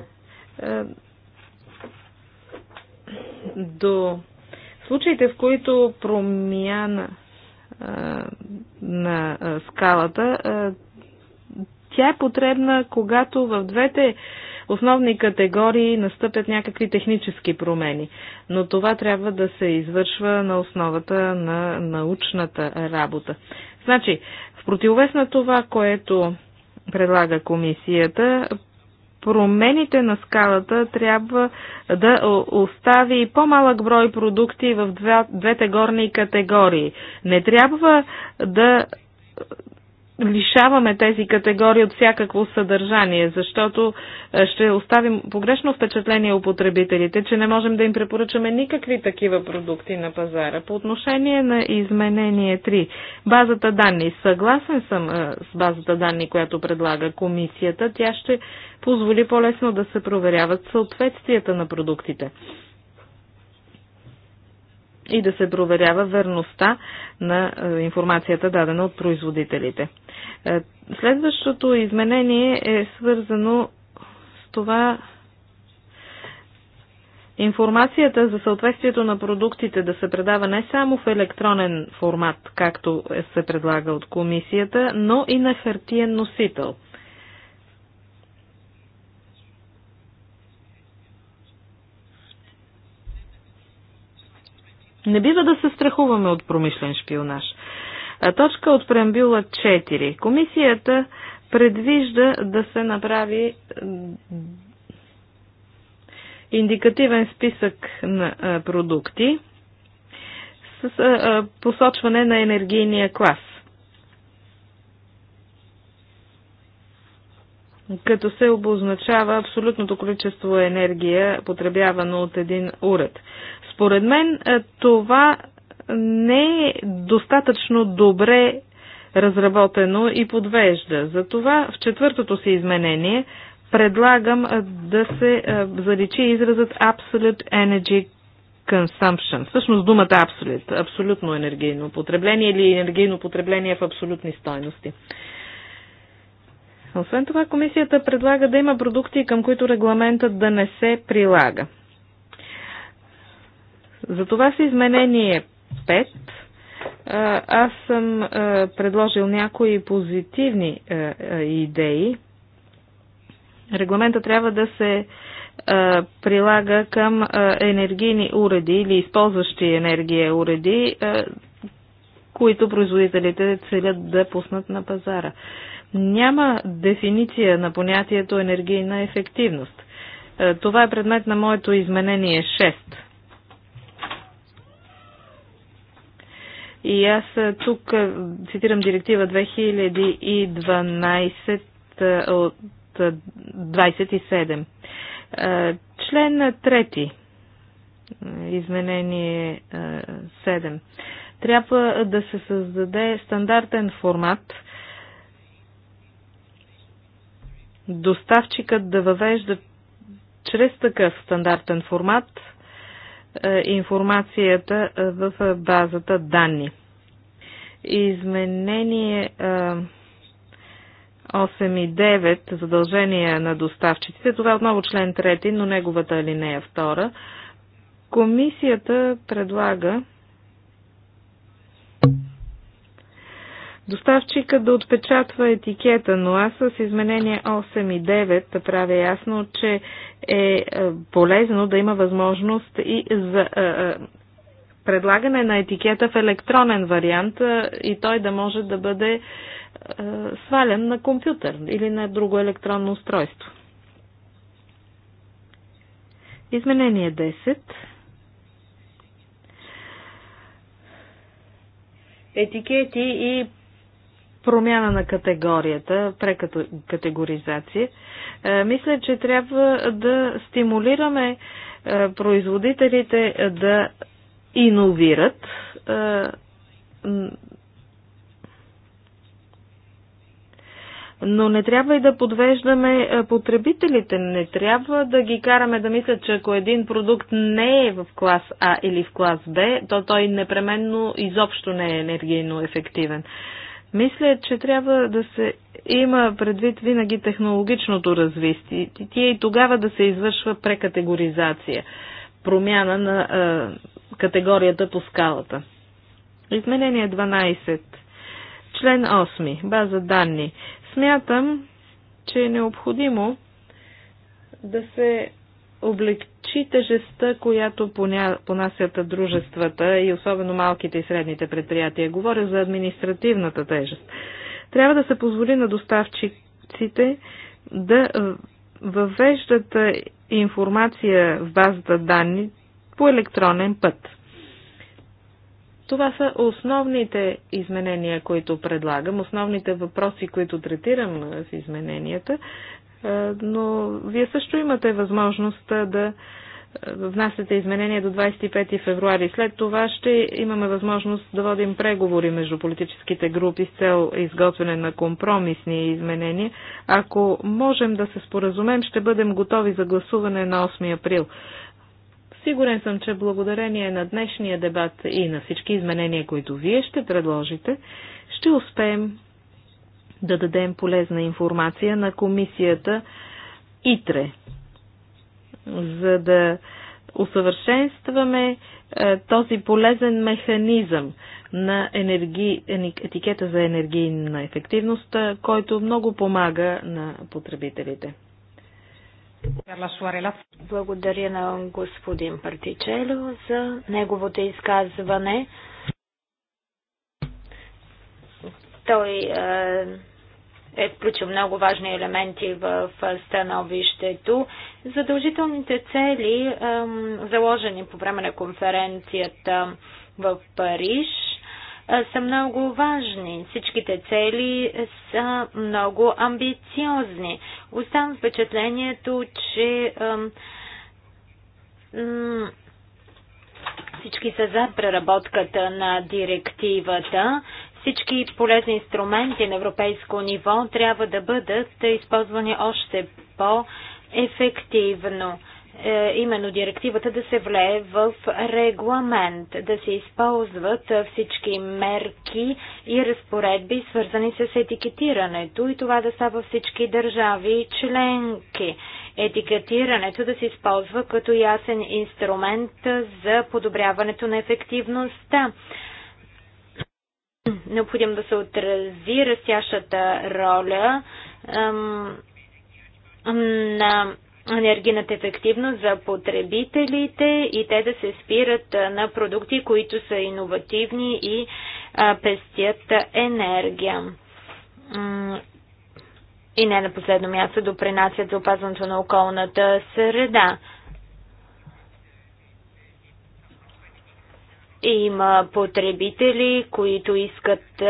до Случаите, в които промяна на скалата, тя е потребна, когато в двете основни категории настъпят някакви технически промени. Но това трябва да се извършва на основата на научната работа. Значи, в противовес на това, което предлага комисията, промените на скалата трябва да остави по-малък брой продукти в двете горни категории. Не трябва да лишаваме тези категории от всякакво съдържание, защото е, ще оставим погрешно впечатление у потребителите, че не можем да им препоръчаме никакви такива продукти на пазара. По отношение на изменение 3, базата данни. Съгласен съм е, с базата данни, която предлага комисията. Тя ще позволи по-лесно да се проверяват съответствията на продуктите и да се проверява верността на е, информацията дадена от производителите. Е, следващото изменение е свързано с това информацията за съответствието на продуктите да се предава не само в електронен формат, както е се предлага от комисията, но и на хартиен носител – Не бива да се страхуваме от промишлен шпионаж. Точка от преамбюла 4. Комисията предвижда да се направи индикативен списък на продукти с посочване на енергийния клас. като се обозначава абсолютното количество енергия, потребявано от един уред. Според мен е, това не е достатъчно добре разработено и подвежда. Затова в четвъртото си изменение предлагам е, да се е, заличи изразът Absolute Energy consumption. Всъщност думата absolute, абсолютно енергийно потребление или енергийно потребление в абсолютни стойности. Освен това, комисията предлага да има продукти, към които регламентът да не се прилага. Затова са изменение 5 аз съм предложил някои позитивни идеи. Регламента трябва да се прилага към енергийни уреди или използващи енергия уреди, които производителите целят да пуснат на пазара. Няма дефиниция на понятието енергийна ефективност. Това е предмет на моето изменение 6. И аз тук цитирам директива 2012 от 27. Член 3, изменение 7. Трябва да се създаде стандартен формат, доставчикът да въвежда чрез такъв стандартен формат е, информацията е, в базата данни. Изменение 8 е, и 9 задължения на доставчиците. Това е отново член 3, но неговата алинея 2. Комисията предлага Доставчика да отпечатва етикета, но аз с изменение 8 и 9 правя ясно, че е, е полезно да има възможност и за е, е, предлагане на етикета в електронен вариант и той да може да бъде свален на компютър или на друго електронно устройство. Изменение 10. Етикети и промяна на категорията, прекатегоризация. Е, мисля, че трябва да стимулираме е, производителите да иновират е, но не трябва и да подвеждаме потребителите. Не трябва да ги караме да мислят, че ако един продукт не е в клас А или в клас Б, то той непременно изобщо не е енергийно ефективен. Мисля, че трябва да се има предвид винаги технологичното развитие и тогава да се извършва прекатегоризация, промяна на е, категорията по скалата. Изменение 12. Член 8. База данни. Смятам, че е необходимо да се облегчи повиши значи тежестта, която понасят дружествата и особено малките и средните предприятия. Говоря за административната тежест. Трябва да се позволи на доставчиците да е, въвеждат е, информация в базата данни по електронен път. Това са основните изменения, които предлагам, основните въпроси, които третирам е, в измененията, но вие също имате възможност да внасяте изменения до 25 февруари. След това ще имаме възможност да водим преговори между политическите групи с цел изготвяне на компромисни изменения. Ако можем да се споразумем, ще бъдем готови за гласуване на 8 април. Сигурен съм, че благодарение на днешния дебат и на всички изменения, които вие ще предложите, ще успеем да дадем полезна информация на комисията ИТРЕ за да усъвършенстваме е, този полезен механизъм на енерги... етикета за енергийна ефективност, е, който много помага на потребителите. Благодаря на господин Партичело за неговото изказване. Той е, е включил много важни елементи в становището. Задължителните цели, заложени по време на конференцията в Париж, са много важни. Всичките цели са много амбициозни. Оставам впечатлението, че всички са за преработката на директивата. Всички полезни инструменти на европейско ниво трябва да бъдат използвани още по-ефективно. Е, именно директивата да се влее в регламент, да се използват всички мерки и разпоредби, свързани с етикетирането и това да става всички държави и членки етикетирането да се използва като ясен инструмент за подобряването на ефективността Необходимо да се отрази растящата роля на енергийната ефективност за потребителите и те да се спират на продукти, които са иновативни и пестят енергия. И не на последно място допринасят за опазването на околната среда. Има потребители, които искат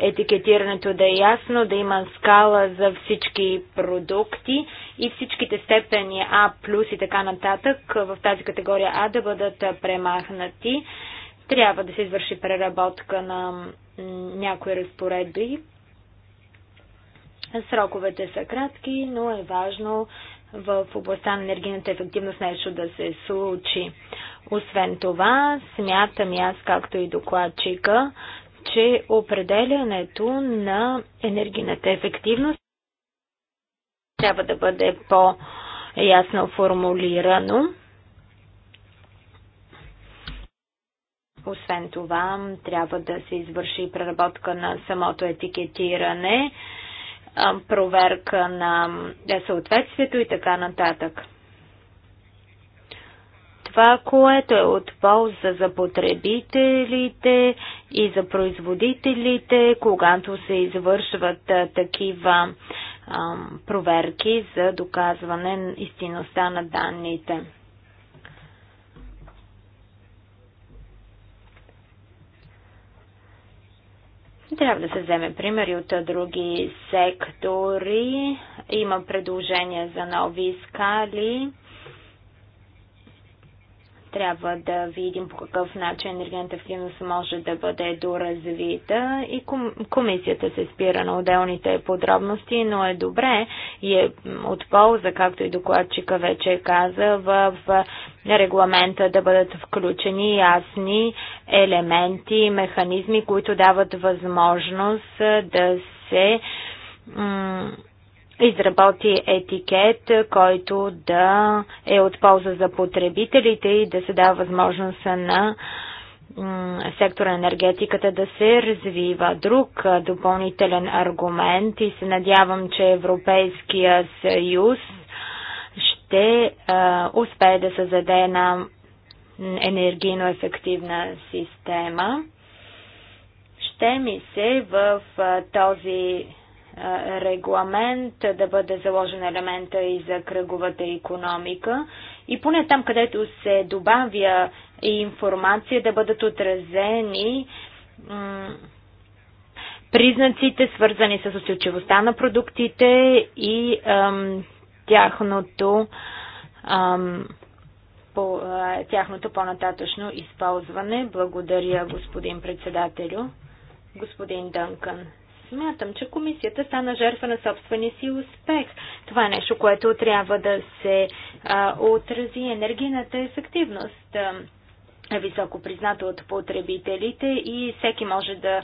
етикетирането да е ясно, да има скала за всички продукти и всичките степени А плюс и така нататък в тази категория А да бъдат премахнати. Трябва да се извърши преработка на някои разпоредби. Сроковете са кратки, но е важно в областта на енергийната ефективност нещо да се случи. Освен това, смятам и аз, както и докладчика, че определянето на енергийната ефективност трябва да бъде по-ясно формулирано. Освен това, трябва да се извърши преработка на самото етикетиране проверка на е, съответствието и така нататък. Това, което е от полза за потребителите и за производителите, когато се извършват такива проверки за доказване истинността на данните. Трябва да се вземе примери от други сектори. Има предложения за нови скали. Трябва да видим по какъв начин енергийната ефективност може да бъде доразвита и комисията се спира на отделните подробности, но е добре и е от полза, както и докладчика вече каза, в регламента да бъдат включени ясни елементи, механизми, които дават възможност да се изработи етикет, който да е от полза за потребителите и да се дава възможност на сектора енергетиката да се развива. Друг допълнителен аргумент и се надявам, че Европейския съюз ще а, успее да създаде една енергийно ефективна система. Ще ми се в а, този а, регламент да бъде заложен елемента и за кръговата економика и поне там, където се добавя информация, да бъдат отразени признаците, свързани с устойчивостта на продуктите и ам, тяхното, ам, по, а, тяхното по-нататъчно използване. Благодаря, господин председателю. Господин Дънкън. Смятам, че комисията стана жертва на собствения си успех. Това е нещо, което трябва да се а, отрази. Енергийната ефективност а, е високо призната от потребителите и всеки може да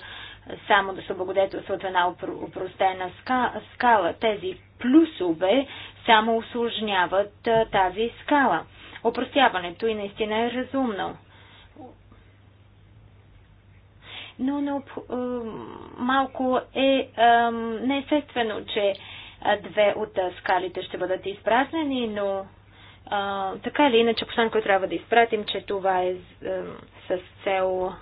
само да се благодетелства от една упростена скала. Тези плюсове само осложняват тази скала. Опростяването и наистина е разумно. Но, но малко е неестествено, че две от скалите ще бъдат изпразнени, но а, така или иначе послан, който трябва да изпратим, че това е с цел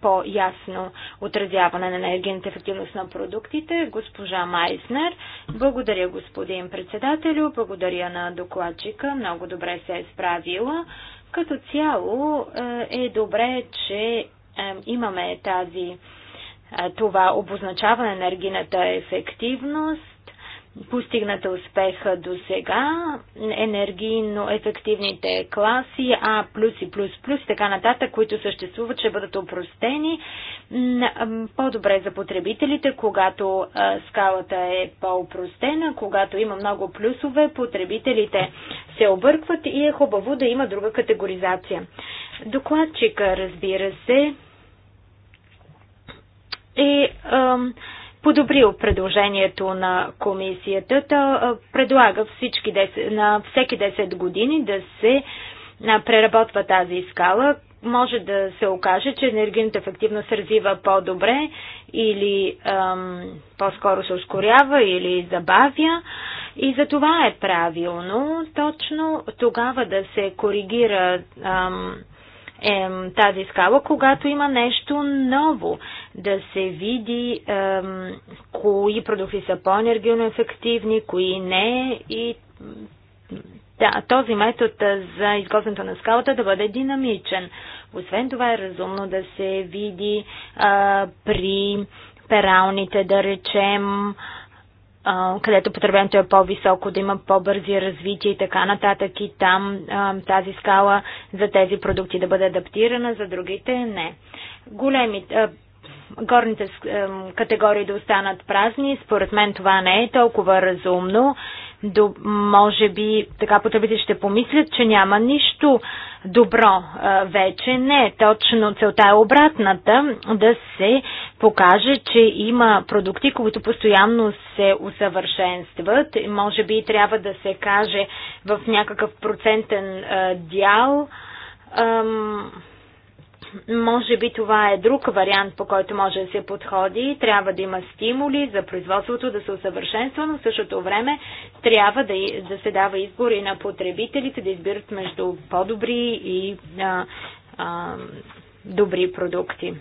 по-ясно отразяване на енергийната ефективност на продуктите. Госпожа Майснер, благодаря господин председателю, благодаря на докладчика, много добре се е справила. Като цяло е, е добре, че е, имаме тази е, това обозначаване на енергийната ефективност постигната успеха до сега, енергийно ефективните класи А++++, и така нататък, които съществуват, ще бъдат опростени. По-добре за потребителите, когато скалата е по-опростена, когато има много плюсове, потребителите се объркват и е хубаво да има друга категоризация. Докладчика, разбира се, е... Ам, е, подобрил предложението на комисията. Та предлага всички 10, на всеки 10 години да се преработва тази скала. Може да се окаже, че енергийната ефективност се развива по-добре или по-скоро се ускорява или забавя. И за това е правилно точно тогава да се коригира ем, тази скала, когато има нещо ново да се види ем, кои продукти са по-енергийно ефективни, кои не и да, този метод за изготвянето на скалата да бъде динамичен. Освен това е разумно да се види а, при пералните, да речем, а, където потреблението е по-високо, да има по-бързи развития и така нататък и там а, тази скала за тези продукти да бъде адаптирана, за другите не. Големи, а, горните категории да останат празни. Според мен това не е толкова разумно. До, може би така потребителите ще помислят, че няма нищо добро а, е, вече. Не, точно целта е обратната да се покаже, че има продукти, които постоянно се усъвършенстват. Може би трябва да се каже в някакъв процентен а, е, дял. Може би това е друг вариант, по който може да се подходи. Трябва да има стимули за производството да се усъвършенства, но в същото време трябва да, да се дава избор и на потребителите да избират между по-добри и а, а, добри продукти.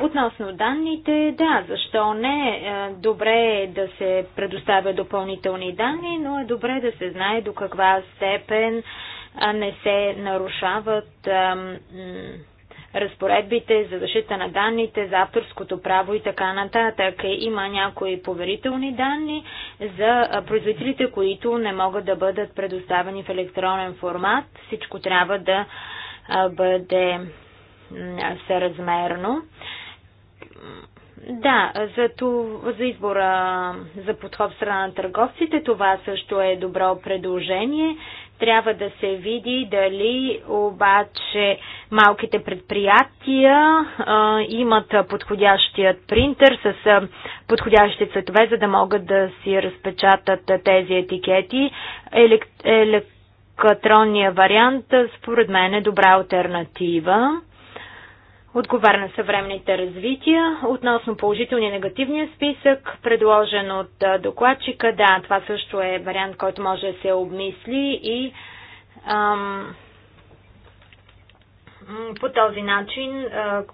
Относно данните, да, защо не? Е, добре е да се предоставя допълнителни данни, но е добре да се знае до каква степен а, не се нарушават разпоредбите за защита на данните, за авторското право и така нататък. Има някои поверителни данни за производителите, които не могат да бъдат предоставени в електронен формат. Всичко трябва да бъде съразмерно. Да, за, това, за избора за подход в страна на търговците, това също е добро предложение. Трябва да се види дали обаче малките предприятия а, имат подходящият принтер с а, цветове, за да могат да си разпечатат а, тези етикети. електронният вариант според мен е добра альтернатива отговаря на съвременните развития. Относно положителния и негативния списък, предложен от докладчика, да, това също е вариант, който може да се обмисли и ам, по този начин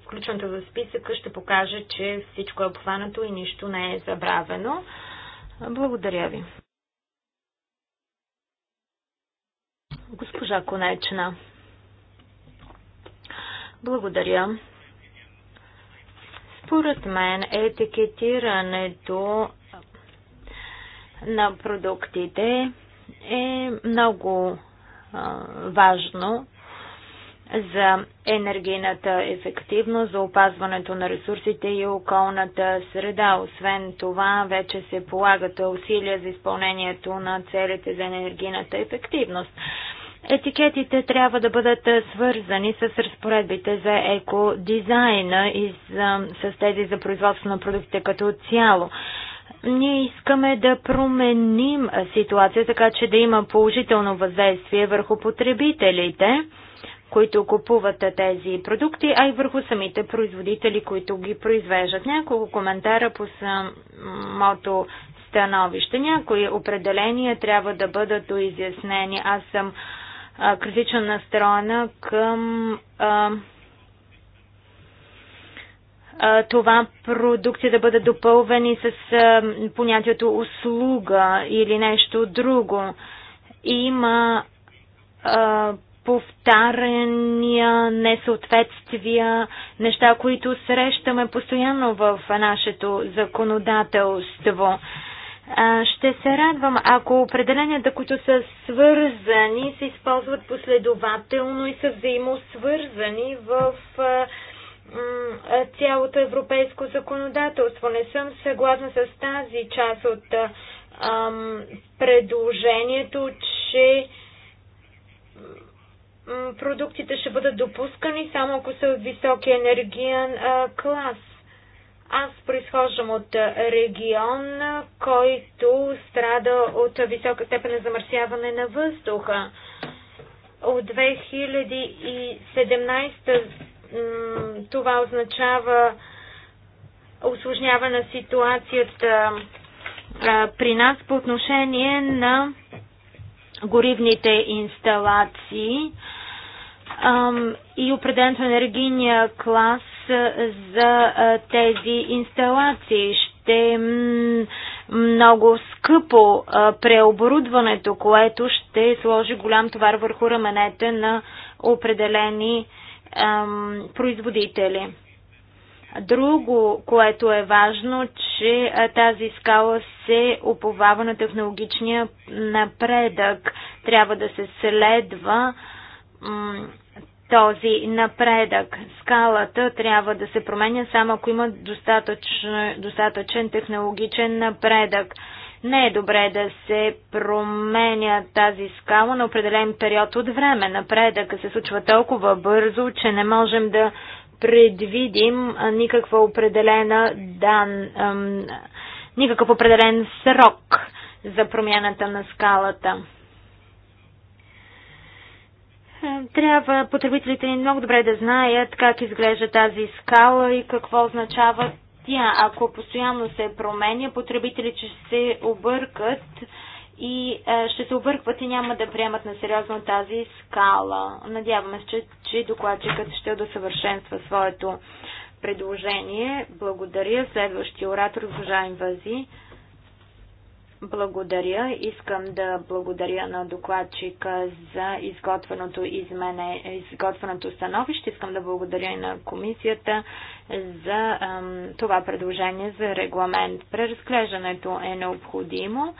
включването за списъка ще покаже, че всичко е обхванато и нищо не е забравено. Благодаря ви. Госпожа Конечна. Благодаря. Според мен етикетирането на продуктите е много а, важно за енергийната ефективност, за опазването на ресурсите и околната среда. Освен това, вече се полагат усилия за изпълнението на целите за енергийната ефективност. Етикетите трябва да бъдат свързани с разпоредбите за екодизайна и с тези за производство на продуктите като цяло. Ние искаме да променим ситуация, така че да има положително въздействие върху потребителите, които купуват тези продукти, а и върху самите производители, които ги произвеждат. Няколко коментара по самото становище. Някои определения трябва да бъдат уизяснени. Аз съм критично настроена към а, а, това продукти да бъдат допълвани с а, понятието услуга или нещо друго. Има повтаряния, несъответствия, неща, които срещаме постоянно в нашето законодателство. Ще се радвам, ако определенията, които са свързани, се използват последователно и са взаимосвързани в цялото европейско законодателство. Не съм съгласна с тази част от предложението, че продуктите ще бъдат допускани само ако са от високи енергиен клас. Аз произхождам от регион, който страда от висока степен на замърсяване на въздуха. От 2017 това означава осложняване на ситуацията при нас по отношение на горивните инсталации и определенето на енергийния клас за тези инсталации. Ще е много скъпо преоборудването, което ще сложи голям товар върху раменете на определени производители. Друго, което е важно, че тази скала се оповава на технологичния напредък. Трябва да се следва този напредък. Скалата трябва да се променя само ако има достатъчен, достатъчен технологичен напредък. Не е добре да се променя тази скала на определен период от време. Напредък се случва толкова бързо, че не можем да предвидим никаква определена дан, никакъв определен срок за промяната на скалата. Трябва потребителите ни много добре да знаят как изглежда тази скала и какво означава тя. Ако постоянно се променя, потребителите ще се объркат и е, ще се объркват и няма да приемат на сериозно тази скала. Надяваме се, че, че докладчикът ще досъвършенства своето предложение. Благодаря. Следващия оратор, госпожа Инвази. Благодаря. Искам да благодаря на докладчика за изготвеното, измене, изготвеното становище. Искам да благодаря и на комисията за ам, това предложение за регламент. Преразглеждането е необходимо.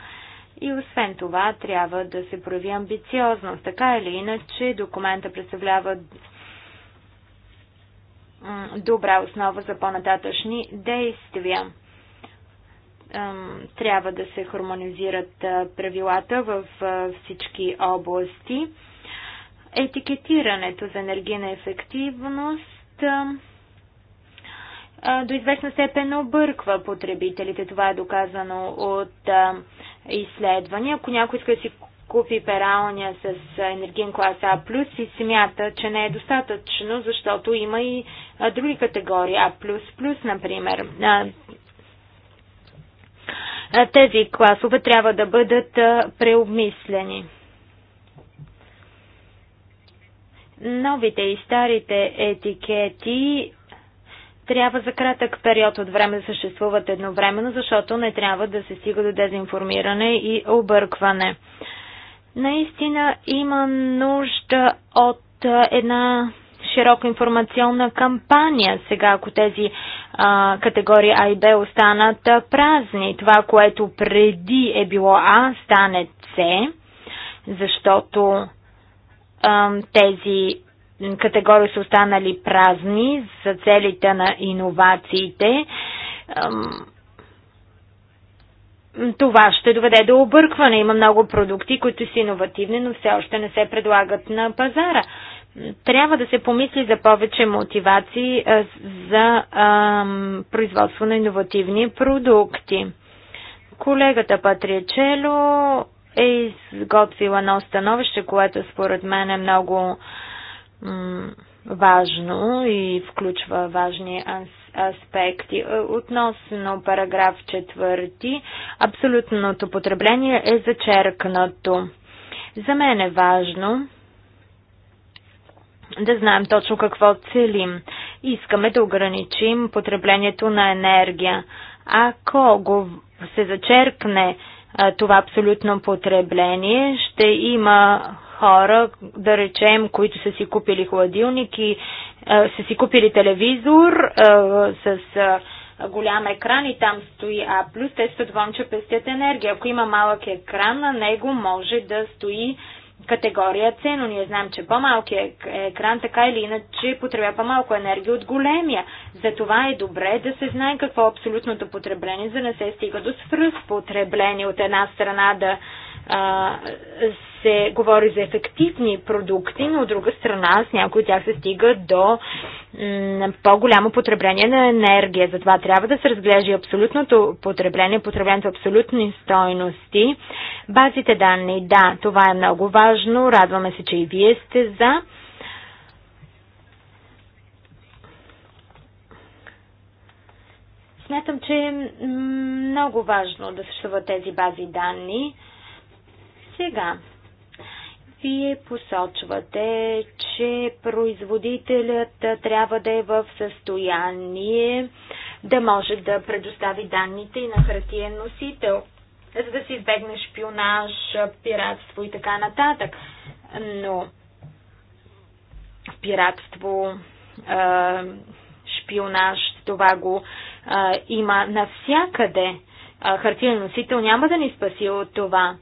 И освен това трябва да се прояви амбициозност. Така или иначе документа представлява добра основа за по-нататъчни действия трябва да се хармонизират правилата в всички области. Етикетирането за енергийна ефективност до известна степен обърква потребителите. Това е доказано от изследвания. Ако някой иска да си купи пералня с енергиен клас А+, и смята, че не е достатъчно, защото има и други категории А++, например тези класове трябва да бъдат преобмислени. Новите и старите етикети трябва за кратък период от време да съществуват едновременно, защото не трябва да се стига до дезинформиране и объркване. Наистина има нужда от една широка информационна кампания сега, ако тези а, категории А и Б останат празни. Това, което преди е било А, стане С, защото а, тези категории са останали празни за целите на иновациите. Това ще доведе до объркване. Има много продукти, които са иновативни, но все още не се предлагат на пазара. Трябва да се помисли за повече мотивации за производство на иновативни продукти. Колегата Патриечело е изготвила едно становище, което според мен е много важно и включва важни аспекти. Е, относно параграф 4, абсолютното потребление е зачеркнато. За мен е важно да знаем точно какво целим. Искаме да ограничим потреблението на енергия. Ако го се зачеркне това абсолютно потребление, ще има хора, да речем, които са си купили хладилник и са си купили телевизор с голям екран и там стои А+, те са доволни, че пестят енергия. Ако има малък екран, на него може да стои категория но Ние знаем, че по-малкият е- е екран така или иначе потребява по-малко енергия от големия. Затова е добре да се знае какво е абсолютното потребление, за да не се стига до свръхпотребление от една страна да а, се говори за ефективни продукти, но от друга страна с някои от тях се стига до по-голямо потребление на енергия. Затова трябва да се разглежда абсолютното потребление, потреблението абсолютни стойности. Базите данни, да, това е много важно. Радваме се, че и вие сте за. Смятам, че е много важно да съществуват тези бази данни. Сега, вие посочвате, че производителят трябва да е в състояние да може да предостави данните и на хартиен носител, за да се избегне шпионаж, пиратство и така нататък. Но пиратство, шпионаж, това го има навсякъде. Хартиен носител няма да ни спаси от това.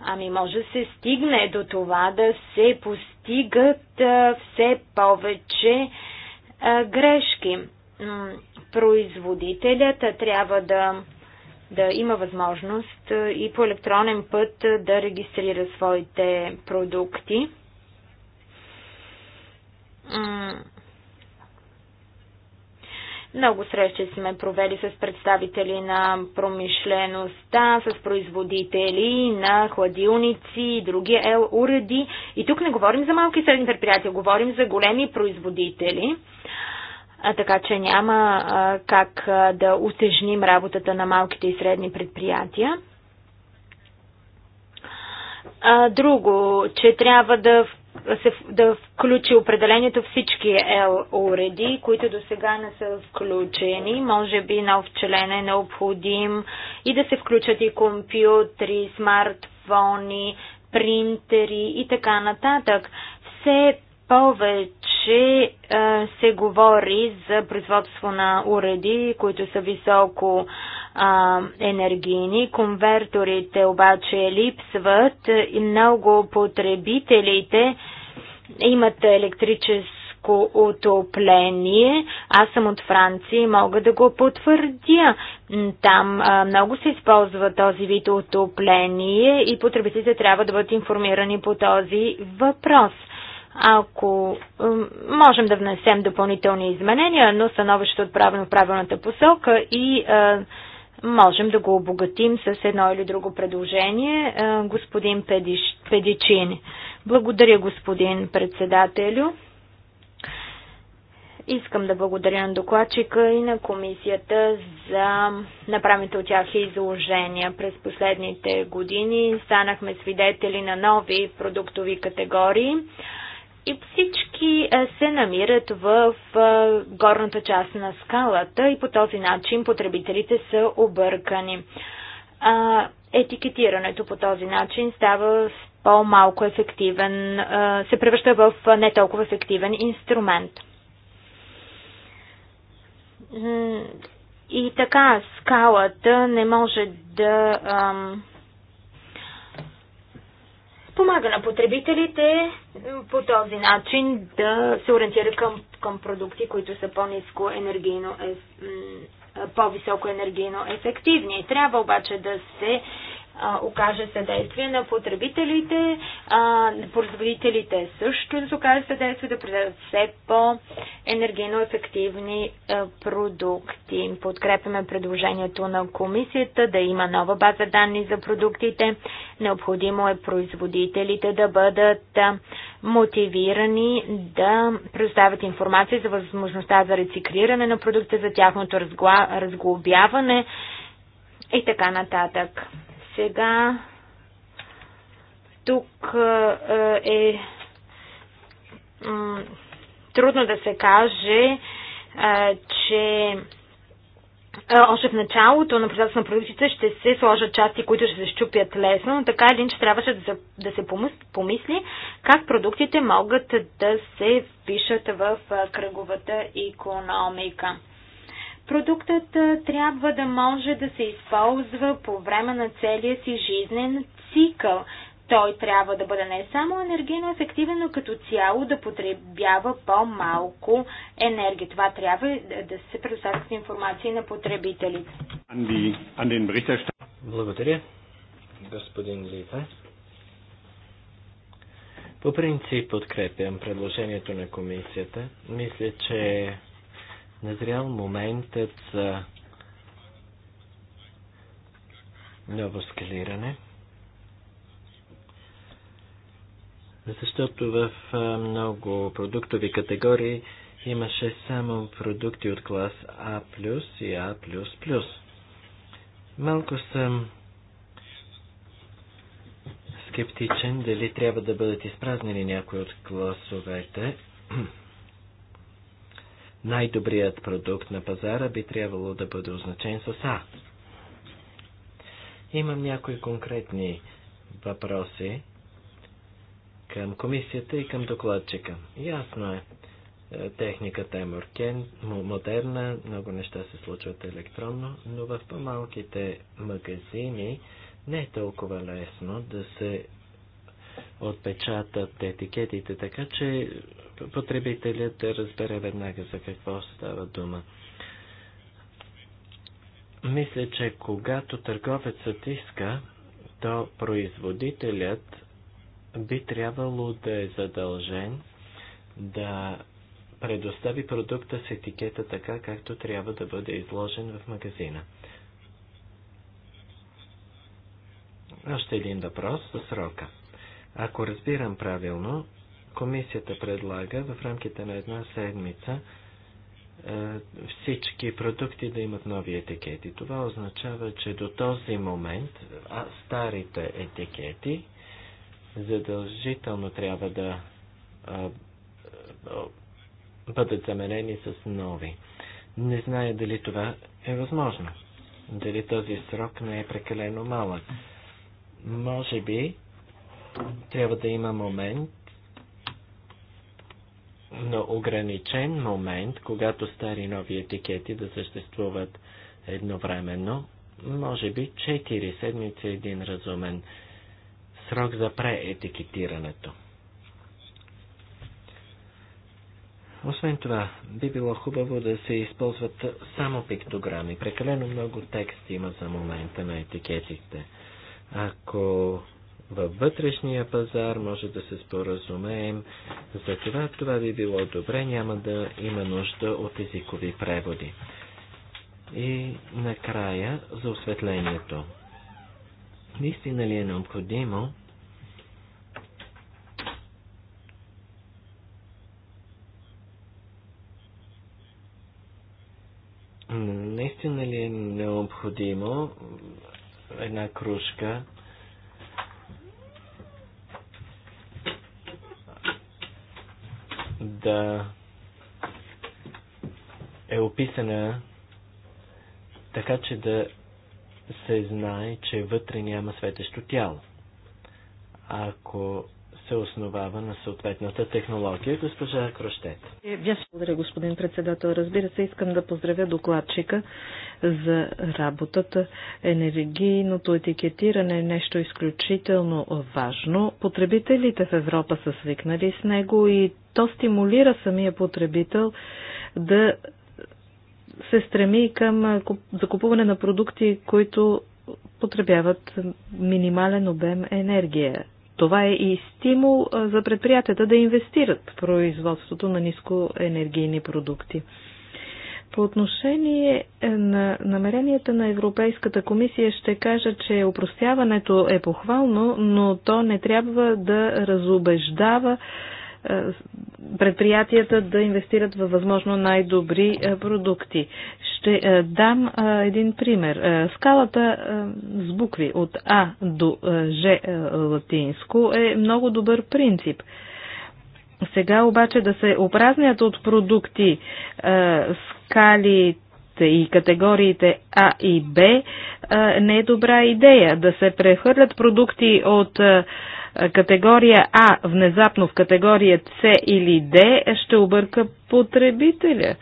Ами може се стигне до това да се постигат а, все повече а, грешки. Производителят трябва да, да има възможност а, и по електронен път да регистрира своите продукти. Много срещи сме провели с представители на промишлеността, с производители на хладилници и други ел уреди. И тук не говорим за малки и средни предприятия, говорим за големи производители. А, така че няма а, как а, да утежним работата на малките и средни предприятия. А, друго, че трябва да се, да включи определението всички L уреди, които до сега не са включени. Може би нов член е необходим и да се включат и компютри, смартфони, принтери и така нататък. Все повече е, се говори за производство на уреди, които са високо а, енергийни. Конверторите обаче липсват и много потребителите имат електрическо отопление. Аз съм от Франция и мога да го потвърдя. Там а, много се използва този вид отопление и потребителите трябва да бъдат информирани по този въпрос ако можем да внесем допълнителни изменения, но становището е отправено в правилната посока и а, можем да го обогатим с едно или друго предложение. Е, господин Педиш, Педичини. Благодаря, господин председателю. Искам да благодаря на докладчика и на комисията за направите от тях изложения. През последните години станахме свидетели на нови продуктови категории. И всички е, се намират в е, горната част на скалата и по този начин потребителите са объркани. Етикетирането по този начин става по-малко ефективен, е, се превръща в не толкова ефективен инструмент. И така, скалата не може да ам, помага на потребителите по този начин да се ориентира към, към продукти, които са по-низко енергийно, по-високо енергийно ефективни. Трябва обаче да се окаже съдействие на потребителите, а, производителите също да се окаже съдействие да продадат все по-енергийно ефективни а, продукти. Подкрепяме предложението на комисията да има нова база данни за продуктите. Необходимо е производителите да бъдат а, мотивирани да предоставят информация за възможността за рециклиране на продукта, за тяхното разгла... разглобяване и така нататък. Сега тук е, е трудно да се каже, е, че е, още в началото на процеса на продукцията ще се сложат части, които ще се щупят лесно, но така един, че трябваше да, да се помисли как продуктите могат да се впишат в кръговата економика. Продуктът трябва да може да се използва по време на целия си жизнен цикъл. Той трябва да бъде не само енергийно ефективен, но като цяло да потребява по-малко енергия. Това трябва да се предоставя с информация на потребителите. Благодаря, господин Лива. По принцип подкрепям предложението на комисията. Мисля, че Назрял моментът за ново скалиране. Защото в много продуктови категории имаше само продукти от клас А+, и А++. Малко съм скептичен дали трябва да бъдат изпразнени някои от класовете. най-добрият продукт на пазара би трябвало да бъде означен с А. Имам някои конкретни въпроси към комисията и към докладчика. Ясно е, е техниката е моркен, модерна, много неща се случват електронно, но в по-малките магазини не е толкова лесно да се отпечатат етикетите, така че потребителят да разбере веднага за какво става дума. Мисля, че когато търговецът иска, то производителят би трябвало да е задължен да предостави продукта с етикета така, както трябва да бъде изложен в магазина. Още един въпрос за срока. Ако разбирам правилно, Комисията предлага в рамките на една седмица е, всички продукти да имат нови етикети. Това означава, че до този момент а старите етикети задължително трябва да бъдат заменени с нови. Не зная дали това е възможно. Дали този срок не е прекалено малък. Може би трябва да има момент, но ограничен момент, когато стари и нови етикети да съществуват едновременно, може би 4 седмици е един разумен срок за преетикетирането. Освен това, би било хубаво да се използват само пиктограми. Прекалено много текст има за момента на етикетите. Ако във вътрешния пазар, може да се споразумеем. За това това би било добре, няма да има нужда от езикови преводи. И накрая за осветлението. Наистина ли е необходимо Наистина ли е необходимо една кружка да е описана така, че да се знае, че вътре няма светещо тяло. Ако се основава на съответната технология. Госпожа Крощет. Благодаря, господин председател. Разбира се, искам да поздравя докладчика за работата. Енергийното етикетиране е нещо изключително важно. Потребителите в Европа са свикнали с него и то стимулира самия потребител да се стреми към закупуване на продукти, които потребяват минимален обем енергия. Това е и стимул за предприятията да инвестират в производството на нискоенергийни продукти. По отношение е, на намеренията на Европейската комисия ще кажа, че упростяването е похвално, но то не трябва да разобеждава е, предприятията да инвестират във възможно най-добри е, продукти. Ще е, дам е, един пример. Е, скалата с букви от А до Ж латинско е много добър принцип. Сега обаче да се опразнят от продукти скали и категориите А и Б не е добра идея. Да се прехвърлят продукти от категория А внезапно в категория С или Д ще обърка потребителя.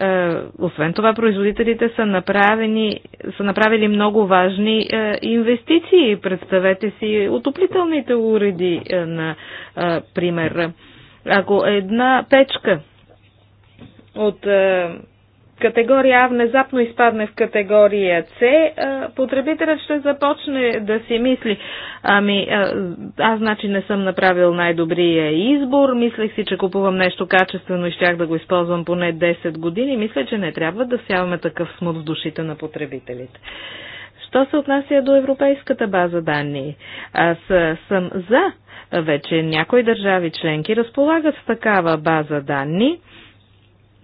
Е, освен това, производителите са, направени, са направили много важни е, инвестиции. Представете си отоплителните уреди, е, на пример. Ако една печка от категория А внезапно изпадне в категория С, потребителят ще започне да си мисли, ами аз значи не съм направил най-добрия избор, мислех си, че купувам нещо качествено и щях да го използвам поне 10 години. Мисля, че не трябва да сяваме такъв смут в душите на потребителите. Що се отнася до европейската база данни? Аз съм за. Вече някои държави членки разполагат с такава база данни.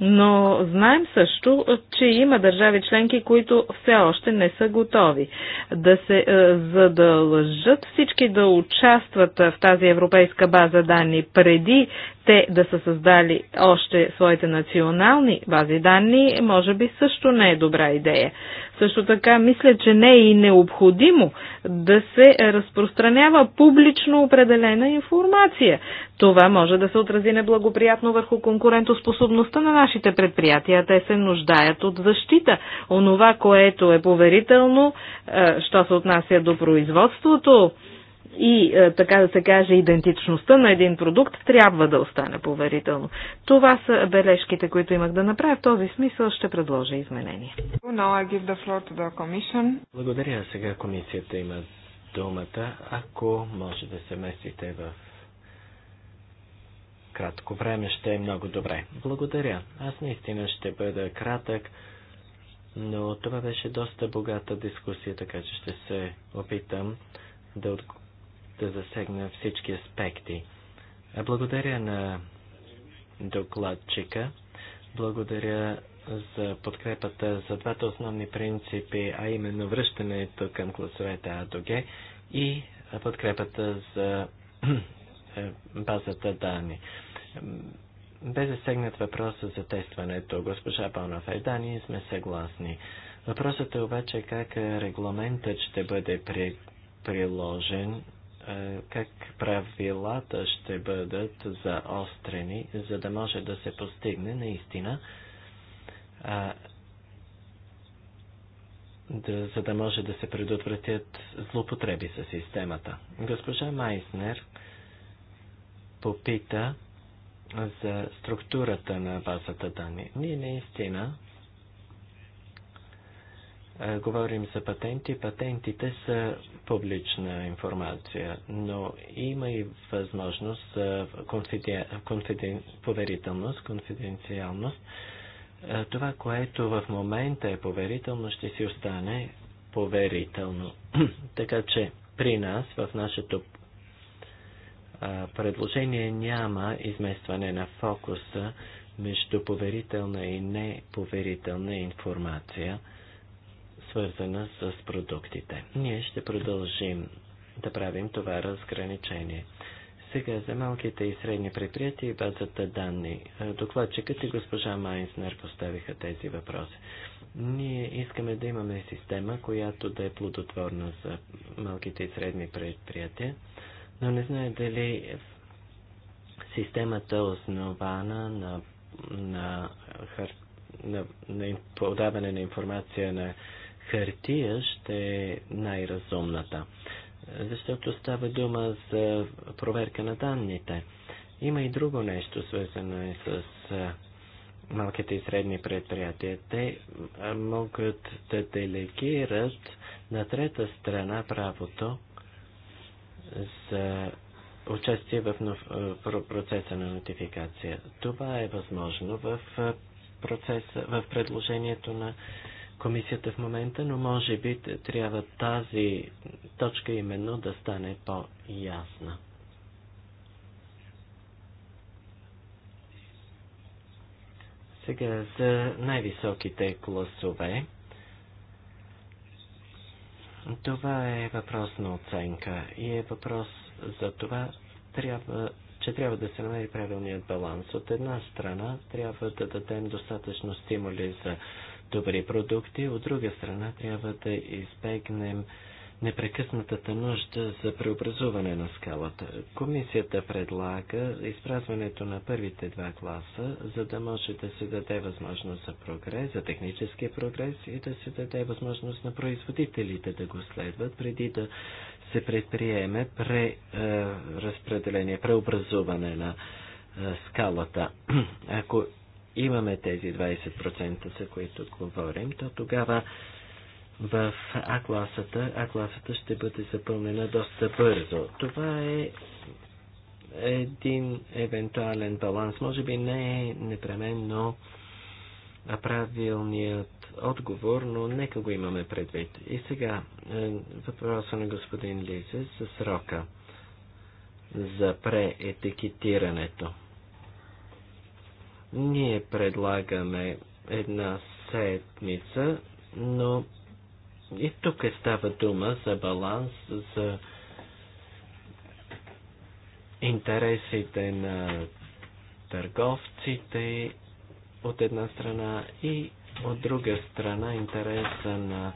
Но знаем също, че има държави членки, които все още не са готови да се е, задължат всички да участват в тази европейска база данни преди те да са създали още своите национални бази данни, може би също не е добра идея. Също така мисля, че не е и необходимо да се разпространява публично определена информация. Това може да се отрази неблагоприятно върху конкурентоспособността на нашите предприятия. Те се нуждаят от защита. Онова, което е поверително, е, що се отнася до производството, и, е, така да се каже, идентичността на един продукт трябва да остане поверително. Това са бележките, които имах да направя. В този смисъл ще предложа изменения. Благодаря. Сега комисията има думата. Ако може да се местите в кратко време, ще е много добре. Благодаря. Аз наистина ще бъда кратък. Но това беше доста богата дискусия, така че ще се опитам да отговоря да засегна всички аспекти. Е, благодаря на докладчика. Благодаря за подкрепата за двата основни принципи, а именно връщането към класовете А до Г и подкрепата за базата данни. Бе засегнат въпроса за тестването. Госпожа Бонов и е, ние сме съгласни. Въпросът е обаче как регламентът ще бъде при, приложен е, как правилата ще бъдат заострени, за да може да се постигне наистина да, за да може да се предотвратят злоупотреби с системата. Госпожа Майснер попита за структурата на базата данни. Ние наистина е, говорим за патенти, патентите са публична информация, но има и възможност за поверителност, конфиденциалност. Е, това, което в момента е поверително, ще си остане поверително. така че при нас, в нашето предложение няма изместване на фокуса между поверителна и неповерителна информация – свързана с продуктите. Ние ще продължим да правим това разграничение. Сега за малките и средни предприятия и базата данни. Е, докладчикът и госпожа Майнснер поставиха тези въпроси. Ние искаме да имаме система, която да е плодотворна за малките и средни предприятия, но не знае дали системата е основана на, на, на, на подаване на информация на хартия ще е най-разумната. Защото става дума за проверка на данните. Има и друго нещо, свързано и е с малките и средни предприятия. Те могат да делегират на трета страна правото за участие в процеса на нотификация. Това е възможно в, процеса, в предложението на комисията в момента, но може би трябва тази точка именно да стане по-ясна. Сега за най-високите класове. Това е въпрос на оценка и е въпрос за това, трябва, че трябва да се намери правилният баланс. От една страна трябва да дадем достатъчно стимули за добри продукти, от друга страна трябва да избегнем непрекъснатата нужда за преобразуване на скалата. Комисията предлага изпразването на първите два класа, за да може да се даде възможност за прогрес, за технически прогрес и да се даде възможност на производителите да го следват преди да се предприеме преразпределение, е, преобразуване на е, скалата. Ако имаме тези 20%, за които говорим, то тогава в А-класата, А-класата ще бъде запълнена доста бързо. Това е един евентуален баланс. Може би не е непременно правилният отговор, но нека го имаме предвид. И сега е, въпроса на господин Лизе за срока за преетикетирането. Ние предлагаме една седмица, но и тук е става дума за баланс, за интересите на търговците от една страна и от друга страна интереса на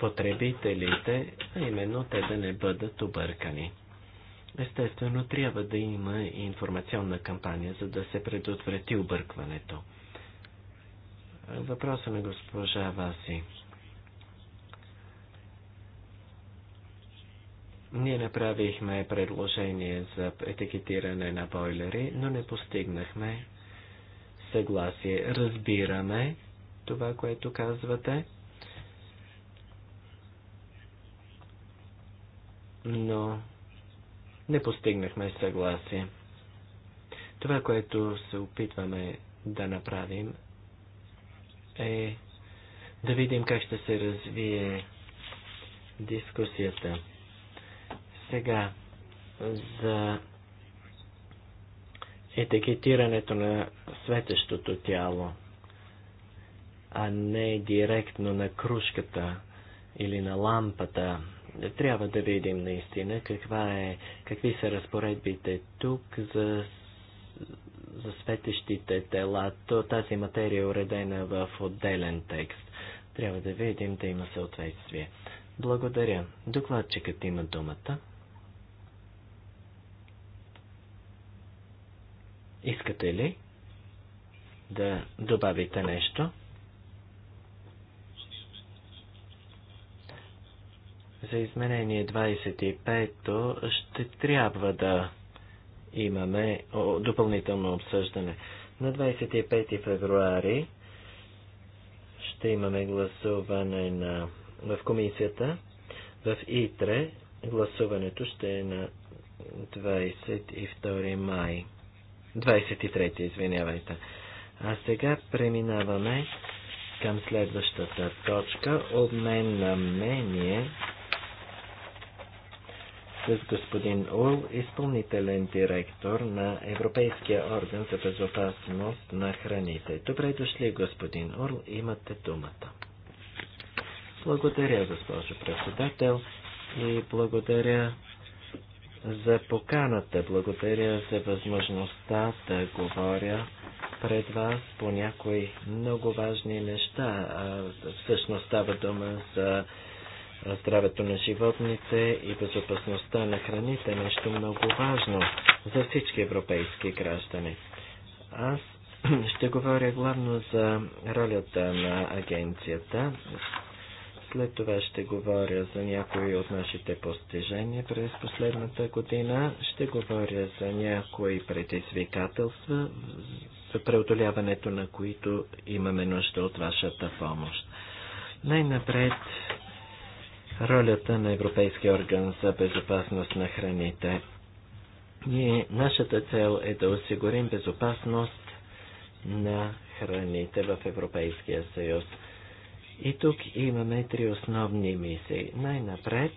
потребителите, а именно те да не бъдат объркани. Естествено, трябва да има и информационна кампания, за да се предотврати объркването. Въпроса на госпожа Васи. Ние направихме предложение за етикетиране на бойлери, но не постигнахме съгласие. Разбираме това, което казвате, но не постигнахме съгласие. Това, което се опитваме да направим е да видим как ще се развие дискусията. Сега за етикетирането на светещото тяло, а не директно на кружката или на лампата трябва да видим наистина каква е, какви са разпоредбите тук за, за светещите тела. То, тази материя е уредена в отделен текст. Трябва да видим да има съответствие. Благодаря. Докладчикът има думата. Искате ли да добавите нещо? За изменение 25-то ще трябва да имаме допълнително обсъждане. На 25 февруари ще имаме гласуване на, в комисията. В ИТРЕ гласуването ще е на 22 май. 23, извинявайте. А сега преминаваме към следващата точка. Обмен на мнение с господин Ул, изпълнителен директор на Европейския орган за безопасност на храните. Добре дошли, господин Ул, имате думата. Благодаря, госпожо председател, и благодаря за поканата, благодаря за възможността да говоря пред вас по някои много важни неща. Всъщност става дума за здравето на животните и безопасността на храните е нещо много важно за всички европейски граждани. Аз ще говоря главно за ролята на агенцията. След това ще говоря за някои от нашите постижения през последната година. Ще говоря за някои предизвикателства, за преодоляването на които имаме нужда от вашата помощ. Най-напред ролята на Европейския орган за безопасност на храните. Ние, нашата цел е да осигурим безопасност на храните в Европейския съюз. И тук имаме три основни мисии. Най-напред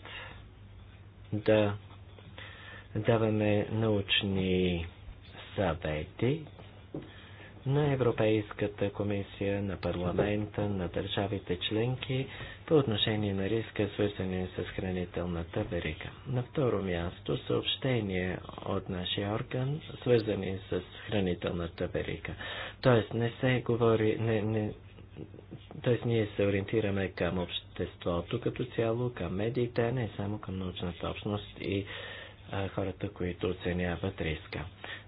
да даваме научни съвети на Европейската комисия, на парламента, на държавите членки по отношение на риска, свързани с хранителната верига. На второ място съобщение от нашия орган, свързани с хранителната верига. Тоест не се говори, не, не, Тоест ние се ориентираме към обществото като цяло, към медиите, не само към научната общност и хората, които оценяват риска.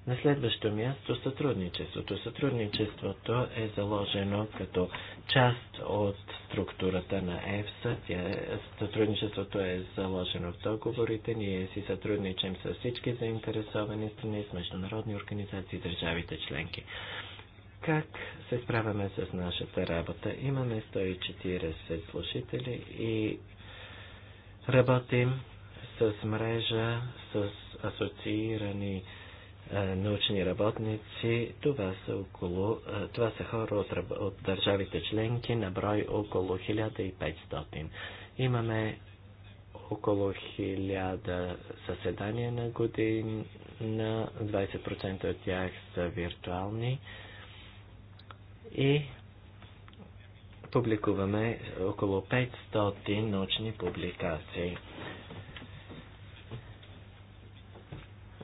На следващо място сътрудничеството. Сътрудничеството е заложено като част от структурата на ЕФСА. Тя, е, сътрудничеството е заложено в договорите. Ние си сътрудничим с всички заинтересовани страни, с международни организации, държавите членки. Как се справяме с нашата работа? Имаме 140 слушатели и работим с мрежа, с асоциирани е, научни работници. Това са, около, е, това са хора от, от държавите членки на брой около 1500. Имаме около 1000 съседания на година, 20% от тях са виртуални и публикуваме около 500 научни публикации.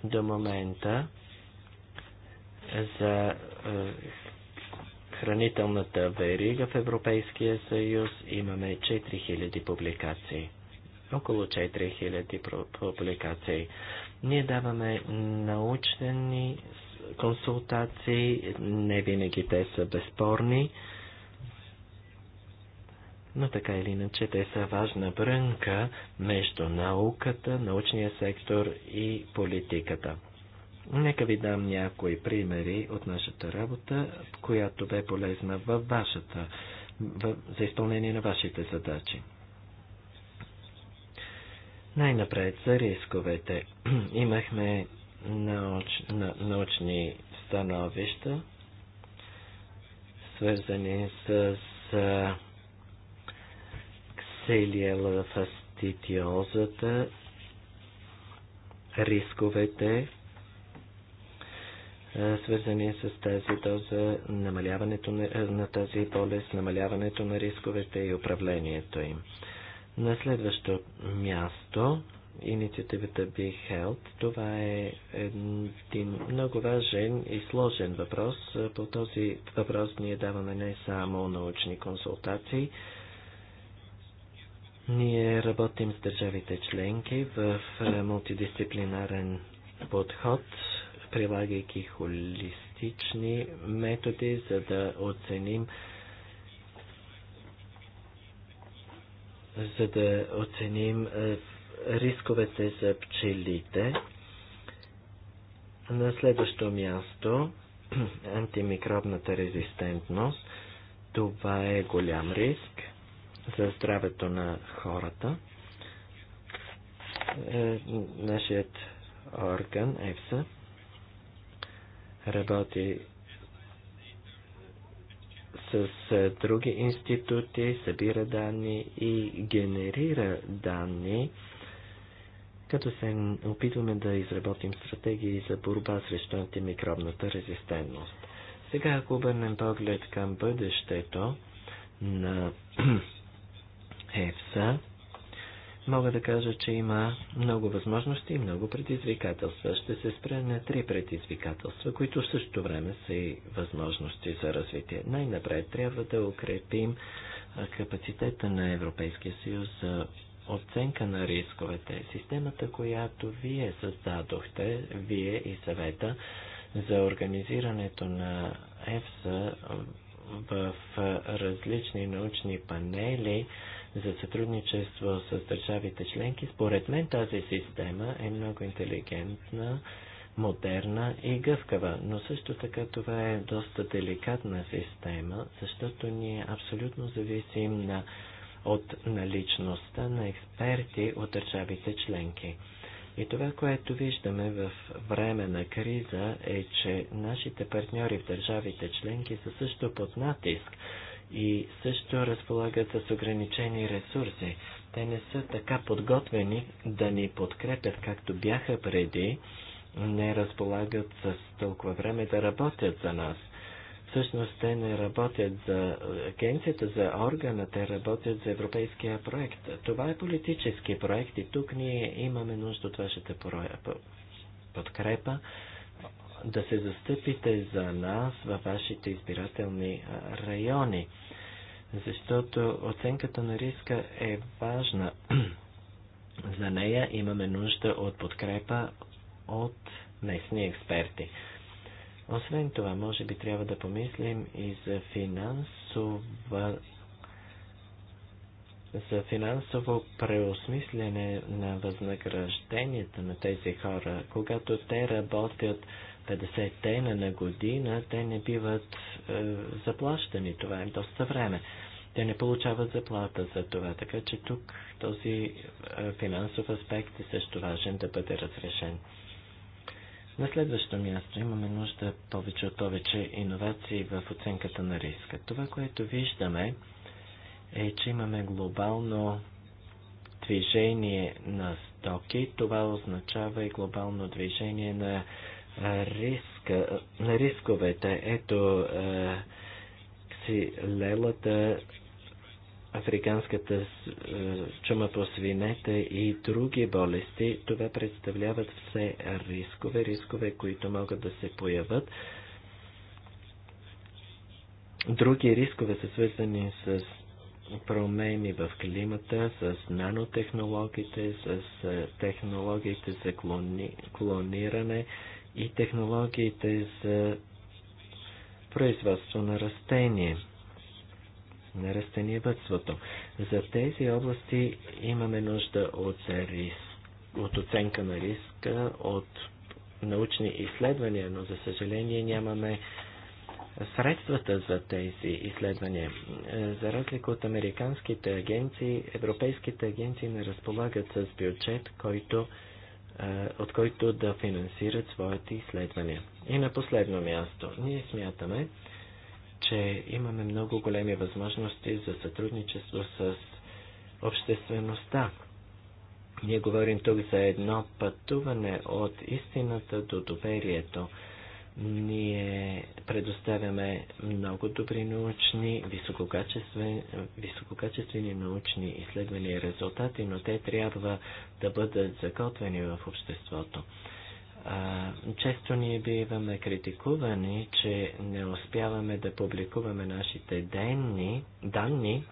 до момента за е, хранителната верига в Европейския съюз имаме 4000 публикации. Около 4000 публикации. Ние даваме научни консултации, не винаги те са безспорни но така или иначе те са важна брънка между науката, научния сектор и политиката. Нека ви дам някои примери от нашата работа, която бе полезна във вашата, във, за изпълнение на вашите задачи. Най-напред за рисковете. Имахме науч, на, научни становища, свързани с, с целия фастидиозата, рисковете, свързани с тази доза, намаляването на, на тази болест, намаляването на рисковете и управлението им. На следващо място инициативата Be Health. Това е един много важен и сложен въпрос. По този въпрос ние даваме не само научни консултации, ние работим с държавите членки в е, мултидисциплинарен подход, прилагайки холистични методи, за да оценим за да оценим е, рисковете за пчелите. На следващо място антимикробната резистентност. Това е голям риск за здравето на хората. Е, нашият орган, ЕФСА, работи с е, други институти, събира данни и генерира данни, като се опитваме да изработим стратегии за борба срещу антимикробната резистентност. Сега, ако обърнем поглед към бъдещето на ЕФСА, мога да кажа, че има много възможности и много предизвикателства. Ще се спра на три предизвикателства, които в същото време са и възможности за развитие. Най-напред трябва да укрепим капацитета на Европейския съюз за оценка на рисковете. Системата, която вие създадохте, вие и съвета, за организирането на ЕФСА в различни научни панели за сътрудничество с държавите членки. Според мен тази система е много интелигентна, модерна и гъвкава, но също така това е доста деликатна система, защото ние абсолютно зависим на, от наличността на експерти от държавите членки. И това, което виждаме в време на криза е, че нашите партньори в държавите членки са също под натиск и също разполагат с ограничени ресурси. Те не са така подготвени да ни подкрепят, както бяха преди, не разполагат с толкова време да работят за нас. Всъщност те не работят за агенцията, за органа, те работят за европейския проект. Това е политически проект и тук ние имаме нужда от вашата подкрепа да се застъпите за нас във вашите избирателни райони, защото оценката на риска е важна. за нея имаме нужда от подкрепа от местни експерти. Освен това, може би трябва да помислим и за финансова за финансово преосмислене на възнагражденията на тези хора. Когато те работят 50 тена на година, те не биват е, заплащани. Това е доста време. Те не получават заплата за това, така че тук този е, финансов аспект е също важен да бъде разрешен. На следващо място имаме нужда повече от повече иновации в оценката на риска. Това, което виждаме, е, че имаме глобално движение на стоки. Това означава и глобално движение на, риска, на рисковете. Ето, е, си лелата африканската е, чума по свинете и други болести, това представляват все рискове, рискове, които могат да се появят. Други рискове са свързани с промени в климата, с нанотехнологиите, с е, технологиите за клони, клониране и технологиите за производство на растения на растениевътството. За тези области имаме нужда от, рис, от оценка на риска, от научни изследвания, но за съжаление нямаме средствата за тези изследвания. За разлика от американските агенции, европейските агенции не разполагат с бюджет, който, от който да финансират своите изследвания. И на последно място, ние смятаме, че имаме много големи възможности за сътрудничество с обществеността. Ние говорим тук за едно пътуване от истината до доверието. Ние предоставяме много добри научни, висококачествени, висококачествени научни изследвания и резултати, но те трябва да бъдат заготвени в обществото. А, често ние биваме критикувани, че не успяваме да публикуваме нашите денни, данни,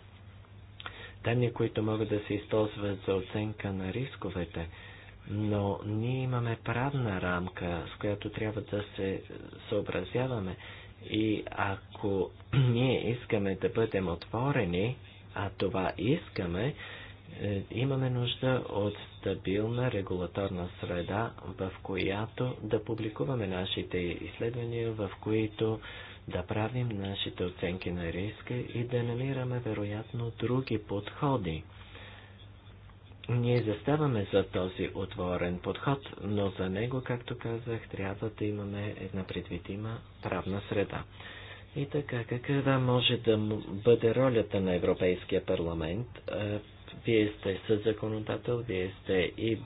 данни, които могат да се използват за оценка на рисковете. Но ние имаме правна рамка, с която трябва да се съобразяваме. И ако ние искаме да бъдем отворени, а това искаме, е, имаме нужда от стабилна регулаторна среда, в която да публикуваме нашите изследвания, в които да правим нашите оценки на риска и да намираме вероятно други подходи. Ние заставаме за този отворен подход, но за него, както казах, трябва да имаме една предвидима правна среда. И така, каква може да бъде ролята на Европейския парламент е, вие сте със законодател, вие сте и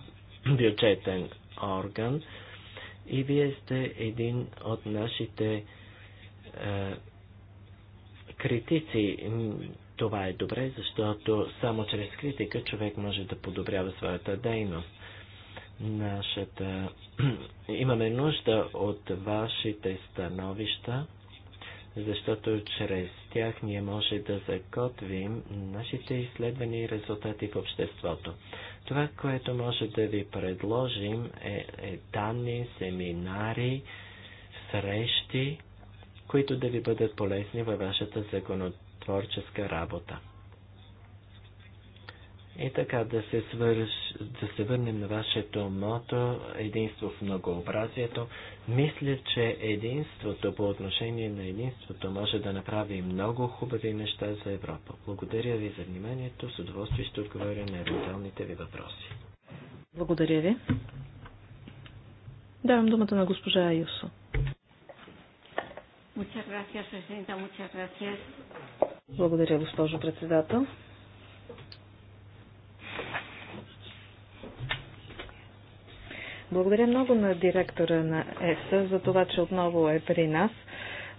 бюджетен орган и вие сте един от нашите е, критици. Това е добре, защото само чрез критика човек може да подобрява своята дейност. Нашата... Имаме нужда от вашите становища защото чрез тях ние може да закотвим нашите изследвания и резултати в обществото. Това, което може да ви предложим е, е данни, семинари, срещи, които да ви бъдат полезни във вашата законотворческа работа. И така да се, свърш, да се върнем на вашето мото единство в многообразието. Мисля, че единството, по отношение на единството, може да направи много хубави неща за Европа. Благодаря ви за вниманието. С удоволствие ще отговоря на евентуалните ви въпроси. Благодаря ви. Давам думата на госпожа Айосо. Благодаря, госпожо председател. Благодаря много на директора на ЕСА за това, че отново е при нас,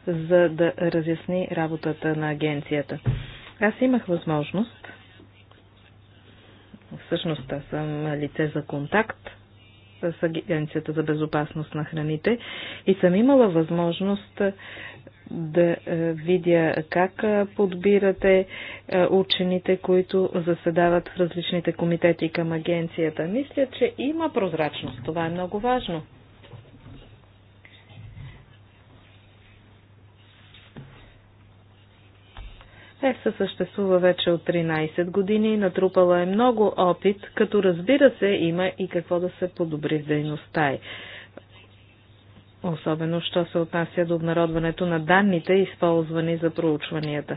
за да разясни работата на агенцията. Аз имах възможност, всъщност аз съм лице за контакт с Агенцията за безопасност на храните и съм имала възможност да е, видя как е, подбирате е, учените, които заседават в различните комитети към агенцията. Мисля, че има прозрачност. Това е много важно. ЕФСА съществува вече от 13 години и натрупала е много опит, като разбира се има и какво да се подобри в дейността й. Е особено що се отнася до обнародването на данните, използвани за проучванията.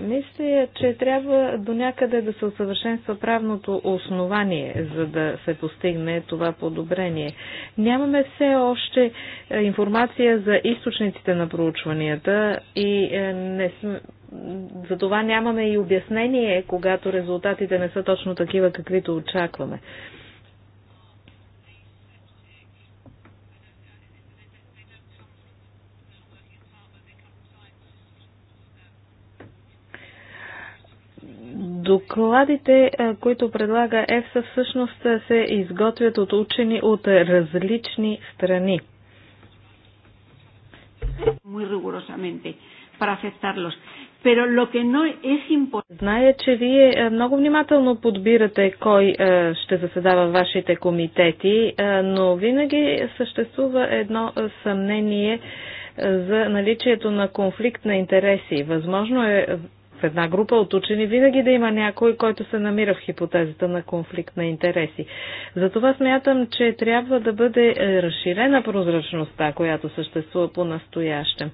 Мисля, че трябва до някъде да се усъвършенства правното основание, за да се постигне това подобрение. Нямаме все още е, информация за източниците на проучванията и е, не сме за това нямаме и обяснение, когато резултатите не са точно такива, каквито очакваме. Докладите, които предлага ЕФСА, всъщност се изготвят от учени от различни страни. Зная, че вие много внимателно подбирате кой ще заседава вашите комитети, но винаги съществува едно съмнение за наличието на конфликт на интереси. Възможно е една група от учени винаги да има някой, който се намира в хипотезата на конфликт на интереси. Затова смятам, че трябва да бъде е, разширена прозрачността, която съществува по настоящем.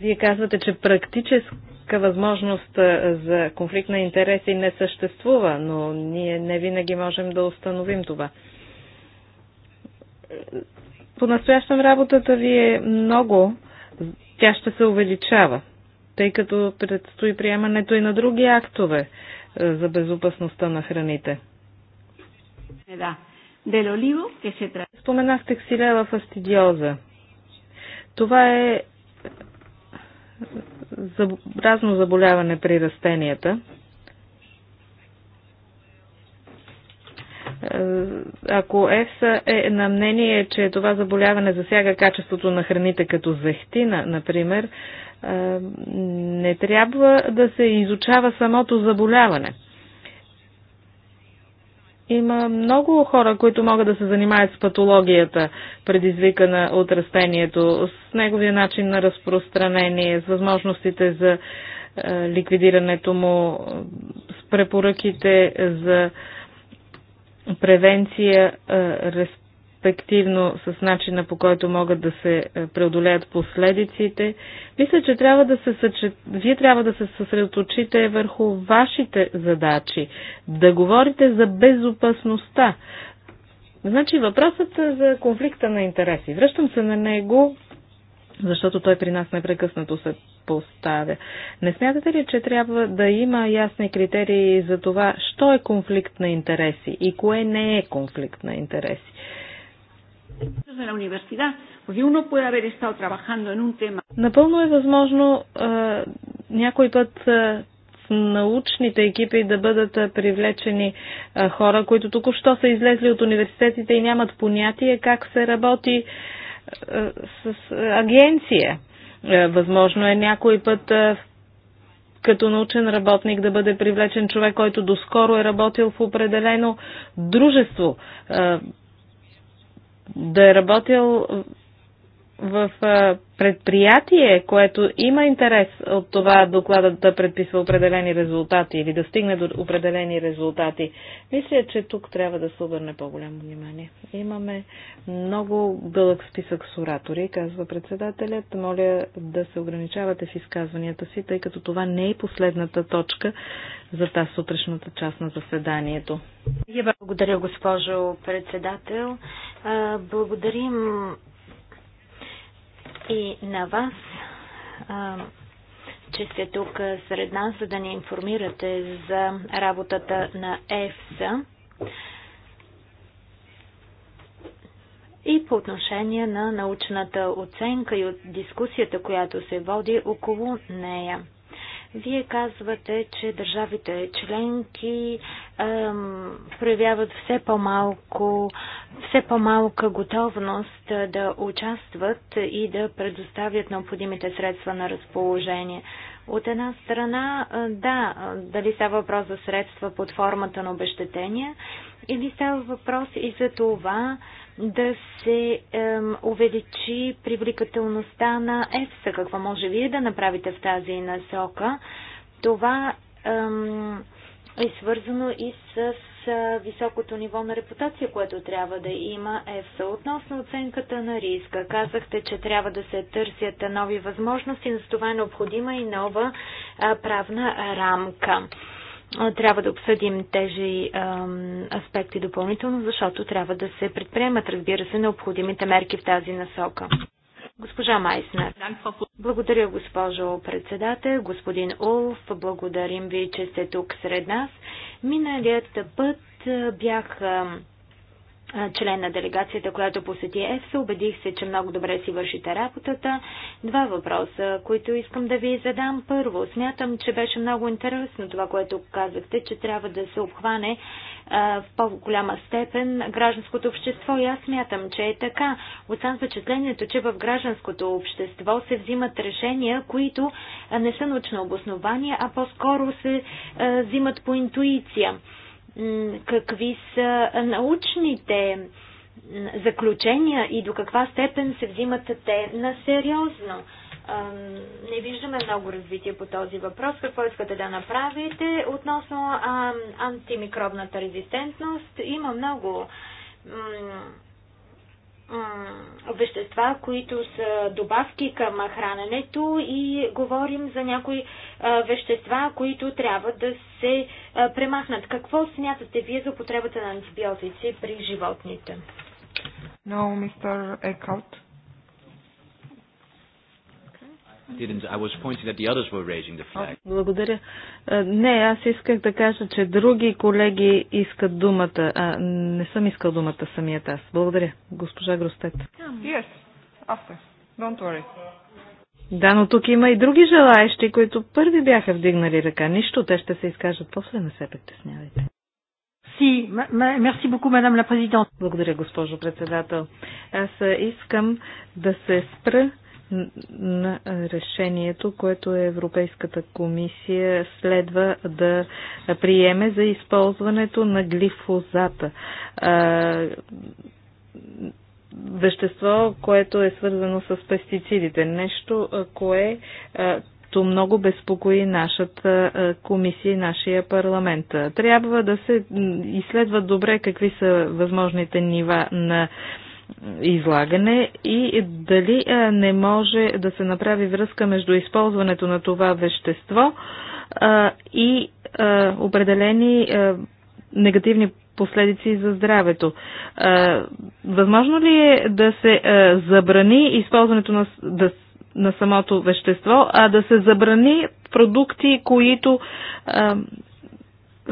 Вие казвате, че практически възможност е, за конфликт на интереси не съществува, но ние не винаги можем да установим това. По-настоящем работата ви е много, тя ще се увеличава, тъй като предстои приемането и на други актове е, за безопасността на храните. Да. Споменахте ксилела фастидиоза. Това е, е разно заболяване при растенията. Е, ако ЕФСА е на мнение, че това заболяване засяга качеството на храните като зехтина, например, е, не трябва да се изучава самото заболяване. Има много хора, които могат да се занимаят с патологията, предизвикана от растението, с неговия начин на разпространение, с възможностите за е, ликвидирането му, с препоръките за превенция, респективно с начина по който могат да се преодолеят последиците. Мисля, че трябва да се съчет... вие трябва да се съсредоточите върху вашите задачи, да говорите за безопасността. Значи въпросът за конфликта на интереси. Връщам се на него защото той при нас непрекъснато се поставя. Не смятате ли, че трябва да има ясни критерии за това, що е конфликт на интереси и кое не е конфликт на интереси? Напълно е възможно а, някой път а, в научните екипи да бъдат а, привлечени а, хора, които току-що са излезли от университетите и нямат понятие как се работи а, е, с е, агенция. Е, възможно е някой път като научен работник да бъде привлечен човек, който доскоро е работил в определено дружество, да е работил в предприятие, което има интерес от това докладът да предписва определени резултати или да стигне до определени резултати, мисля, че тук трябва да се обърне по-голямо внимание. Имаме много дълъг списък с оратори, казва председателят. Моля да се ограничавате в изказванията си, тъй като това не е последната точка за тази сутрешната част на заседанието. Благодаря, госпожо председател. Благодарим и на вас, че сте тук сред нас, за да ни информирате за работата на ЕФСА и по отношение на научната оценка и от дискусията, която се води около нея. Вие казвате, че държавите членки ем, проявяват все по-малко, все по-малка готовност да участват и да предоставят необходимите средства на разположение. От една страна, да, дали става въпрос за средства под формата на обещетения или става въпрос и за това, да се е, увеличи привлекателността на ЕФСА? Какво може вие да направите в тази насока? Това е, е свързано и с е, високото ниво на репутация, което трябва да има ЕФСА. Относно оценката на риска, казахте, че трябва да се търсят нови възможности, но с това е необходима и нова е, правна рамка трябва да обсъдим тези аспекти допълнително, защото трябва да се предприемат, разбира се, необходимите мерки в тази насока. Госпожа Майснер. Благодаря, госпожо председател. Господин Улф, благодарим ви, че сте тук сред нас. Миналият път бях член на делегацията, която посети ЕФСА. Убедих се, че много добре си вършите работата. Два въпроса, които искам да ви задам. Първо, смятам, че беше много интересно това, което казахте, че трябва да се обхване а, в по-голяма степен гражданското общество. И аз смятам, че е така. Оставам впечатлението, че в гражданското общество се взимат решения, които не са научно обоснования, а по-скоро се а, взимат по интуиция какви са научните заключения и до каква степен се взимат те на сериозно. Не виждаме много развитие по този въпрос. Какво искате да направите относно антимикробната резистентност? Има много вещества, които са добавки към храненето и говорим за някои вещества, които трябва да се премахнат. Какво смятате вие за употребата на антибиотици при животните? No, мистер Екаут. Благодаря. Е, не, аз исках да кажа, че други колеги искат думата. А, не съм искал думата самият аз. Благодаря. Госпожа Гростет. Yes, after. Don't worry. Да, но тук има и други желаещи, които първи бяха вдигнали ръка. Нищо, те ще се изкажат после, не се притеснявайте. Си, мерси мадам ла президент. Благодаря, госпожо председател. Аз искам да се спра на решението, което Европейската комисия следва да приеме за използването на глифозата. Вещество, което е свързано с пестицидите. Нещо, кое което много безпокои нашата комисия и нашия парламент. Трябва да се изследват добре какви са възможните нива на излагане и дали не може да се направи връзка между използването на това вещество и определени негативни последици за здравето. Възможно ли е да се забрани използването на, да, на самото вещество, а да се забрани продукти, които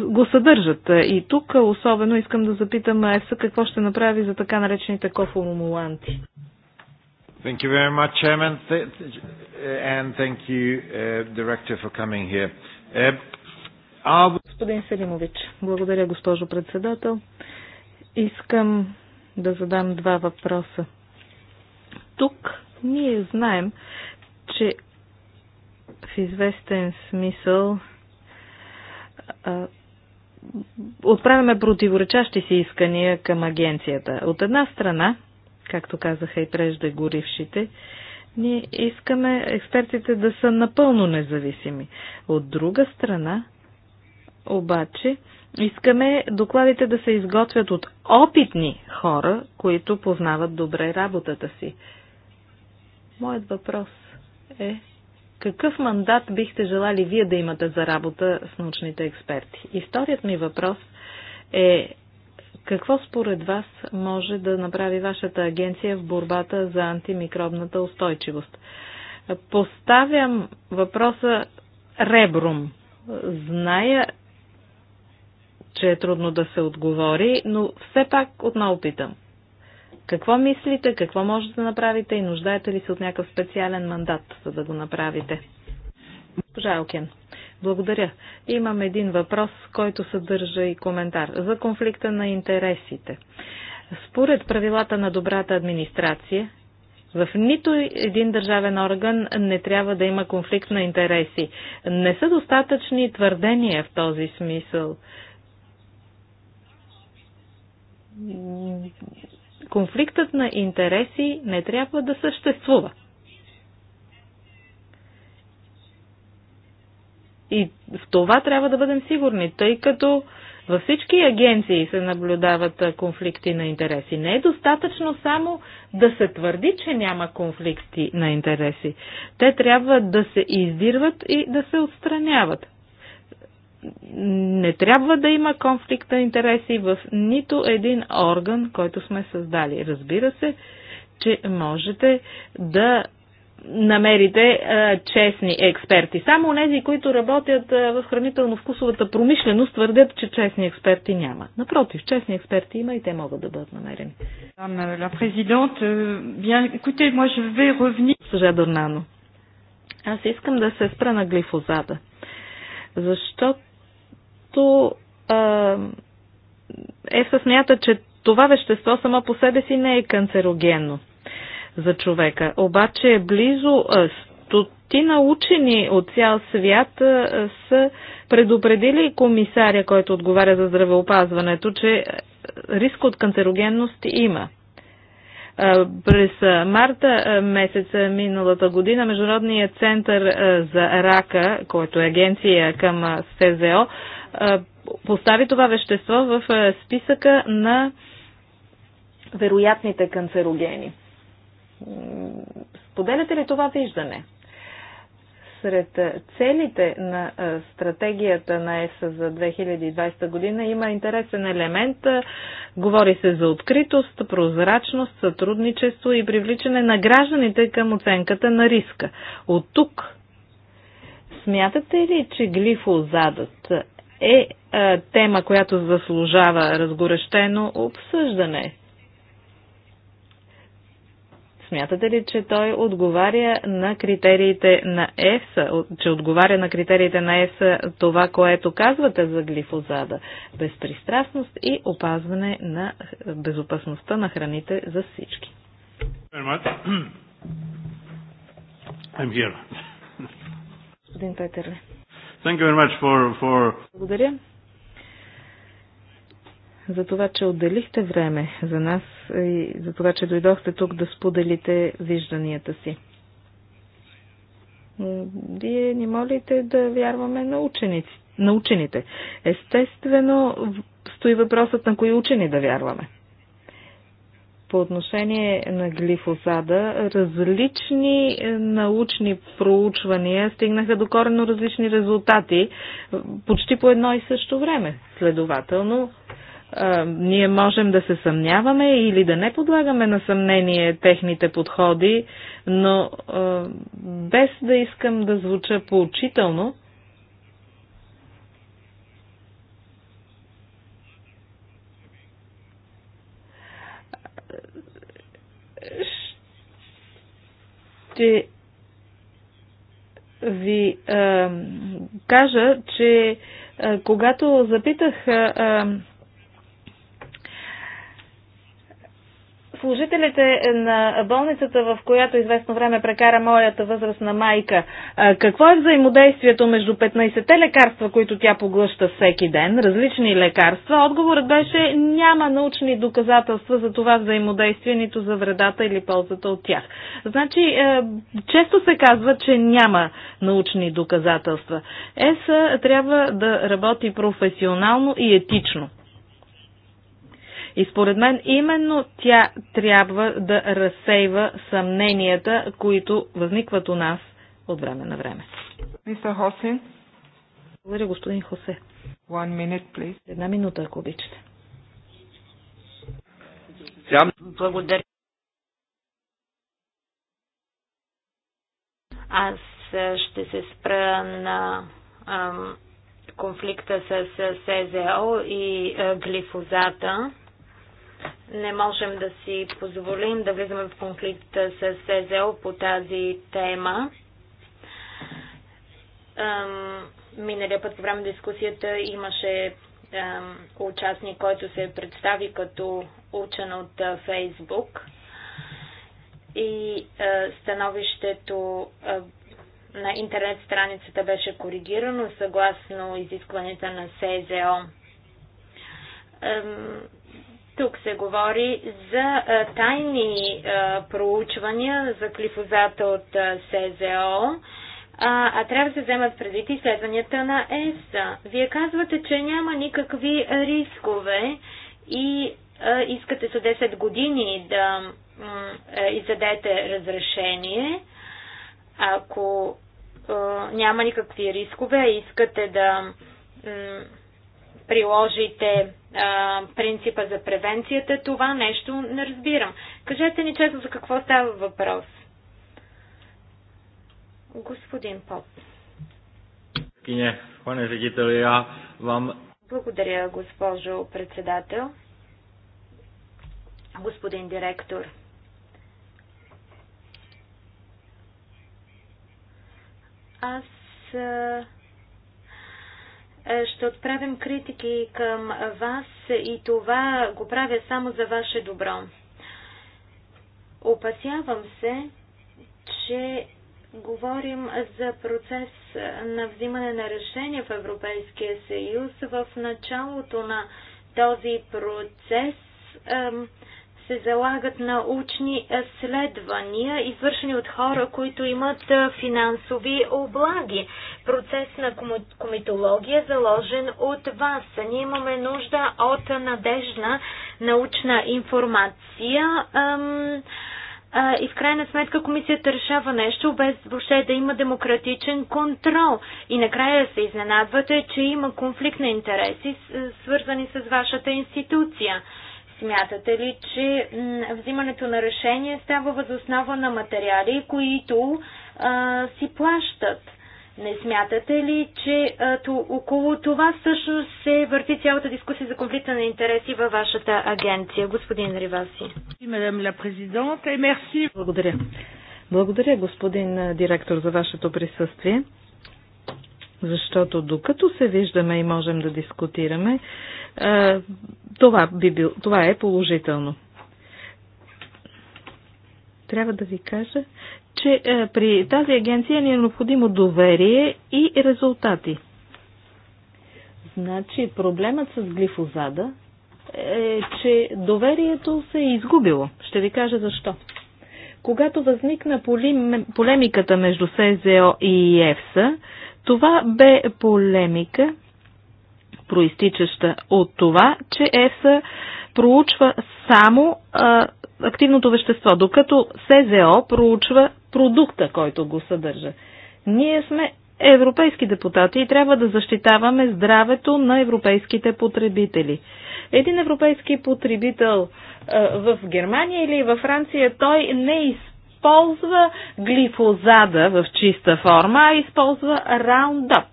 го съдържат. И тук особено искам да запитам ЕСА какво ще направи за така наречените коформуланти. Thank you very much, Chairman, and thank you, uh, Director, for coming here. Uh, Господин Селимович, благодаря, госпожо председател. Искам да задам два въпроса. Тук ние знаем, че в известен смисъл отправяме противоречащи си искания към агенцията. От една страна, както казаха и горившите, ние искаме експертите да са напълно независими. От друга страна, обаче, искаме докладите да се изготвят от опитни хора, които познават добре работата си. Моят въпрос е какъв мандат бихте желали вие да имате за работа с научните експерти? И вторият ми въпрос е какво според вас може да направи вашата агенция в борбата за антимикробната устойчивост? Поставям въпроса ребром. Зная, че е трудно да се отговори, но все пак отново питам. Какво мислите, какво може да направите и нуждаете ли се от някакъв специален мандат, за да го направите? Госпожа Алкен, благодаря. Имам един въпрос, който съдържа и коментар за конфликта на интересите. Според правилата на добрата администрация, в нито един държавен орган не трябва да има конфликт на интереси. Не са достатъчни твърдения в този смисъл конфликтът на интереси не трябва да съществува. И в това трябва да бъдем сигурни, тъй като във всички агенции се наблюдават конфликти на интереси. Не е достатъчно само да се твърди, че няма конфликти на интереси. Те трябва да се издирват и да се отстраняват не трябва да има конфликт на интереси в нито един орган, който сме създали. Разбира се, че можете да намерите а, честни експерти. Само тези, които работят а, в хранително-вкусовата промишленост, твърдят, че честни експерти няма. Напротив, честни експерти има и те могат да бъдат намерени. Euh, Съжа Дорнано, аз искам да се спра на глифозата, защото е ЕФСА смята, че това вещество само по себе си не е канцерогенно за човека. Обаче близо стотина учени от цял свят са предупредили комисаря, който отговаря за здравеопазването, че риск от канцерогенност има. През марта месеца миналата година Международният център за рака, който е агенция към СЗО, постави това вещество в списъка на вероятните канцерогени. Споделяте ли това виждане? Сред целите на стратегията на ЕСА за 2020 година има интересен елемент. Говори се за откритост, прозрачност, сътрудничество и привличане на гражданите към оценката на риска. От тук смятате ли, че глифозадът е, е тема, която заслужава разгорещено обсъждане. Смятате ли, че той отговаря на критериите на ЕСА, че отговаря на критериите на ЕСА това, което казвате за глифозада? Безпристрастност и опазване на безопасността на храните за всички. Господин Петър. Thank you very much for, for... Благодаря за това, че отделихте време за нас и за това, че дойдохте тук да споделите вижданията си. Вие ни молите да вярваме на, ученици, на учените. Естествено, стои въпросът на кои учени да вярваме по отношение на глифосада, различни е, научни проучвания стигнаха до корено различни резултати почти по едно и също време. Следователно, е, ние можем да се съмняваме или да не подлагаме на съмнение техните подходи, но е, без да искам да звуча поучително, ще ви а, кажа, че а, когато запитах а, служителите на болницата, в която известно време прекара моята възрастна майка, какво е взаимодействието между 15-те лекарства, които тя поглъща всеки ден, различни лекарства? Отговорът беше няма научни доказателства за това взаимодействие, нито за вредата или ползата от тях. Значи, често се казва, че няма научни доказателства. ЕС трябва да работи професионално и етично. И според мен именно тя трябва да разсейва съмненията, които възникват у нас от време на време. Мистер Хосе. Благодаря, господин Хосе. One minute, please. Една минута, ако обичате. Благодаря. Аз ще се спра на ам, конфликта с СЗО и глифозата не можем да си позволим да влизаме в конфликт с СЗО по тази тема. Миналия път по време на дискусията имаше участник, който се представи като учен от Фейсбук. И становището на интернет страницата беше коригирано съгласно изискванията на СЗО тук се говори за тайни проучвания за клифозата от СЗО, а трябва да се вземат предвид изследванията на ЕСА. Вие казвате, че няма никакви рискове и искате за 10 години да издадете разрешение. Ако няма никакви рискове, искате да приложите а, принципа за превенцията, това нещо не разбирам. Кажете ни честно за какво става въпрос. Господин Поп. Кине, пане я вам... Благодаря, госпожо председател. Господин директор. Аз е, ще отправим критики към вас и това го правя само за ваше добро. Опасявам се, че говорим за процес на взимане на решение в Европейския съюз. В началото на този процес се залагат научни следвания, извършени от хора, които имат финансови облаги. Процес на комитология, е заложен от вас. Ние имаме нужда от надежна научна информация. И в крайна сметка комисията решава нещо, без въобще да има демократичен контрол. И накрая се изненадвате, че има конфликт на интереси, свързани с вашата институция. Смятате ли, че взимането на решение става възоснова на материали, които а, си плащат? Не смятате ли, че а, то, около това всъщност се върти цялата дискусия за конфликта на интереси във вашата агенция? Господин Риваси. Благодаря. Благодаря, господин директор, за вашето присъствие. Защото докато се виждаме и можем да дискутираме, това, би бил, това е положително. Трябва да ви кажа, че при тази агенция ни е необходимо доверие и резултати. Значи проблемът с глифозада е, че доверието се е изгубило. Ще ви кажа защо. Когато възникна полемиката между СЗО и ЕФСА, това бе полемика, проистичаща от това, че ЕСА проучва само а, активното вещество, докато СЗО проучва продукта, който го съдържа. Ние сме европейски депутати и трябва да защитаваме здравето на европейските потребители. Един европейски потребител а, в Германия или във Франция, той не изпълнява използва глифозада в чиста форма, а използва Roundup.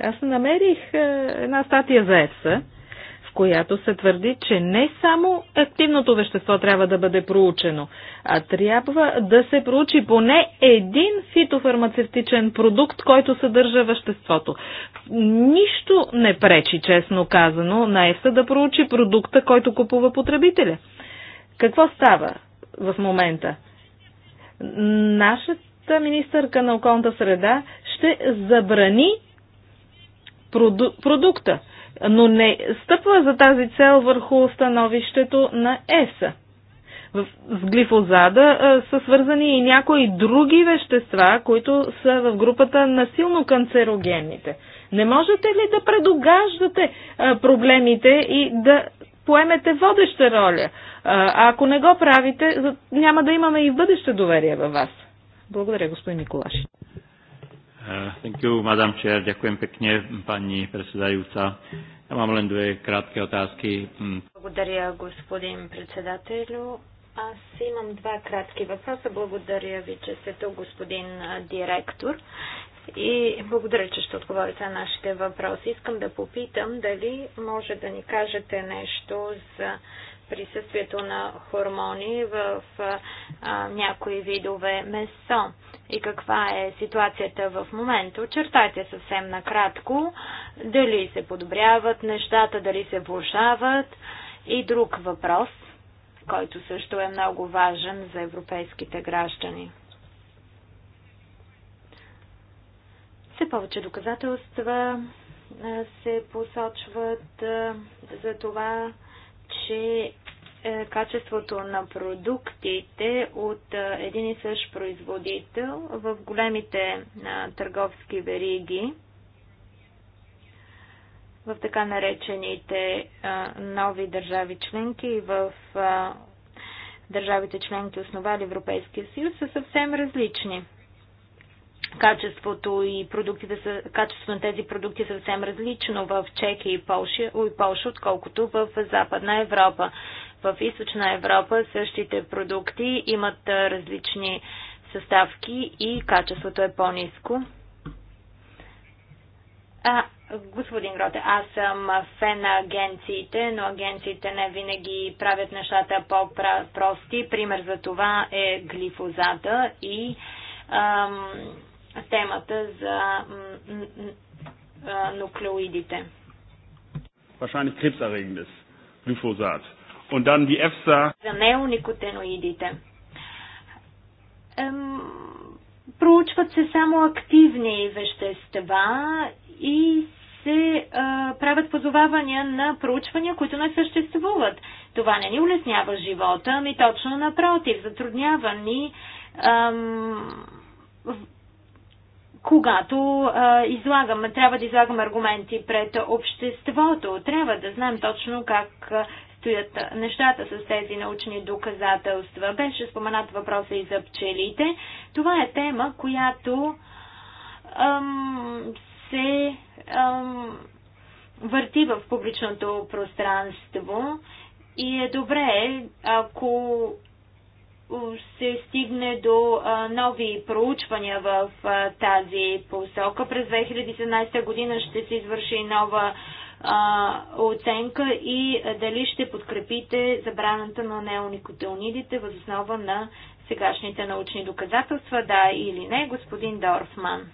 Аз намерих е, една статия за ЕФСА, в която се твърди, че не само активното вещество трябва да бъде проучено, а трябва да се проучи поне един фитофармацевтичен продукт, който съдържа веществото. Нищо не пречи, честно казано, на ЕФСА да проучи продукта, който купува потребителя. Какво става в момента? Нашата министърка на околната среда ще забрани проду продукта, но не стъпва за тази цел върху становището на ЕСА с глифозада са свързани и някои други вещества, които са в групата на силно канцерогенните. Не можете ли да предогаждате проблемите и да поемете водеща роля. А ако не го правите, няма да имаме и бъдеще доверие във вас. Благодаря, господин Николаш. Thank you, Madam Chair. Ďakujem pekne, pani predsedajúca. Ja лен две кратки отазки. Благодаря, господин председателю. Аз имам два кратки въпроса. Благодаря ви, че сте тук, господин директор и благодаря, че ще отговорите на нашите въпроси. Искам да попитам дали може да ни кажете нещо за присъствието на хормони в а, някои видове месо и каква е ситуацията в момента. Очертайте съвсем накратко дали се подобряват нещата, дали се влушават и друг въпрос, който също е много важен за европейските граждани. Все повече доказателства се посочват за това, че е, качеството на продуктите от един и същ производител в големите търговски вериги, в така наречените нови държави членки и в държавите членки основали Европейския съюз са съвсем различни качеството и продуктите са, качеството на тези продукти е съвсем различно в Чехия и Полша, и отколкото в Западна Европа. В Източна Европа същите продукти имат различни съставки и качеството е по-низко. А, господин Гроте, аз съм фен на агенциите, но агенциите не винаги правят нещата по-прости. Пример за това е глифозата и ам, темата за нуклеоидите. Wahrscheinlich krebserregend Glyphosat. Und dann die EFSA. За неоникотеноидите. Ем, проучват се само активни вещества и се а, правят позовавания на проучвания, които не съществуват. Това не ни улеснява живота, ами точно напротив, затруднява ни ам, когато а, излагам, трябва да излагам аргументи пред обществото. Трябва да знаем точно как стоят нещата с тези научни доказателства. Беше споменат въпроса и за пчелите. Това е тема, която ам, се ам, върти в публичното пространство и е добре, ако се стигне до нови проучвания в тази посока. През 2017 година ще се извърши нова оценка и дали ще подкрепите забраната на неоникотелнидите възоснова на сегашните научни доказателства, да или не, господин Дорфман.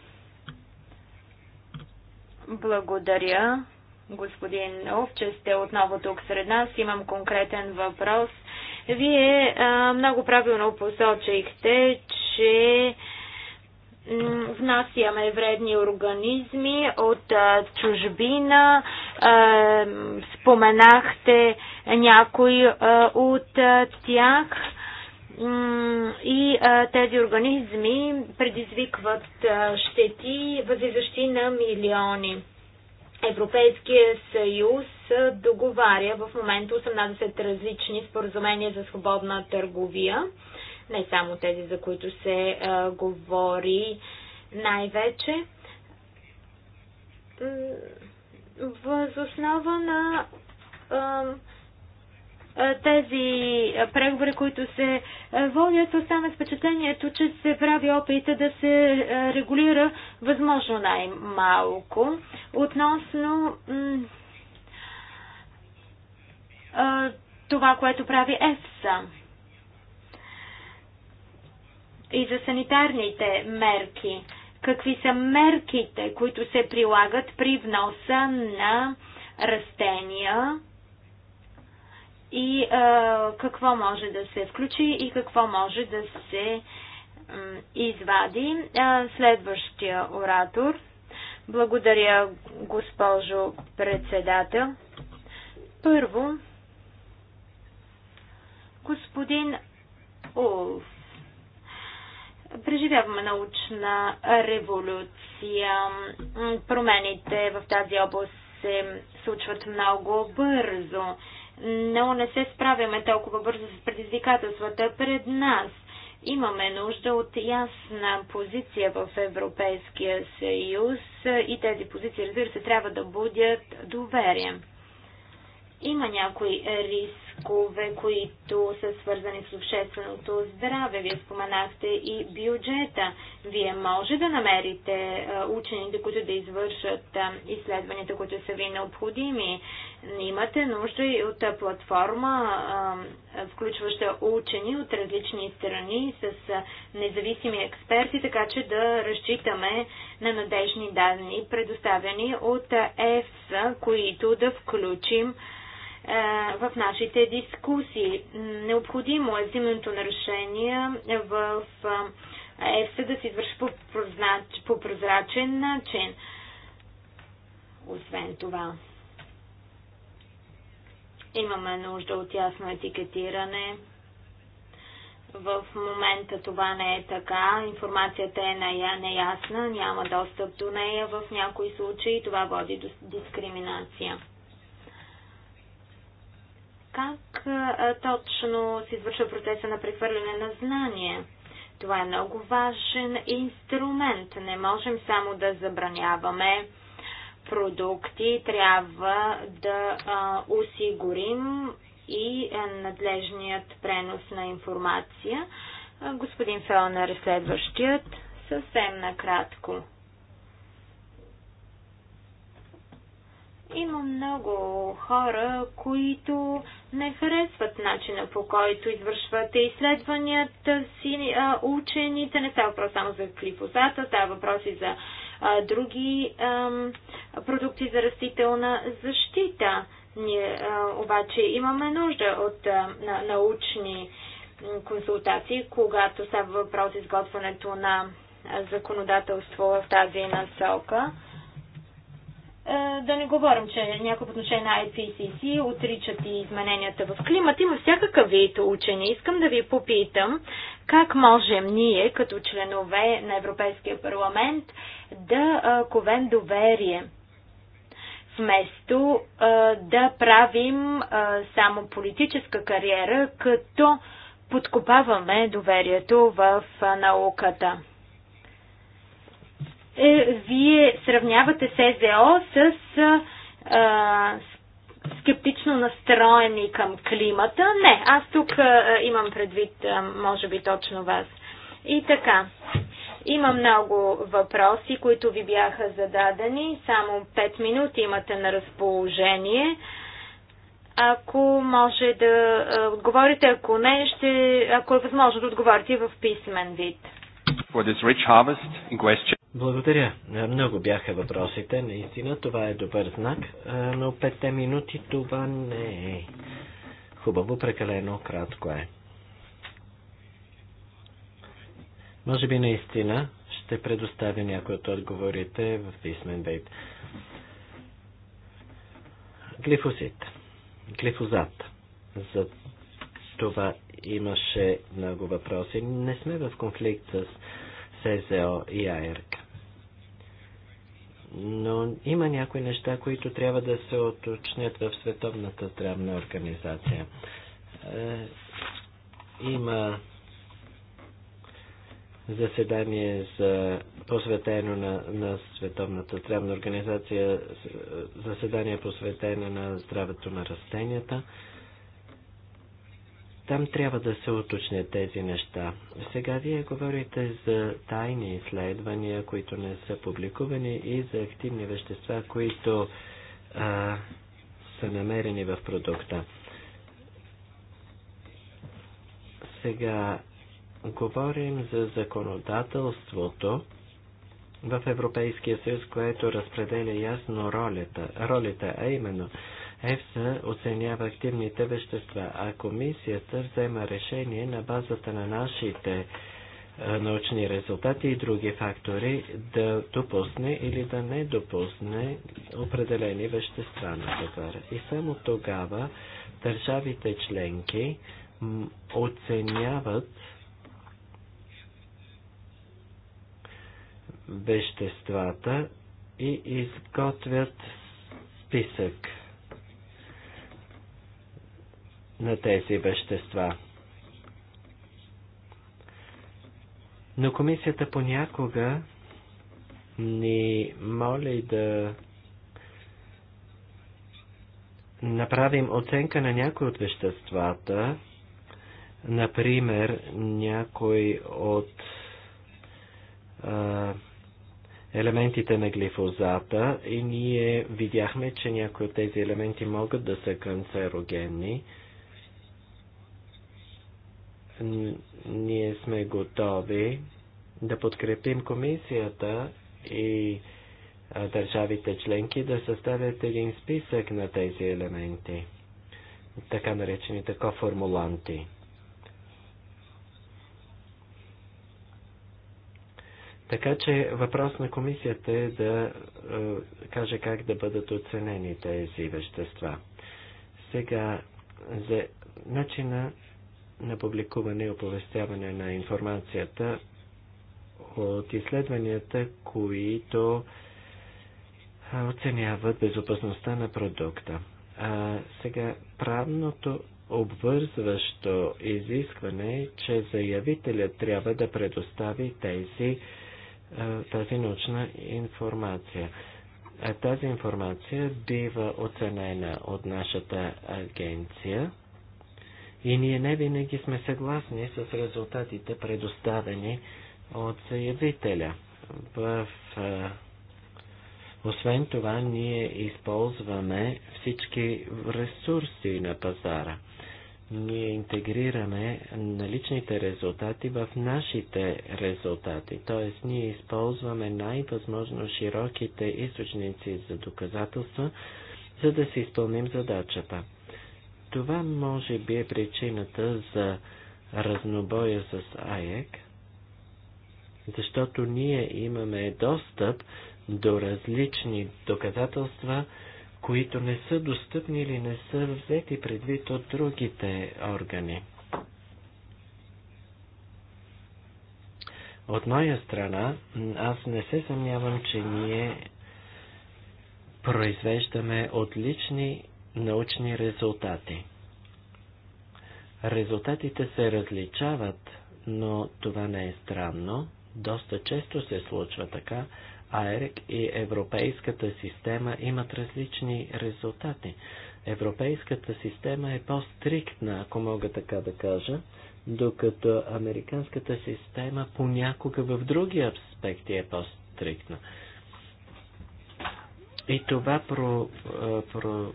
Благодаря, господин Овче, сте отново тук сред нас. Имам конкретен въпрос вие много правилно посочихте, че внасяме вредни организми от чужбина. Споменахте някои от тях и тези организми предизвикват щети, възлизащи на милиони. Европейския съюз договаря в момента 18 различни споразумения за свободна търговия, не само тези, за които се а, говори най-вече. Възоснова на а, тези преговори, които се водят, остана впечатлението, че се прави опита да се регулира възможно най-малко. Относно това, което прави ЕФСА и за санитарните мерки. Какви са мерките, които се прилагат при вноса на растения? и а, какво може да се включи и какво може да се м, извади. А, следващия оратор. Благодаря, госпожо председател. Първо, господин Олф. Преживяваме научна революция. Промените в тази област се случват много бързо но не се справяме толкова бързо с предизвикателствата пред нас. Имаме нужда от ясна позиция в Европейския съюз и тези позиции, разбира се, трябва да будят доверие. Има някои риски рискове, които са свързани с общественото здраве. Вие споменахте и бюджета. Вие може да намерите учените, които да извършат изследванията, които са ви необходими. Имате нужда и от платформа, включваща учени от различни страни с независими експерти, така че да разчитаме на надежни данни, предоставени от ЕФСА, които да включим е, в нашите дискусии. Необходимо е взимането на решения в ЕФСА да се извърши по, прозрачен начин. Освен това, имаме нужда от ясно етикетиране. В момента това не е така. Информацията е неясна, няма достъп до нея в някои случаи. Това води до дискриминация как точно се извършва процеса на прехвърляне на знание. Това е много важен инструмент. Не можем само да забраняваме продукти, трябва да а, осигурим и надлежният пренос на информация. Господин Фелнер е следващият. Съвсем накратко. Има много хора, които не харесват начина по който извършвате изследванията си а, учените. Не става въпрос само за клипозата, става въпрос и за а, други а, продукти за растителна защита. Ние а, обаче имаме нужда от а, на, научни консултации, когато става въпрос изготвянето на законодателство в тази насока. Е, да не говорим, че някои отношения отношение на IPCC отричат и измененията в климата. Има всякакъв вид учени. Искам да ви попитам как можем ние, като членове на Европейския парламент, да ковем доверие вместо да правим само политическа кариера, като подкопаваме доверието в науката е, вие сравнявате СЗО с а, скептично настроени към климата. Не, аз тук а, имам предвид, а, може би, точно вас. И така, има много въпроси, които ви бяха зададени. Само 5 минути имате на разположение. Ако може да а, отговорите, ако не, ще, ако е възможно да отговорите в писмен вид. For this rich harvest in question. Благодаря. Много бяха въпросите. Наистина това е добър знак, но петте минути това не е. Хубаво, прекалено кратко е. Може би наистина ще предоставя някои от отговорите в писмен вид. Глифозит. Глифозат. За това имаше много въпроси. Не сме в конфликт с СЗО и АРК но има някои неща, които трябва да се оточнят в Световната здравна организация. Е, има заседание за посветено на, на Световната здравна организация, заседание посветено на здравето на растенията. Там трябва да се уточнят тези неща. Сега вие говорите за тайни изследвания, които не са публикувани и за активни вещества, които а, са намерени в продукта. Сега говорим за законодателството в Европейския съюз, което разпределя ясно ролята, ролята а именно – ЕФСА оценява активните вещества, а комисията взема решение на базата на нашите научни резултати и други фактори да допусне или да не допусне определени вещества на пазара. И само тогава държавите членки оценяват веществата и изготвят списък на тези вещества. Но комисията понякога ни моли да направим оценка на някои от веществата, например, някой от а, елементите на глифозата и ние видяхме, че някои от тези елементи могат да са канцерогенни ние сме готови да подкрепим комисията и държавите членки да съставят един списък на тези елементи, така наречени така формуланти. Така че въпрос на комисията е да е, каже как да бъдат оценени тези вещества. Сега за начина на публикуване и оповестяване на информацията от изследванията, които оценяват безопасността на продукта. А, сега, правното обвързващо изискване е, че заявителят трябва да предостави тези, тази научна информация. А тази информация бива оценена от нашата агенция и ние не винаги сме съгласни с резултатите, предоставени от заявителя. В, освен това, ние използваме всички ресурси на пазара. Ние интегрираме наличните резултати в нашите резултати, т.е. ние използваме най-възможно широките източници за доказателства, за да си изпълним задачата. Това може би е причината за разнобоя с АЕК, защото ние имаме достъп до различни доказателства, които не са достъпни или не са взети предвид от другите органи. От моя страна, аз не се съмнявам, че ние произвеждаме отлични научни резултати. Резултатите се различават, но това не е странно. Доста често се случва така. АЕРЕК и Европейската система имат различни резултати. Европейската система е по-стриктна, ако мога така да кажа, докато американската система понякога в други аспекти е по-стриктна. И това про, про,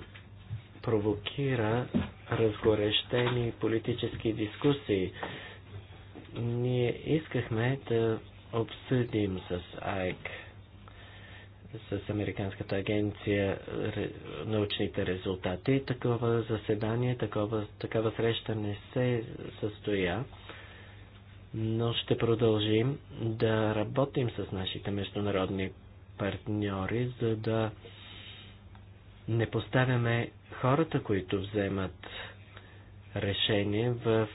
провокира разгорещени политически дискусии. Ние искахме да обсъдим с АЕК, с Американската агенция научните резултати. Такова заседание, такова, такава среща не се състоя, но ще продължим да работим с нашите международни партньори, за да не поставяме хората, които вземат решение в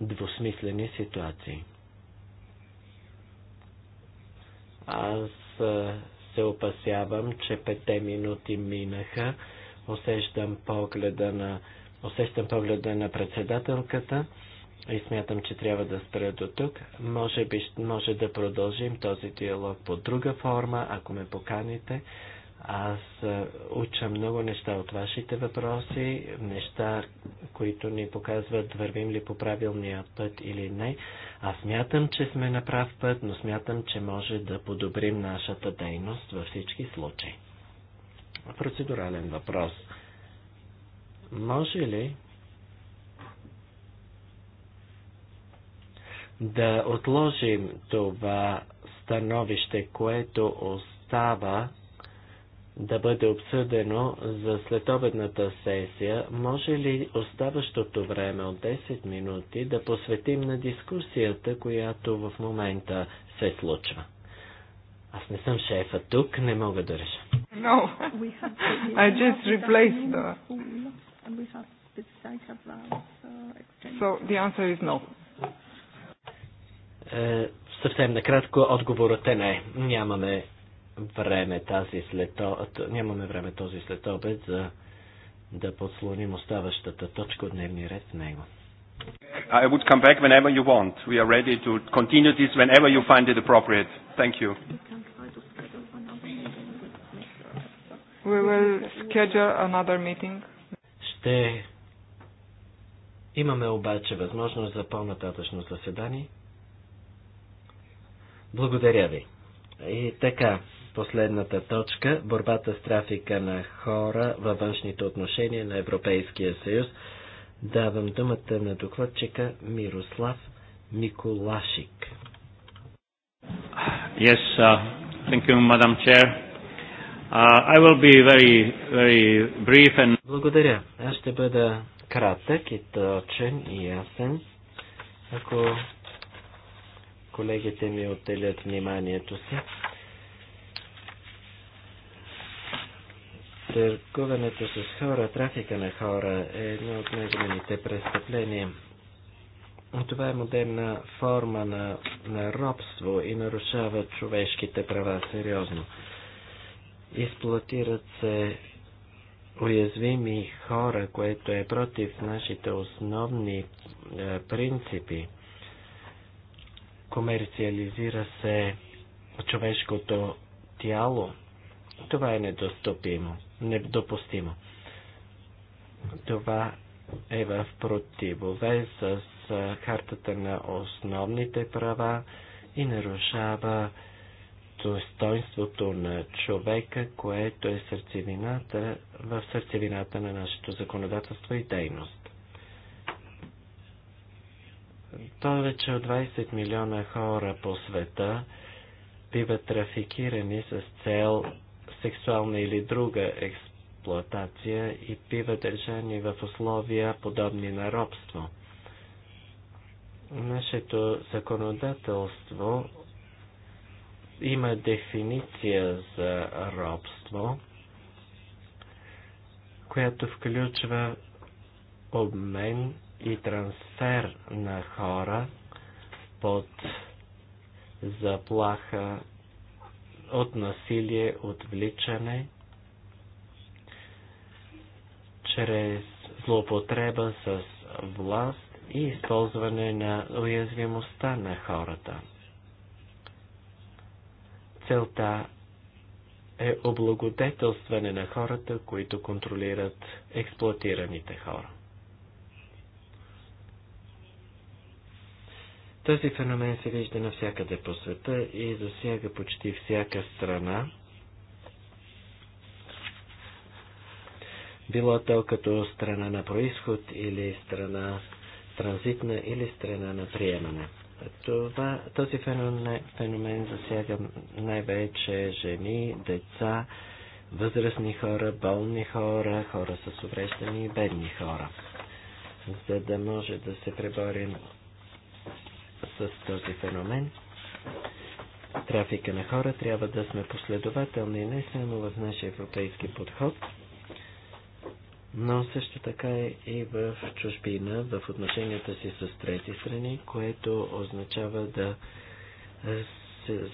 двусмислени ситуации. Аз се опасявам, че пете минути минаха, усещам погледа на, усещам погледа на председателката и смятам, че трябва да спра до тук. Може би може да продължим този диалог по друга форма, ако ме поканите. Аз е, уча много неща от вашите въпроси, неща, които ни показват вървим ли по правилния път или не. Аз смятам, че сме на прав път, но смятам, че може да подобрим нашата дейност във всички случаи. Процедурален въпрос. Може ли да отложим това становище, което остава да бъде обсъдено за следобедната сесия, може ли оставащото време от 10 минути да посветим на дискусията, която в момента се случва? Аз не съм шефа тук, не мога да реша. No, I just replaced the... Uh, so the answer is no. Е, съвсем накратко, отговорът е не. Нямаме време тази след нямаме време този след обед за да подслоним оставащата точка от дневния ред в него. I would come back whenever you want. We are ready to continue this whenever you find it appropriate. Thank you. We will schedule another meeting. Ще имаме обаче възможност за по-нататъчно заседание. Благодаря ви. И така, последната точка – борбата с трафика на хора във външните отношения на Европейския съюз. Давам думата на докладчика Мирослав Миколашик. Yes, uh, thank you, Madam Chair. Uh, I will be very, very brief and... Благодаря. Аз ще бъда кратък и точен и ясен. Ако колегите ми отделят вниманието си. Търгуването с хора, трафика на хора е едно от най-големите престъпления. Това е модерна форма на, на робство и нарушава човешките права сериозно. Изплатират се уязвими хора, което е против нашите основни е, принципи. Комерциализира се човешкото тяло. Това е недоступимо, недопустимо. Това е в противове с хартата на основните права и нарушава достоинството на човека, което е сърцевината, в сърцевината на нашето законодателство и дейност. Повече от 20 милиона хора по света биват трафикирани с цел сексуална или друга експлоатация и бива държани в условия подобни на робство. Нашето законодателство има дефиниция за робство, която включва обмен и трансфер на хора под заплаха от насилие, отвличане, чрез злоупотреба с власт и използване на уязвимостта на хората. Целта е облагодетелстване на хората, които контролират експлуатираните хора. Този феномен се вижда навсякъде по света и засяга почти всяка страна. Било то като страна на происход или страна транзитна или страна на приемане. Това, този феномен, феномен засяга най-вече жени, деца, възрастни хора, болни хора, хора с увреждани и бедни хора. За да може да се преборим с този феномен, трафика на хора, трябва да сме последователни не само в нашия европейски подход, но също така и в чужбина, в отношенията си с трети страни, което означава да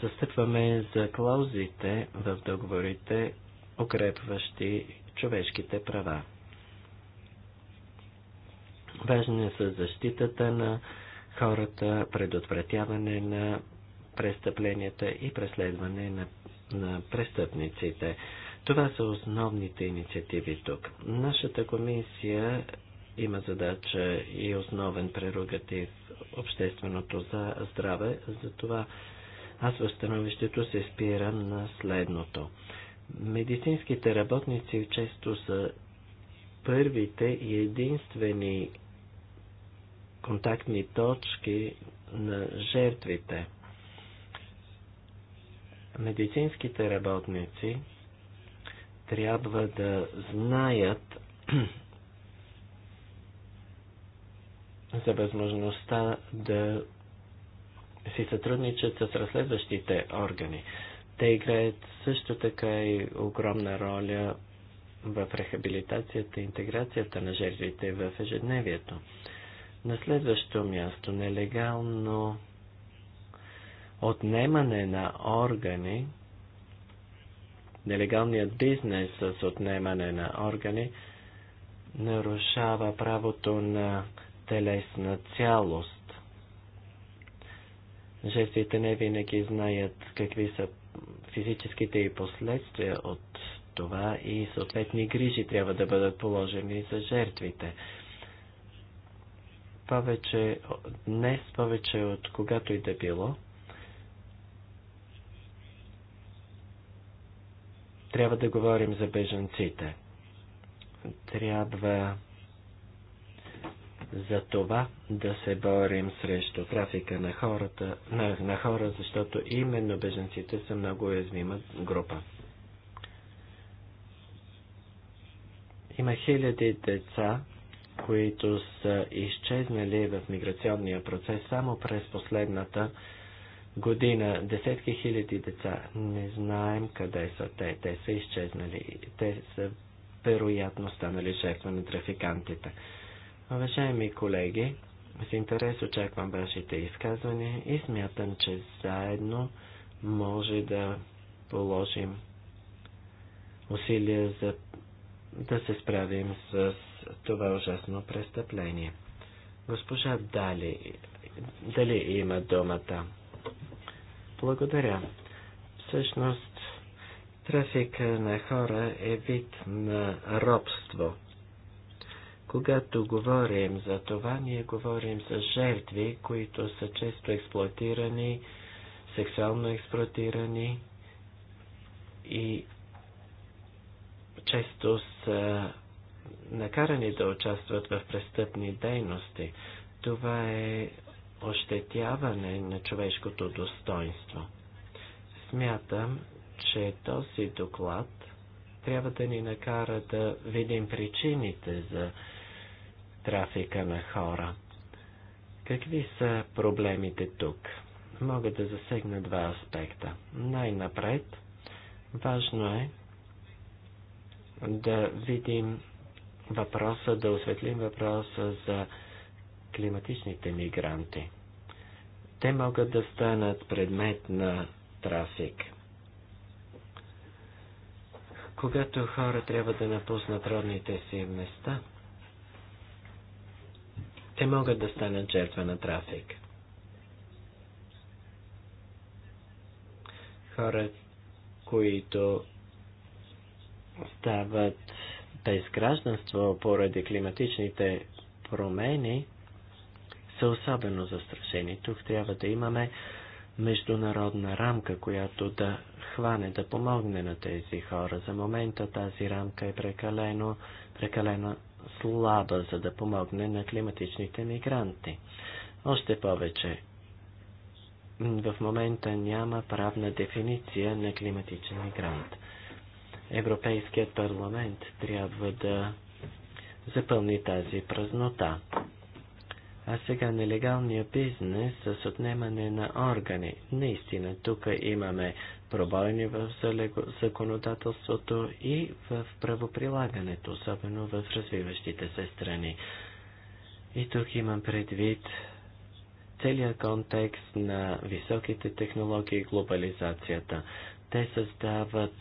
застъпваме за клаузите в договорите, укрепващи човешките права. Важни са защитата на хората, предотвратяване на престъпленията и преследване на, на престъпниците. Това са основните инициативи тук. Нашата комисия има задача и основен прерогатив общественото за здраве, затова аз възстановището се спирам на следното. Медицинските работници често са първите и единствени контактни точки на жертвите. Медицинските работници трябва да знаят за възможността да си сътрудничат с разследващите органи. Те играят също така и огромна роля в рехабилитацията и интеграцията на жертвите в ежедневието. На следващо място, нелегално отнемане на органи, нелегалният бизнес с отнемане на органи нарушава правото на телесна цялост. Жестите не винаги знаят какви са физическите и последствия от това и съответни грижи трябва да бъдат положени за жертвите повече, днес повече от когато и да било, трябва да говорим за бежанците. Трябва за това да се борим срещу трафика на, хората, на, на хора, защото именно беженците са много уязвима група. Има хиляди деца, които са изчезнали в миграционния процес само през последната година. Десетки хиляди деца. Не знаем къде са те. Те са изчезнали. Те са вероятно станали жертва на трафикантите. Уважаеми колеги, с интерес очаквам вашите изказвания и смятам, че заедно може да положим усилия за да се справим с това ужасно престъпление. Госпожа Дали, дали има думата? Благодаря. Всъщност, трафика на хора е вид на робство. Когато говорим за това, ние говорим за жертви, които са често експлуатирани, сексуално експлуатирани и често са накарани да участват в престъпни дейности. Това е ощетяване на човешкото достоинство. Смятам, че този доклад трябва да ни накара да видим причините за трафика на хора. Какви са проблемите тук? Мога да засегна два аспекта. Най-напред, важно е да видим въпроса, да осветлим въпроса за климатичните мигранти. Те могат да станат предмет на трафик. Когато хора трябва да напуснат родните си места, те могат да станат жертва на трафик. Хора, които стават без гражданство поради климатичните промени са особено застрашени. Тук трябва да имаме международна рамка, която да хване, да помогне на тези хора. За момента тази рамка е прекалено, прекалено слаба, за да помогне на климатичните мигранти. Още повече, в момента няма правна дефиниция на климатичен мигрант. Европейският парламент трябва да запълни тази празнота. А сега нелегалния бизнес с отнемане на органи. Наистина, тук имаме пробойни в законодателството и в правоприлагането, особено в развиващите се страни. И тук имам предвид целият контекст на високите технологии и глобализацията. Те създават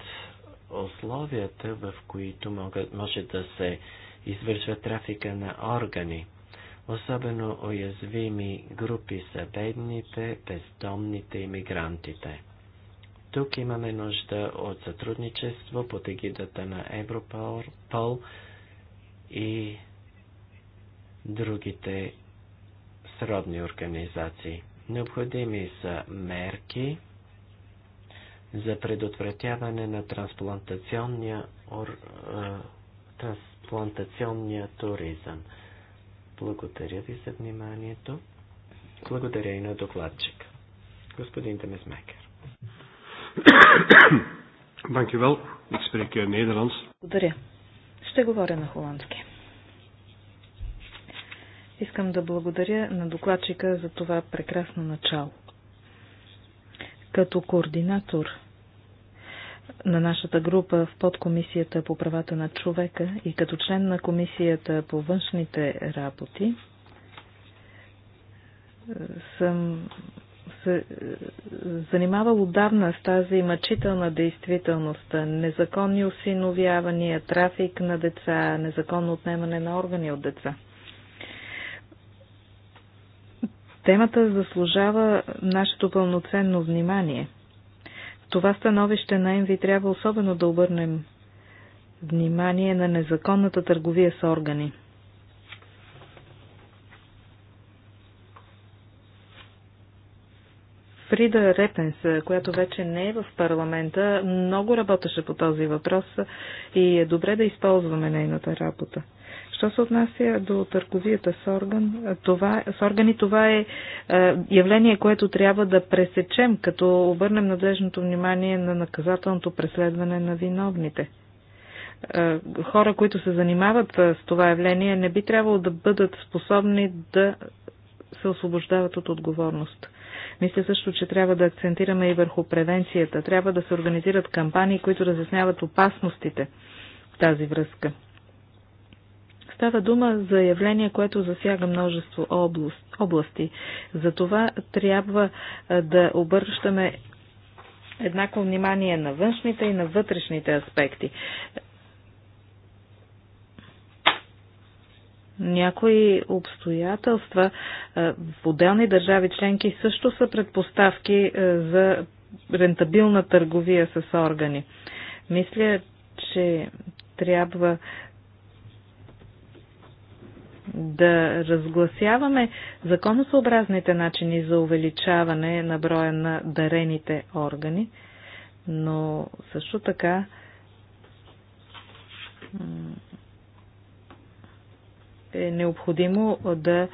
условията, в които могат, може да се извършва трафика на органи. Особено уязвими групи са бедните, бездомните и мигрантите. Тук имаме нужда от сътрудничество под егидата на Европол и другите сродни организации. Необходими са мерки, за предотвратяване на трансплантационния, ор, а, трансплантационния туризъм. Благодаря ви за вниманието. Благодаря и на докладчика. Господин Демесмекер. Dankjewel. Ik spreek eh, Nederlands. Благодаря. Ще говоря на холандски. Искам да благодаря на докладчика за това прекрасно начало. Като координатор на нашата група в подкомисията по правата на човека и като член на комисията по външните работи е, съм се е, занимавал отдавна с тази мъчителна действителност. Незаконни осиновявания, трафик на деца, незаконно отнемане на органи от деца. Темата заслужава нашето пълноценно внимание – това становище на ви трябва особено да обърнем внимание на незаконната търговия с органи. Фрида Репенс, която вече не е в парламента, много работеше по този въпрос и е добре да използваме нейната работа. Що се отнася до търговията с, орган, това, с органи, това е, е явление, което трябва да пресечем, като обърнем надлежното внимание на наказателното преследване на виновните. Е, хора, които се занимават е, с това явление, не би трябвало да бъдат способни да се освобождават от отговорност. Мисля също, че трябва да акцентираме и върху превенцията. Трябва да се организират кампании, които разясняват опасностите в тази връзка става дума за явление, което засяга множество област, области. Затова трябва да обръщаме еднакво внимание на външните и на вътрешните аспекти. Някои обстоятелства в отделни държави членки също са предпоставки за рентабилна търговия с органи. Мисля, че трябва да разгласяваме законосъобразните начини за увеличаване на броя на дарените органи, но също така е необходимо да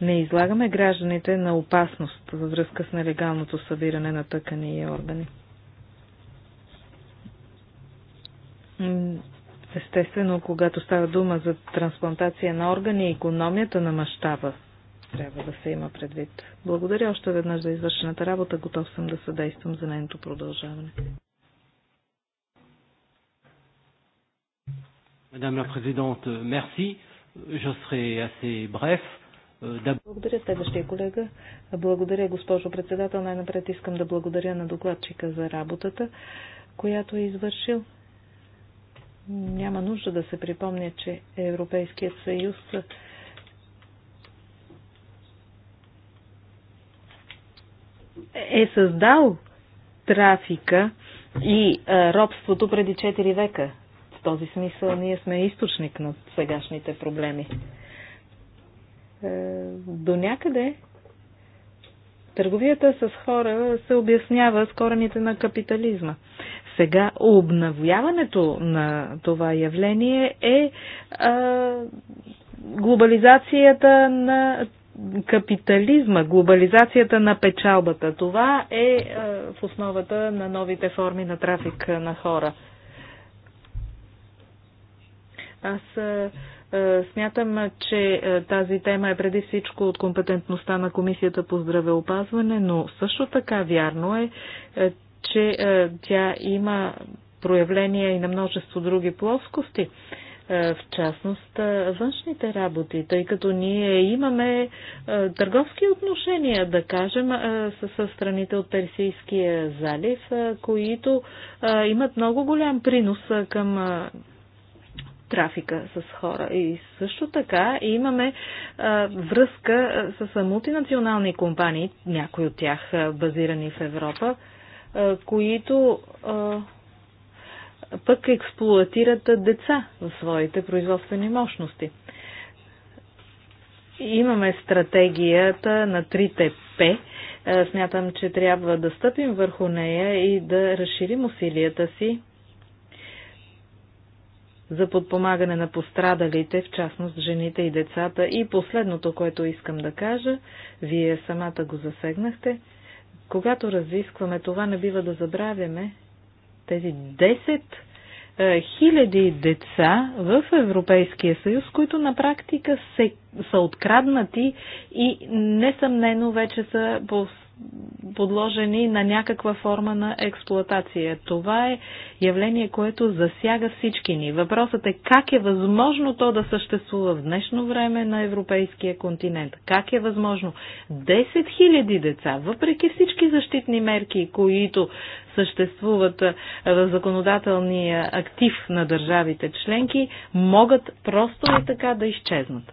не излагаме гражданите на опасност във връзка с нелегалното събиране на тъкани и органи. Естествено, когато става дума за трансплантация на органи, економията на мащаба трябва да се има предвид. Благодаря още веднъж за извършената работа. Готов съм да съдействам за нейното продължаване. Мадам la президент, мерси. Je serai assez bref. Euh, благодаря следващия колега. Благодаря, госпожо председател. Най-напред искам да благодаря на докладчика за работата, която е извършил. Няма нужда да се припомня, че Европейският съюз е създал трафика и а, робството преди 4 века. В този смисъл ние сме източник на сегашните проблеми. Е, до някъде търговията с хора се обяснява с корените на капитализма. Сега обновяването на това явление е а, глобализацията на капитализма, глобализацията на печалбата. Това е а, в основата на новите форми на трафик на хора. Аз а, Смятам, че тази тема е преди всичко от компетентността на Комисията по здравеопазване, но също така вярно е, че е, тя има проявления и на множество други плоскости, е, в частност е, външните работи, тъй като ние имаме търговски отношения, да кажем, с страните от Персийския залив, които имат много голям принос към трафика с хора. И също така имаме а, връзка с мултинационални компании, някои от тях базирани в Европа, които пък експлуатират деца в своите производствени мощности. Имаме стратегията на трите П. Смятам, че трябва да стъпим върху нея и да разширим усилията си за подпомагане на пострадалите, в частност жените и децата. И последното, което искам да кажа, вие самата го засегнахте – когато разискваме това, не бива да забравяме тези 10 е, хиляди деца в Европейския съюз, които на практика се, са откраднати и несъмнено вече са по подложени на някаква форма на експлоатация. Това е явление, което засяга всички ни. Въпросът е как е възможно то да съществува в днешно време на европейския континент. Как е възможно 10 000 деца, въпреки всички защитни мерки, които съществуват в законодателния актив на държавите членки, могат просто и така да изчезнат.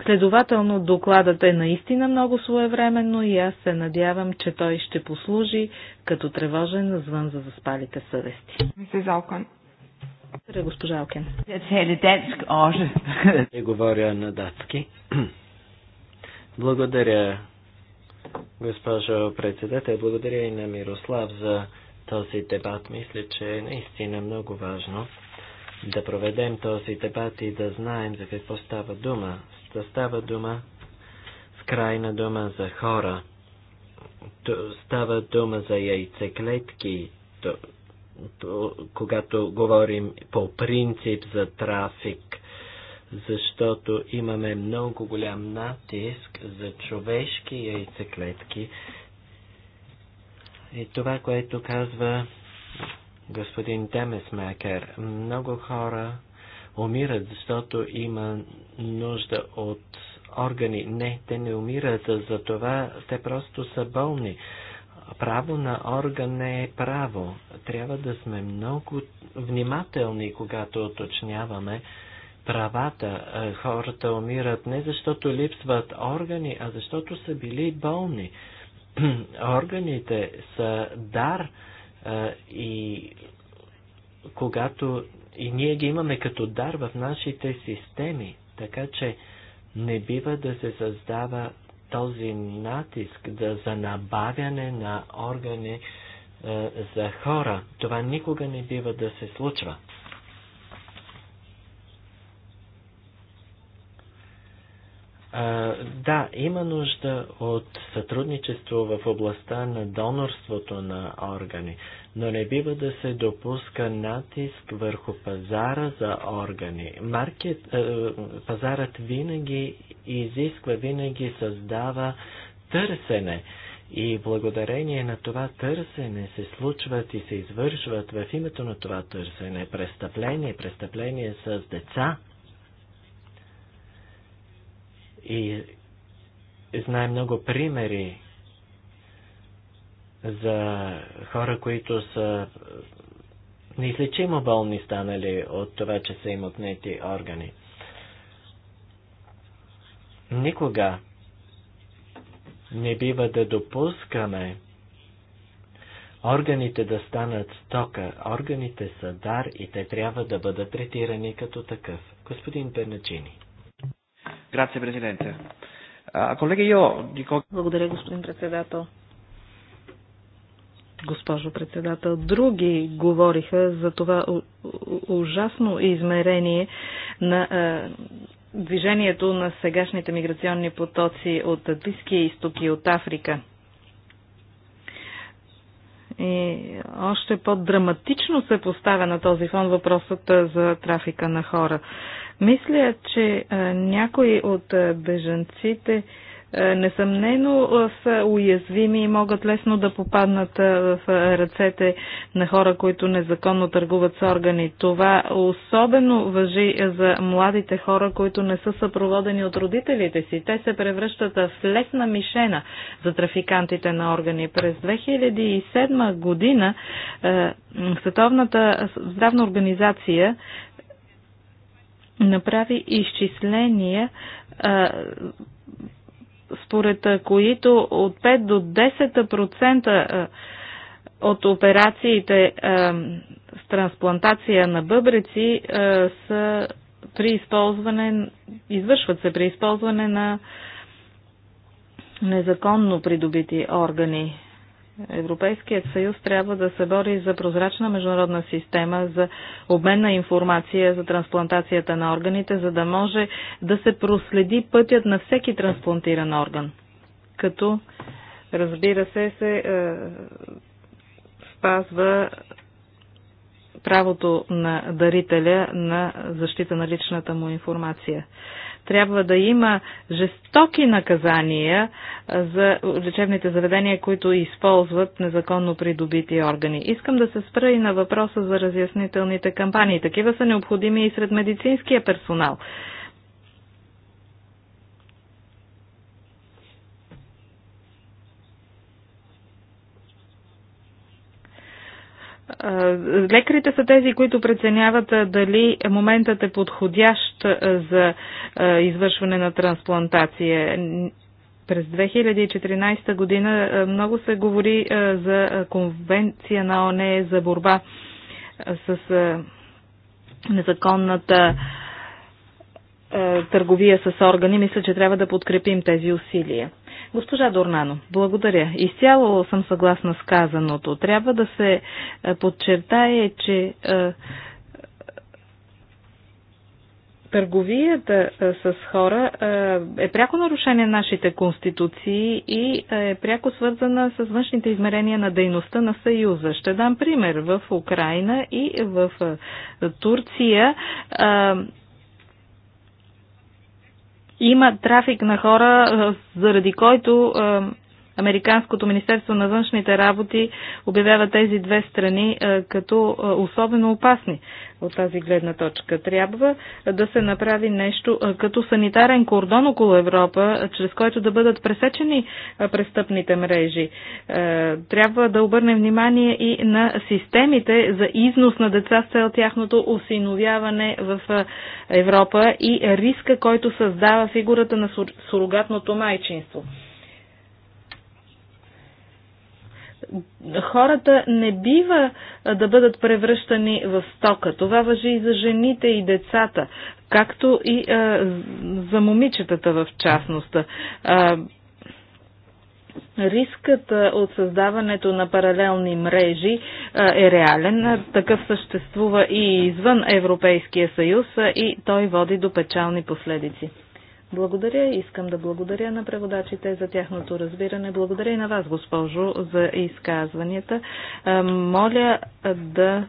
Следователно докладът е наистина много своевременно и аз се надявам, че той ще послужи като тревожен звън за заспалите съвести. Благодаря, госпожа Алкен. говоря на датски. Благодаря, госпожо председател. Благодаря и на Мирослав за този дебат. Мисля, че е наистина много важно да проведем този дебат и да знаем за какво става дума да Става дума в крайна дума за хора. Става дума за яйцеклетки. Когато говорим по принцип за трафик, защото имаме много голям натиск за човешки яйцеклетки. И това, което казва господин Демесмекер, много хора умират, защото има нужда от органи. Не, те не умират, за това те просто са болни. Право на орган не е право. Трябва да сме много внимателни, когато уточняваме правата. Е, хората умират не защото липсват органи, а защото са били болни. Органите са дар е, и когато и ние ги имаме като дар в нашите системи, така че не бива да се създава този натиск да, за набавяне на органи е, за хора. Това никога не бива да се случва. А, да, има нужда от сътрудничество в областта на донорството на органи но не бива да се допуска натиск върху пазара за органи. Маркет, е, пазарът винаги изисква, винаги създава търсене. И благодарение на това търсене се случват и се извършват в името на това търсене престъпление, престъпление с деца. И знае много примери за хора, които са неизлечимо болни станали от това, че са им отнети органи. Никога не бива да допускаме органите да станат стока. Органите са дар и те трябва да бъдат третирани като такъв. Господин Перначини. Грация, президенте. Колеги, йо, дико... Благодаря, господин председател госпожо председател. Други говориха за това ужасно измерение на движението на сегашните миграционни потоци от Близкия изток и от Африка. И още по-драматично се поставя на този фон въпросът за трафика на хора. Мисля, че някои от беженците е, несъмнено са е, е, уязвими и могат лесно да попаднат в ръцете на хора, които незаконно търгуват с органи. Това особено въжи за младите хора, които не са съпроводени от родителите си. Те се превръщат в лесна мишена за трафикантите на органи. През 2007 година Световната здравна организация направи изчисления според които от 5 до 10% от операциите с трансплантация на бъбреци са при използване, извършват се при използване на незаконно придобити органи. Европейският съюз трябва да се бори за прозрачна международна система за обмен на информация за трансплантацията на органите, за да може да се проследи пътят на всеки трансплантиран орган. Като, разбира се, се е, спазва правото на дарителя на защита на личната му информация. Трябва да има жестоки наказания за лечебните заведения, които използват незаконно придобити органи. Искам да се спра и на въпроса за разяснителните кампании. Такива са необходими и сред медицинския персонал. Лекарите са тези, които преценяват дали моментът е подходящ за извършване на трансплантация. През 2014 година много се говори за конвенция на ОНЕ за борба с незаконната търговия с органи. Мисля, че трябва да подкрепим тези усилия. Госпожа Дорнано, благодаря. Изцяло съм съгласна с казаното. Трябва да се е, подчертае, че е, е, търговията с хора е пряко нарушение на нашите конституции и е пряко свързана с външните измерения на дейността на Съюза. Ще дам пример. В Украина и в Турция има трафик на хора, заради който Американското Министерство на външните работи обявява тези две страни е, като е, особено опасни от тази гледна точка. Трябва е, да се направи нещо като санитарен кордон около Европа, чрез който да бъдат пресечени престъпните мрежи. Трябва да обърнем внимание и на системите за износ на деца с цел тяхното осиновяване в Европа и риска, който създава фигурата на сурогатното майчинство. хората не бива да бъдат превръщани в стока. Това въжи и за жените и децата, както и а, за момичетата в частност. Рискът от създаването на паралелни мрежи е реален. Такъв съществува и извън Европейския съюз и той води до печални последици. Благодаря. Искам да благодаря на преводачите за тяхното разбиране. Благодаря и на вас, госпожо, за изказванията. Моля да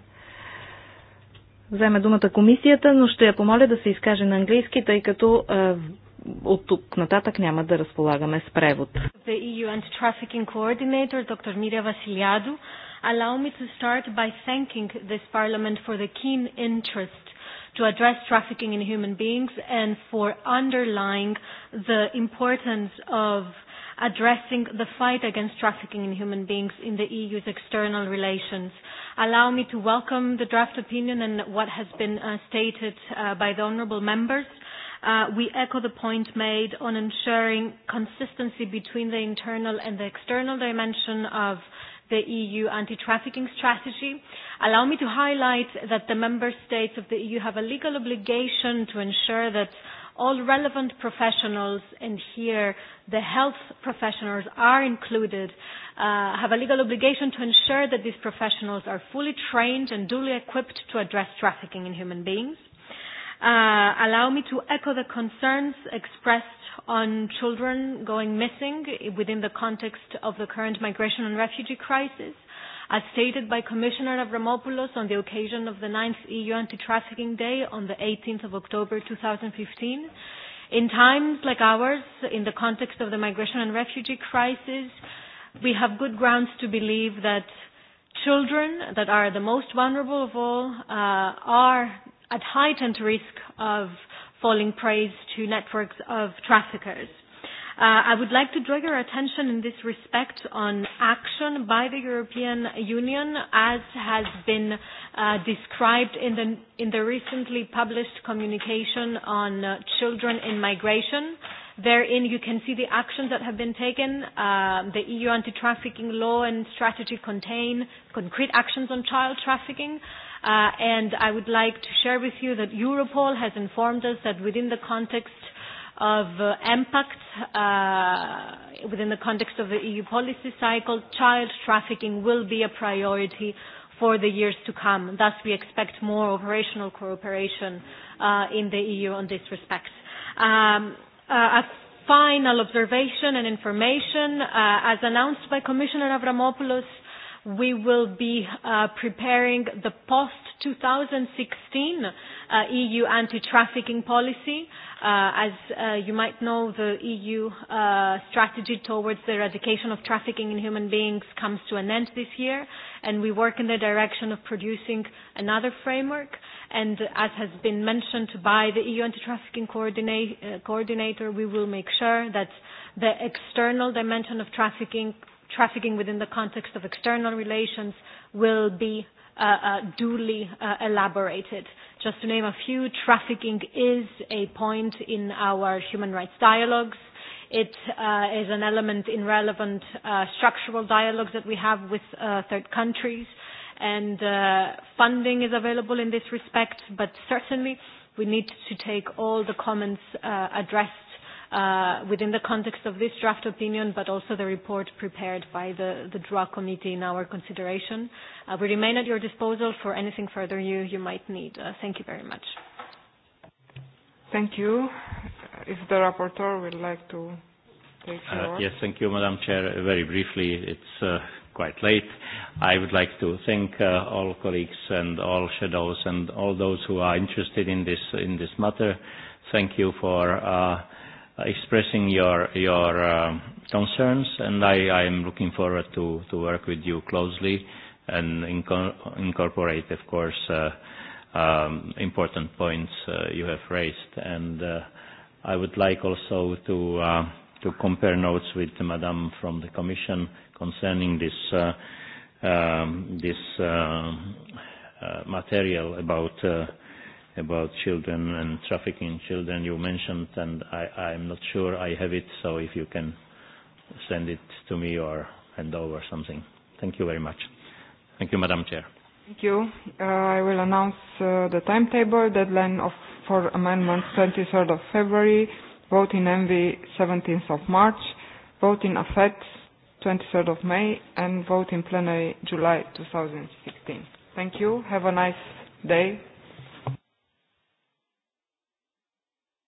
вземе думата комисията, но ще я помоля да се изкаже на английски, тъй като от тук нататък няма да разполагаме с превод. The EU Anti-Trafficking Coordinator, Dr. allow me to start by thanking this Parliament for the keen interest to address trafficking in human beings and for underlying the importance of addressing the fight against trafficking in human beings in the EU's external relations. Allow me to welcome the draft opinion and what has been uh, stated uh, by the honourable members. Uh, we echo the point made on ensuring consistency between the internal and the external dimension of uh, the EU anti-trafficking strategy. Allow me to highlight that the member states of the EU have a legal obligation to ensure that all relevant professionals, and here the health professionals are included, uh, have a legal obligation to ensure that these professionals are fully trained and duly equipped to address trafficking in human beings. Uh, allow me to echo the concerns expressed on children going missing within the context of the current migration and refugee crisis. As stated by Commissioner Avramopoulos on the occasion of the 9th EU Anti-Trafficking Day on the 18th of October 2015, in times like ours, in the context of the migration and refugee crisis, we have good grounds to believe that children that are the most vulnerable of all uh, are at heightened risk of falling prey to networks of traffickers. Uh, I would like to draw your attention in this respect on action by the European Union as has been uh, described in the, in the recently published communication on uh, children in migration. Therein you can see the actions that have been taken. Uh, the EU anti-trafficking law and strategy contain concrete actions on child trafficking. Uh, Uh, and I would like to share with you that Europol has informed us that within the context of uh, impact uh, within the context of the EU policy cycle, child trafficking will be a priority for the years to come. Thus, we expect more operational cooperation uh, in the EU on this respect. Um, uh, a final observation and information, uh, as announced by Commissioner Avramopoulos we will be uh, preparing the post-2016 uh, EU anti-trafficking policy. Uh, as uh, you might know, the EU uh, strategy towards the eradication of trafficking in human beings comes to an end this year, and we work in the direction of producing another framework. And as has been mentioned by the EU anti-trafficking uh, coordinator, we will make sure that the external dimension of trafficking trafficking within the context of external relations will be uh, uh, duly uh, elaborated. Just to name a few, trafficking is a point in our human rights dialogues. It uh, is an element in relevant uh, structural dialogues that we have with uh, third countries, and uh, funding is available in this respect, but certainly we need to take all the comments uh, addressed uh, within the context of this draft opinion, but also the report prepared by the, the DRA committee in our consideration. Uh, we remain at your disposal for anything further you, you might need. Uh, thank you very much. Thank you. If the rapporteur would like to take the floor. Yes, thank you, Madam Chair. Very briefly, it's uh, quite late. I would like to thank uh, all colleagues and all shadows and all those who are interested in this in this matter. Thank you for uh, expressing your your um, concerns, and I I am looking forward to to work with you closely and inco incorporate, of course, uh, um, important points uh, you have raised. And uh, I would like also to uh, to compare notes with Madame from the Commission concerning this uh, um, this uh, uh, material about. Uh, about children and trafficking children you mentioned, and I, I'm not sure I have it, so if you can send it to me or hand over something. Thank you very much. Thank you, Madam Chair. Thank you. Uh, I will announce uh, the timetable, deadline of, for amendments 23rd of February, vote in MV 17th of March, vote in AFET 23rd of May, and vote in plenary July 2016. Thank you. Have a nice day.